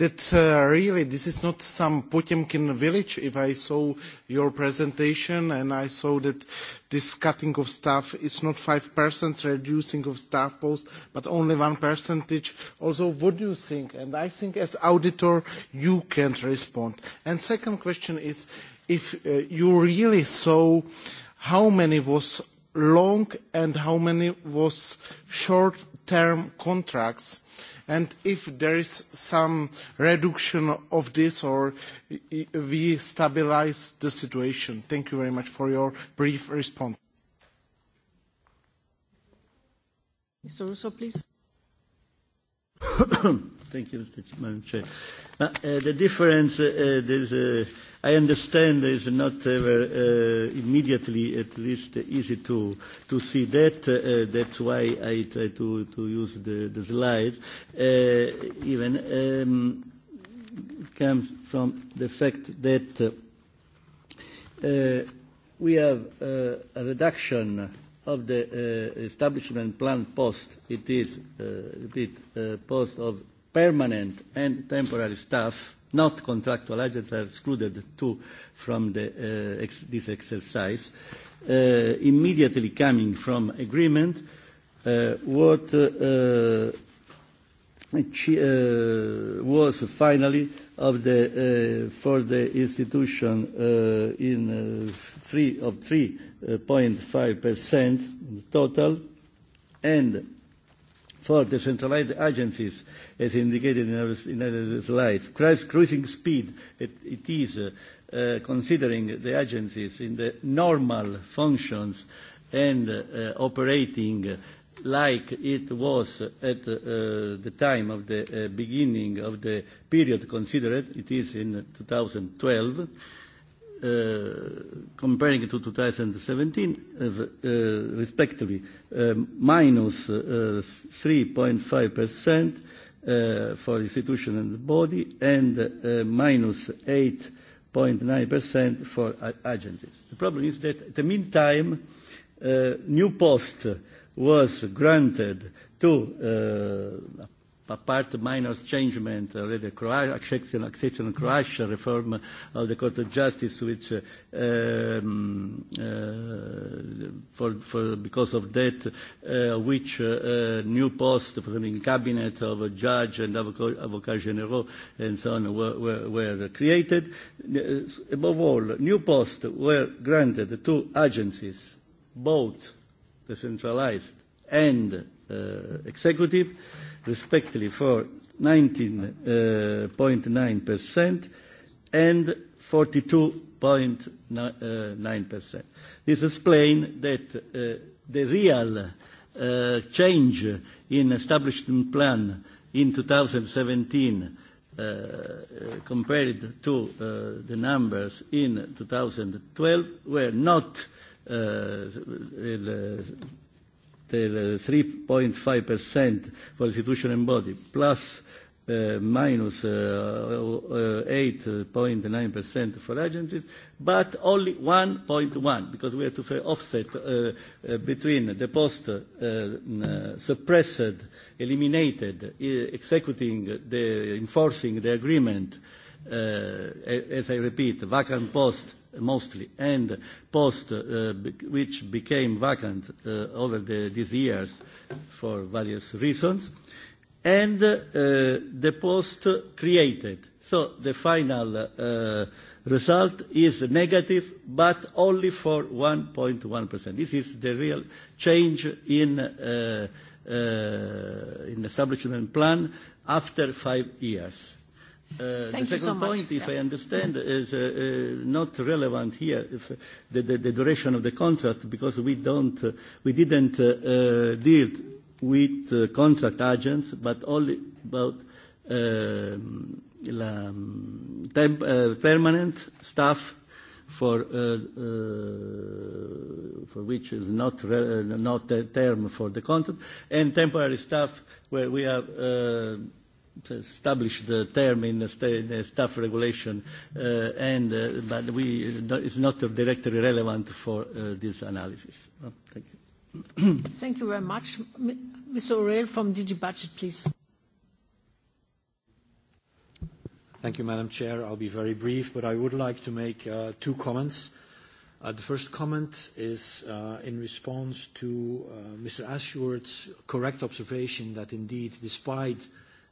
that uh, really this is not some Potemkin village. If I saw your presentation and I saw that this cutting of staff is not 5% reducing of staff posts, but only 1%. Also, what do you think? And I think as auditor, you can't respond. And second question is, if uh, you really saw how many was long and how many was short-term contracts, uh, and if there is some reduction of this or we stabilize the situation? Thank you very much for your brief response. Mr. Russo, please. Thank you, Madam Chair. Uh, uh, the difference, uh, uh there's a I understand it's not uh, uh, immediately, at least, easy to, to see that. Uh, that's why I try to, to use the, the slide. Uh, even um, comes from the fact that uh, uh, we have uh, a reduction of the uh, establishment plan post. It is, uh, repeat, uh, post of permanent and temporary staff not contractual agents are excluded too from the, uh, ex- this exercise. Uh, immediately coming from agreement, uh, what uh, uh, uh was finally of the uh, for the institution uh, in uh, three of 3.5% uh, total, and For decentralized agencies, as indicated in other, in other slides, cruising speed, it, it is uh, uh, considering the agencies in the normal functions and uh, operating like it was at uh, the time of the uh, beginning of the period considered, it is in 2012 uh, comparing to 2017, uh, uh, respectively, uh, minus uh, 3.5% uh, for institution and body and uh, minus 8.9% for uh, agencies. The problem is that in the meantime, uh, new post was granted to uh, apart minor changement, uh, the Croatia, accession, accession of Croatia reform of the Court of Justice, which uh, um, uh, for, for, because of that, uh, which uh, uh, new post for the cabinet of a judge and avocat, avocat general and so on were, were, were created. Uh, above all, new posts were granted to agencies, both decentralized and uh, executive. Uh, respectively for 19.9% uh, and 42.9%. Uh, This explain that uh, the real change in establishment plan in 2017 Uh, compared to uh, the numbers in 2012 were not uh, 3.5% for institution and body, plus Uh, minus uh, uh, 8.9% for agencies, but only 1.1, because we have to offset uh, uh, between the post uh, mm, suppressed, eliminated, executing the enforcing the agreement, as I repeat, vacant post mostly, and post, uh, be which became vacant uh, over the, these years for various reasons, and uh, the post created. So the final uh, result is negative, but only for 1.1%. This is the real change in, uh, uh, in establishment plan after five years. Uh, Thank the second so much. point, if yeah. I understand, is uh, uh, not relevant here, if uh, the, the, the duration of the contract, because we don't, uh, we didn't uh, uh, deal with uh, contract agents, but only about uh, la, um, temp, uh, permanent staff for, uh, uh, for which is not, re- uh, not a term for the contract, and temporary staff where we have uh, to establish the term in the, sta in the staff regulation, uh, and, uh, but we, no, it's not directly relevant for uh, this analysis. Well, uh, thank you. thank you very much. Mr. O'Reilly from DG Budget, please. Thank you, Madam Chair. I'll be very brief, but I would like to make uh, two comments. Uh, the first comment is uh, in response to uh, Mr. Ashworth's correct observation that indeed, despite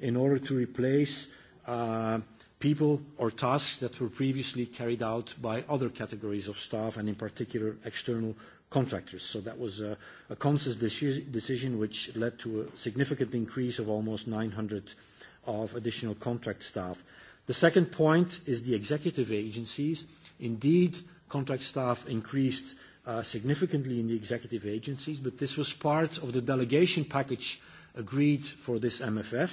in order to replace uh, people or tasks that were previously carried out by other categories of staff and in particular external contractors. So that was a, a conscious deci decision which led to a significant increase of almost 900 of additional contract staff. The second point is the executive agencies. Indeed, contract staff increased uh, significantly in the executive agencies, but this was part of the delegation package agreed for this MFF.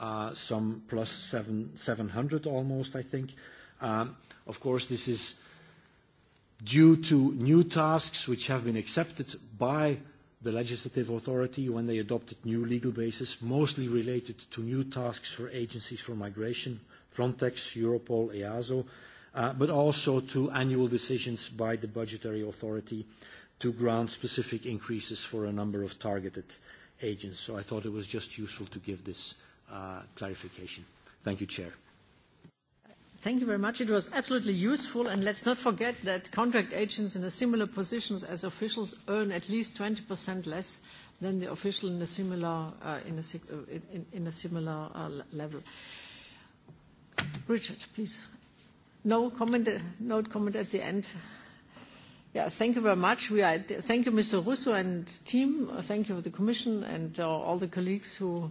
uh, some plus seven, 700 almost, I think. Um, of course, this is due to new tasks which have been accepted by the legislative authority when they adopted new legal basis, mostly related to new tasks for agencies for migration, Frontex, Europol, EASO, uh, but also to annual decisions by the budgetary authority to grant specific increases for a number of targeted agents. So I thought it was just useful to give this uh, uh, clarification. Thank you, Chair. Thank you very much. It was absolutely useful. And let's not forget that contract agents in a similar positions as officials earn at least 20% less than the official in a similar, uh, in a, uh, in, in a similar uh, level. Richard, please. No comment, uh, no comment at the end. Yeah, thank you very much. We are, thank you, Mr. Russo and team. Thank you, the Commission and uh, all the colleagues who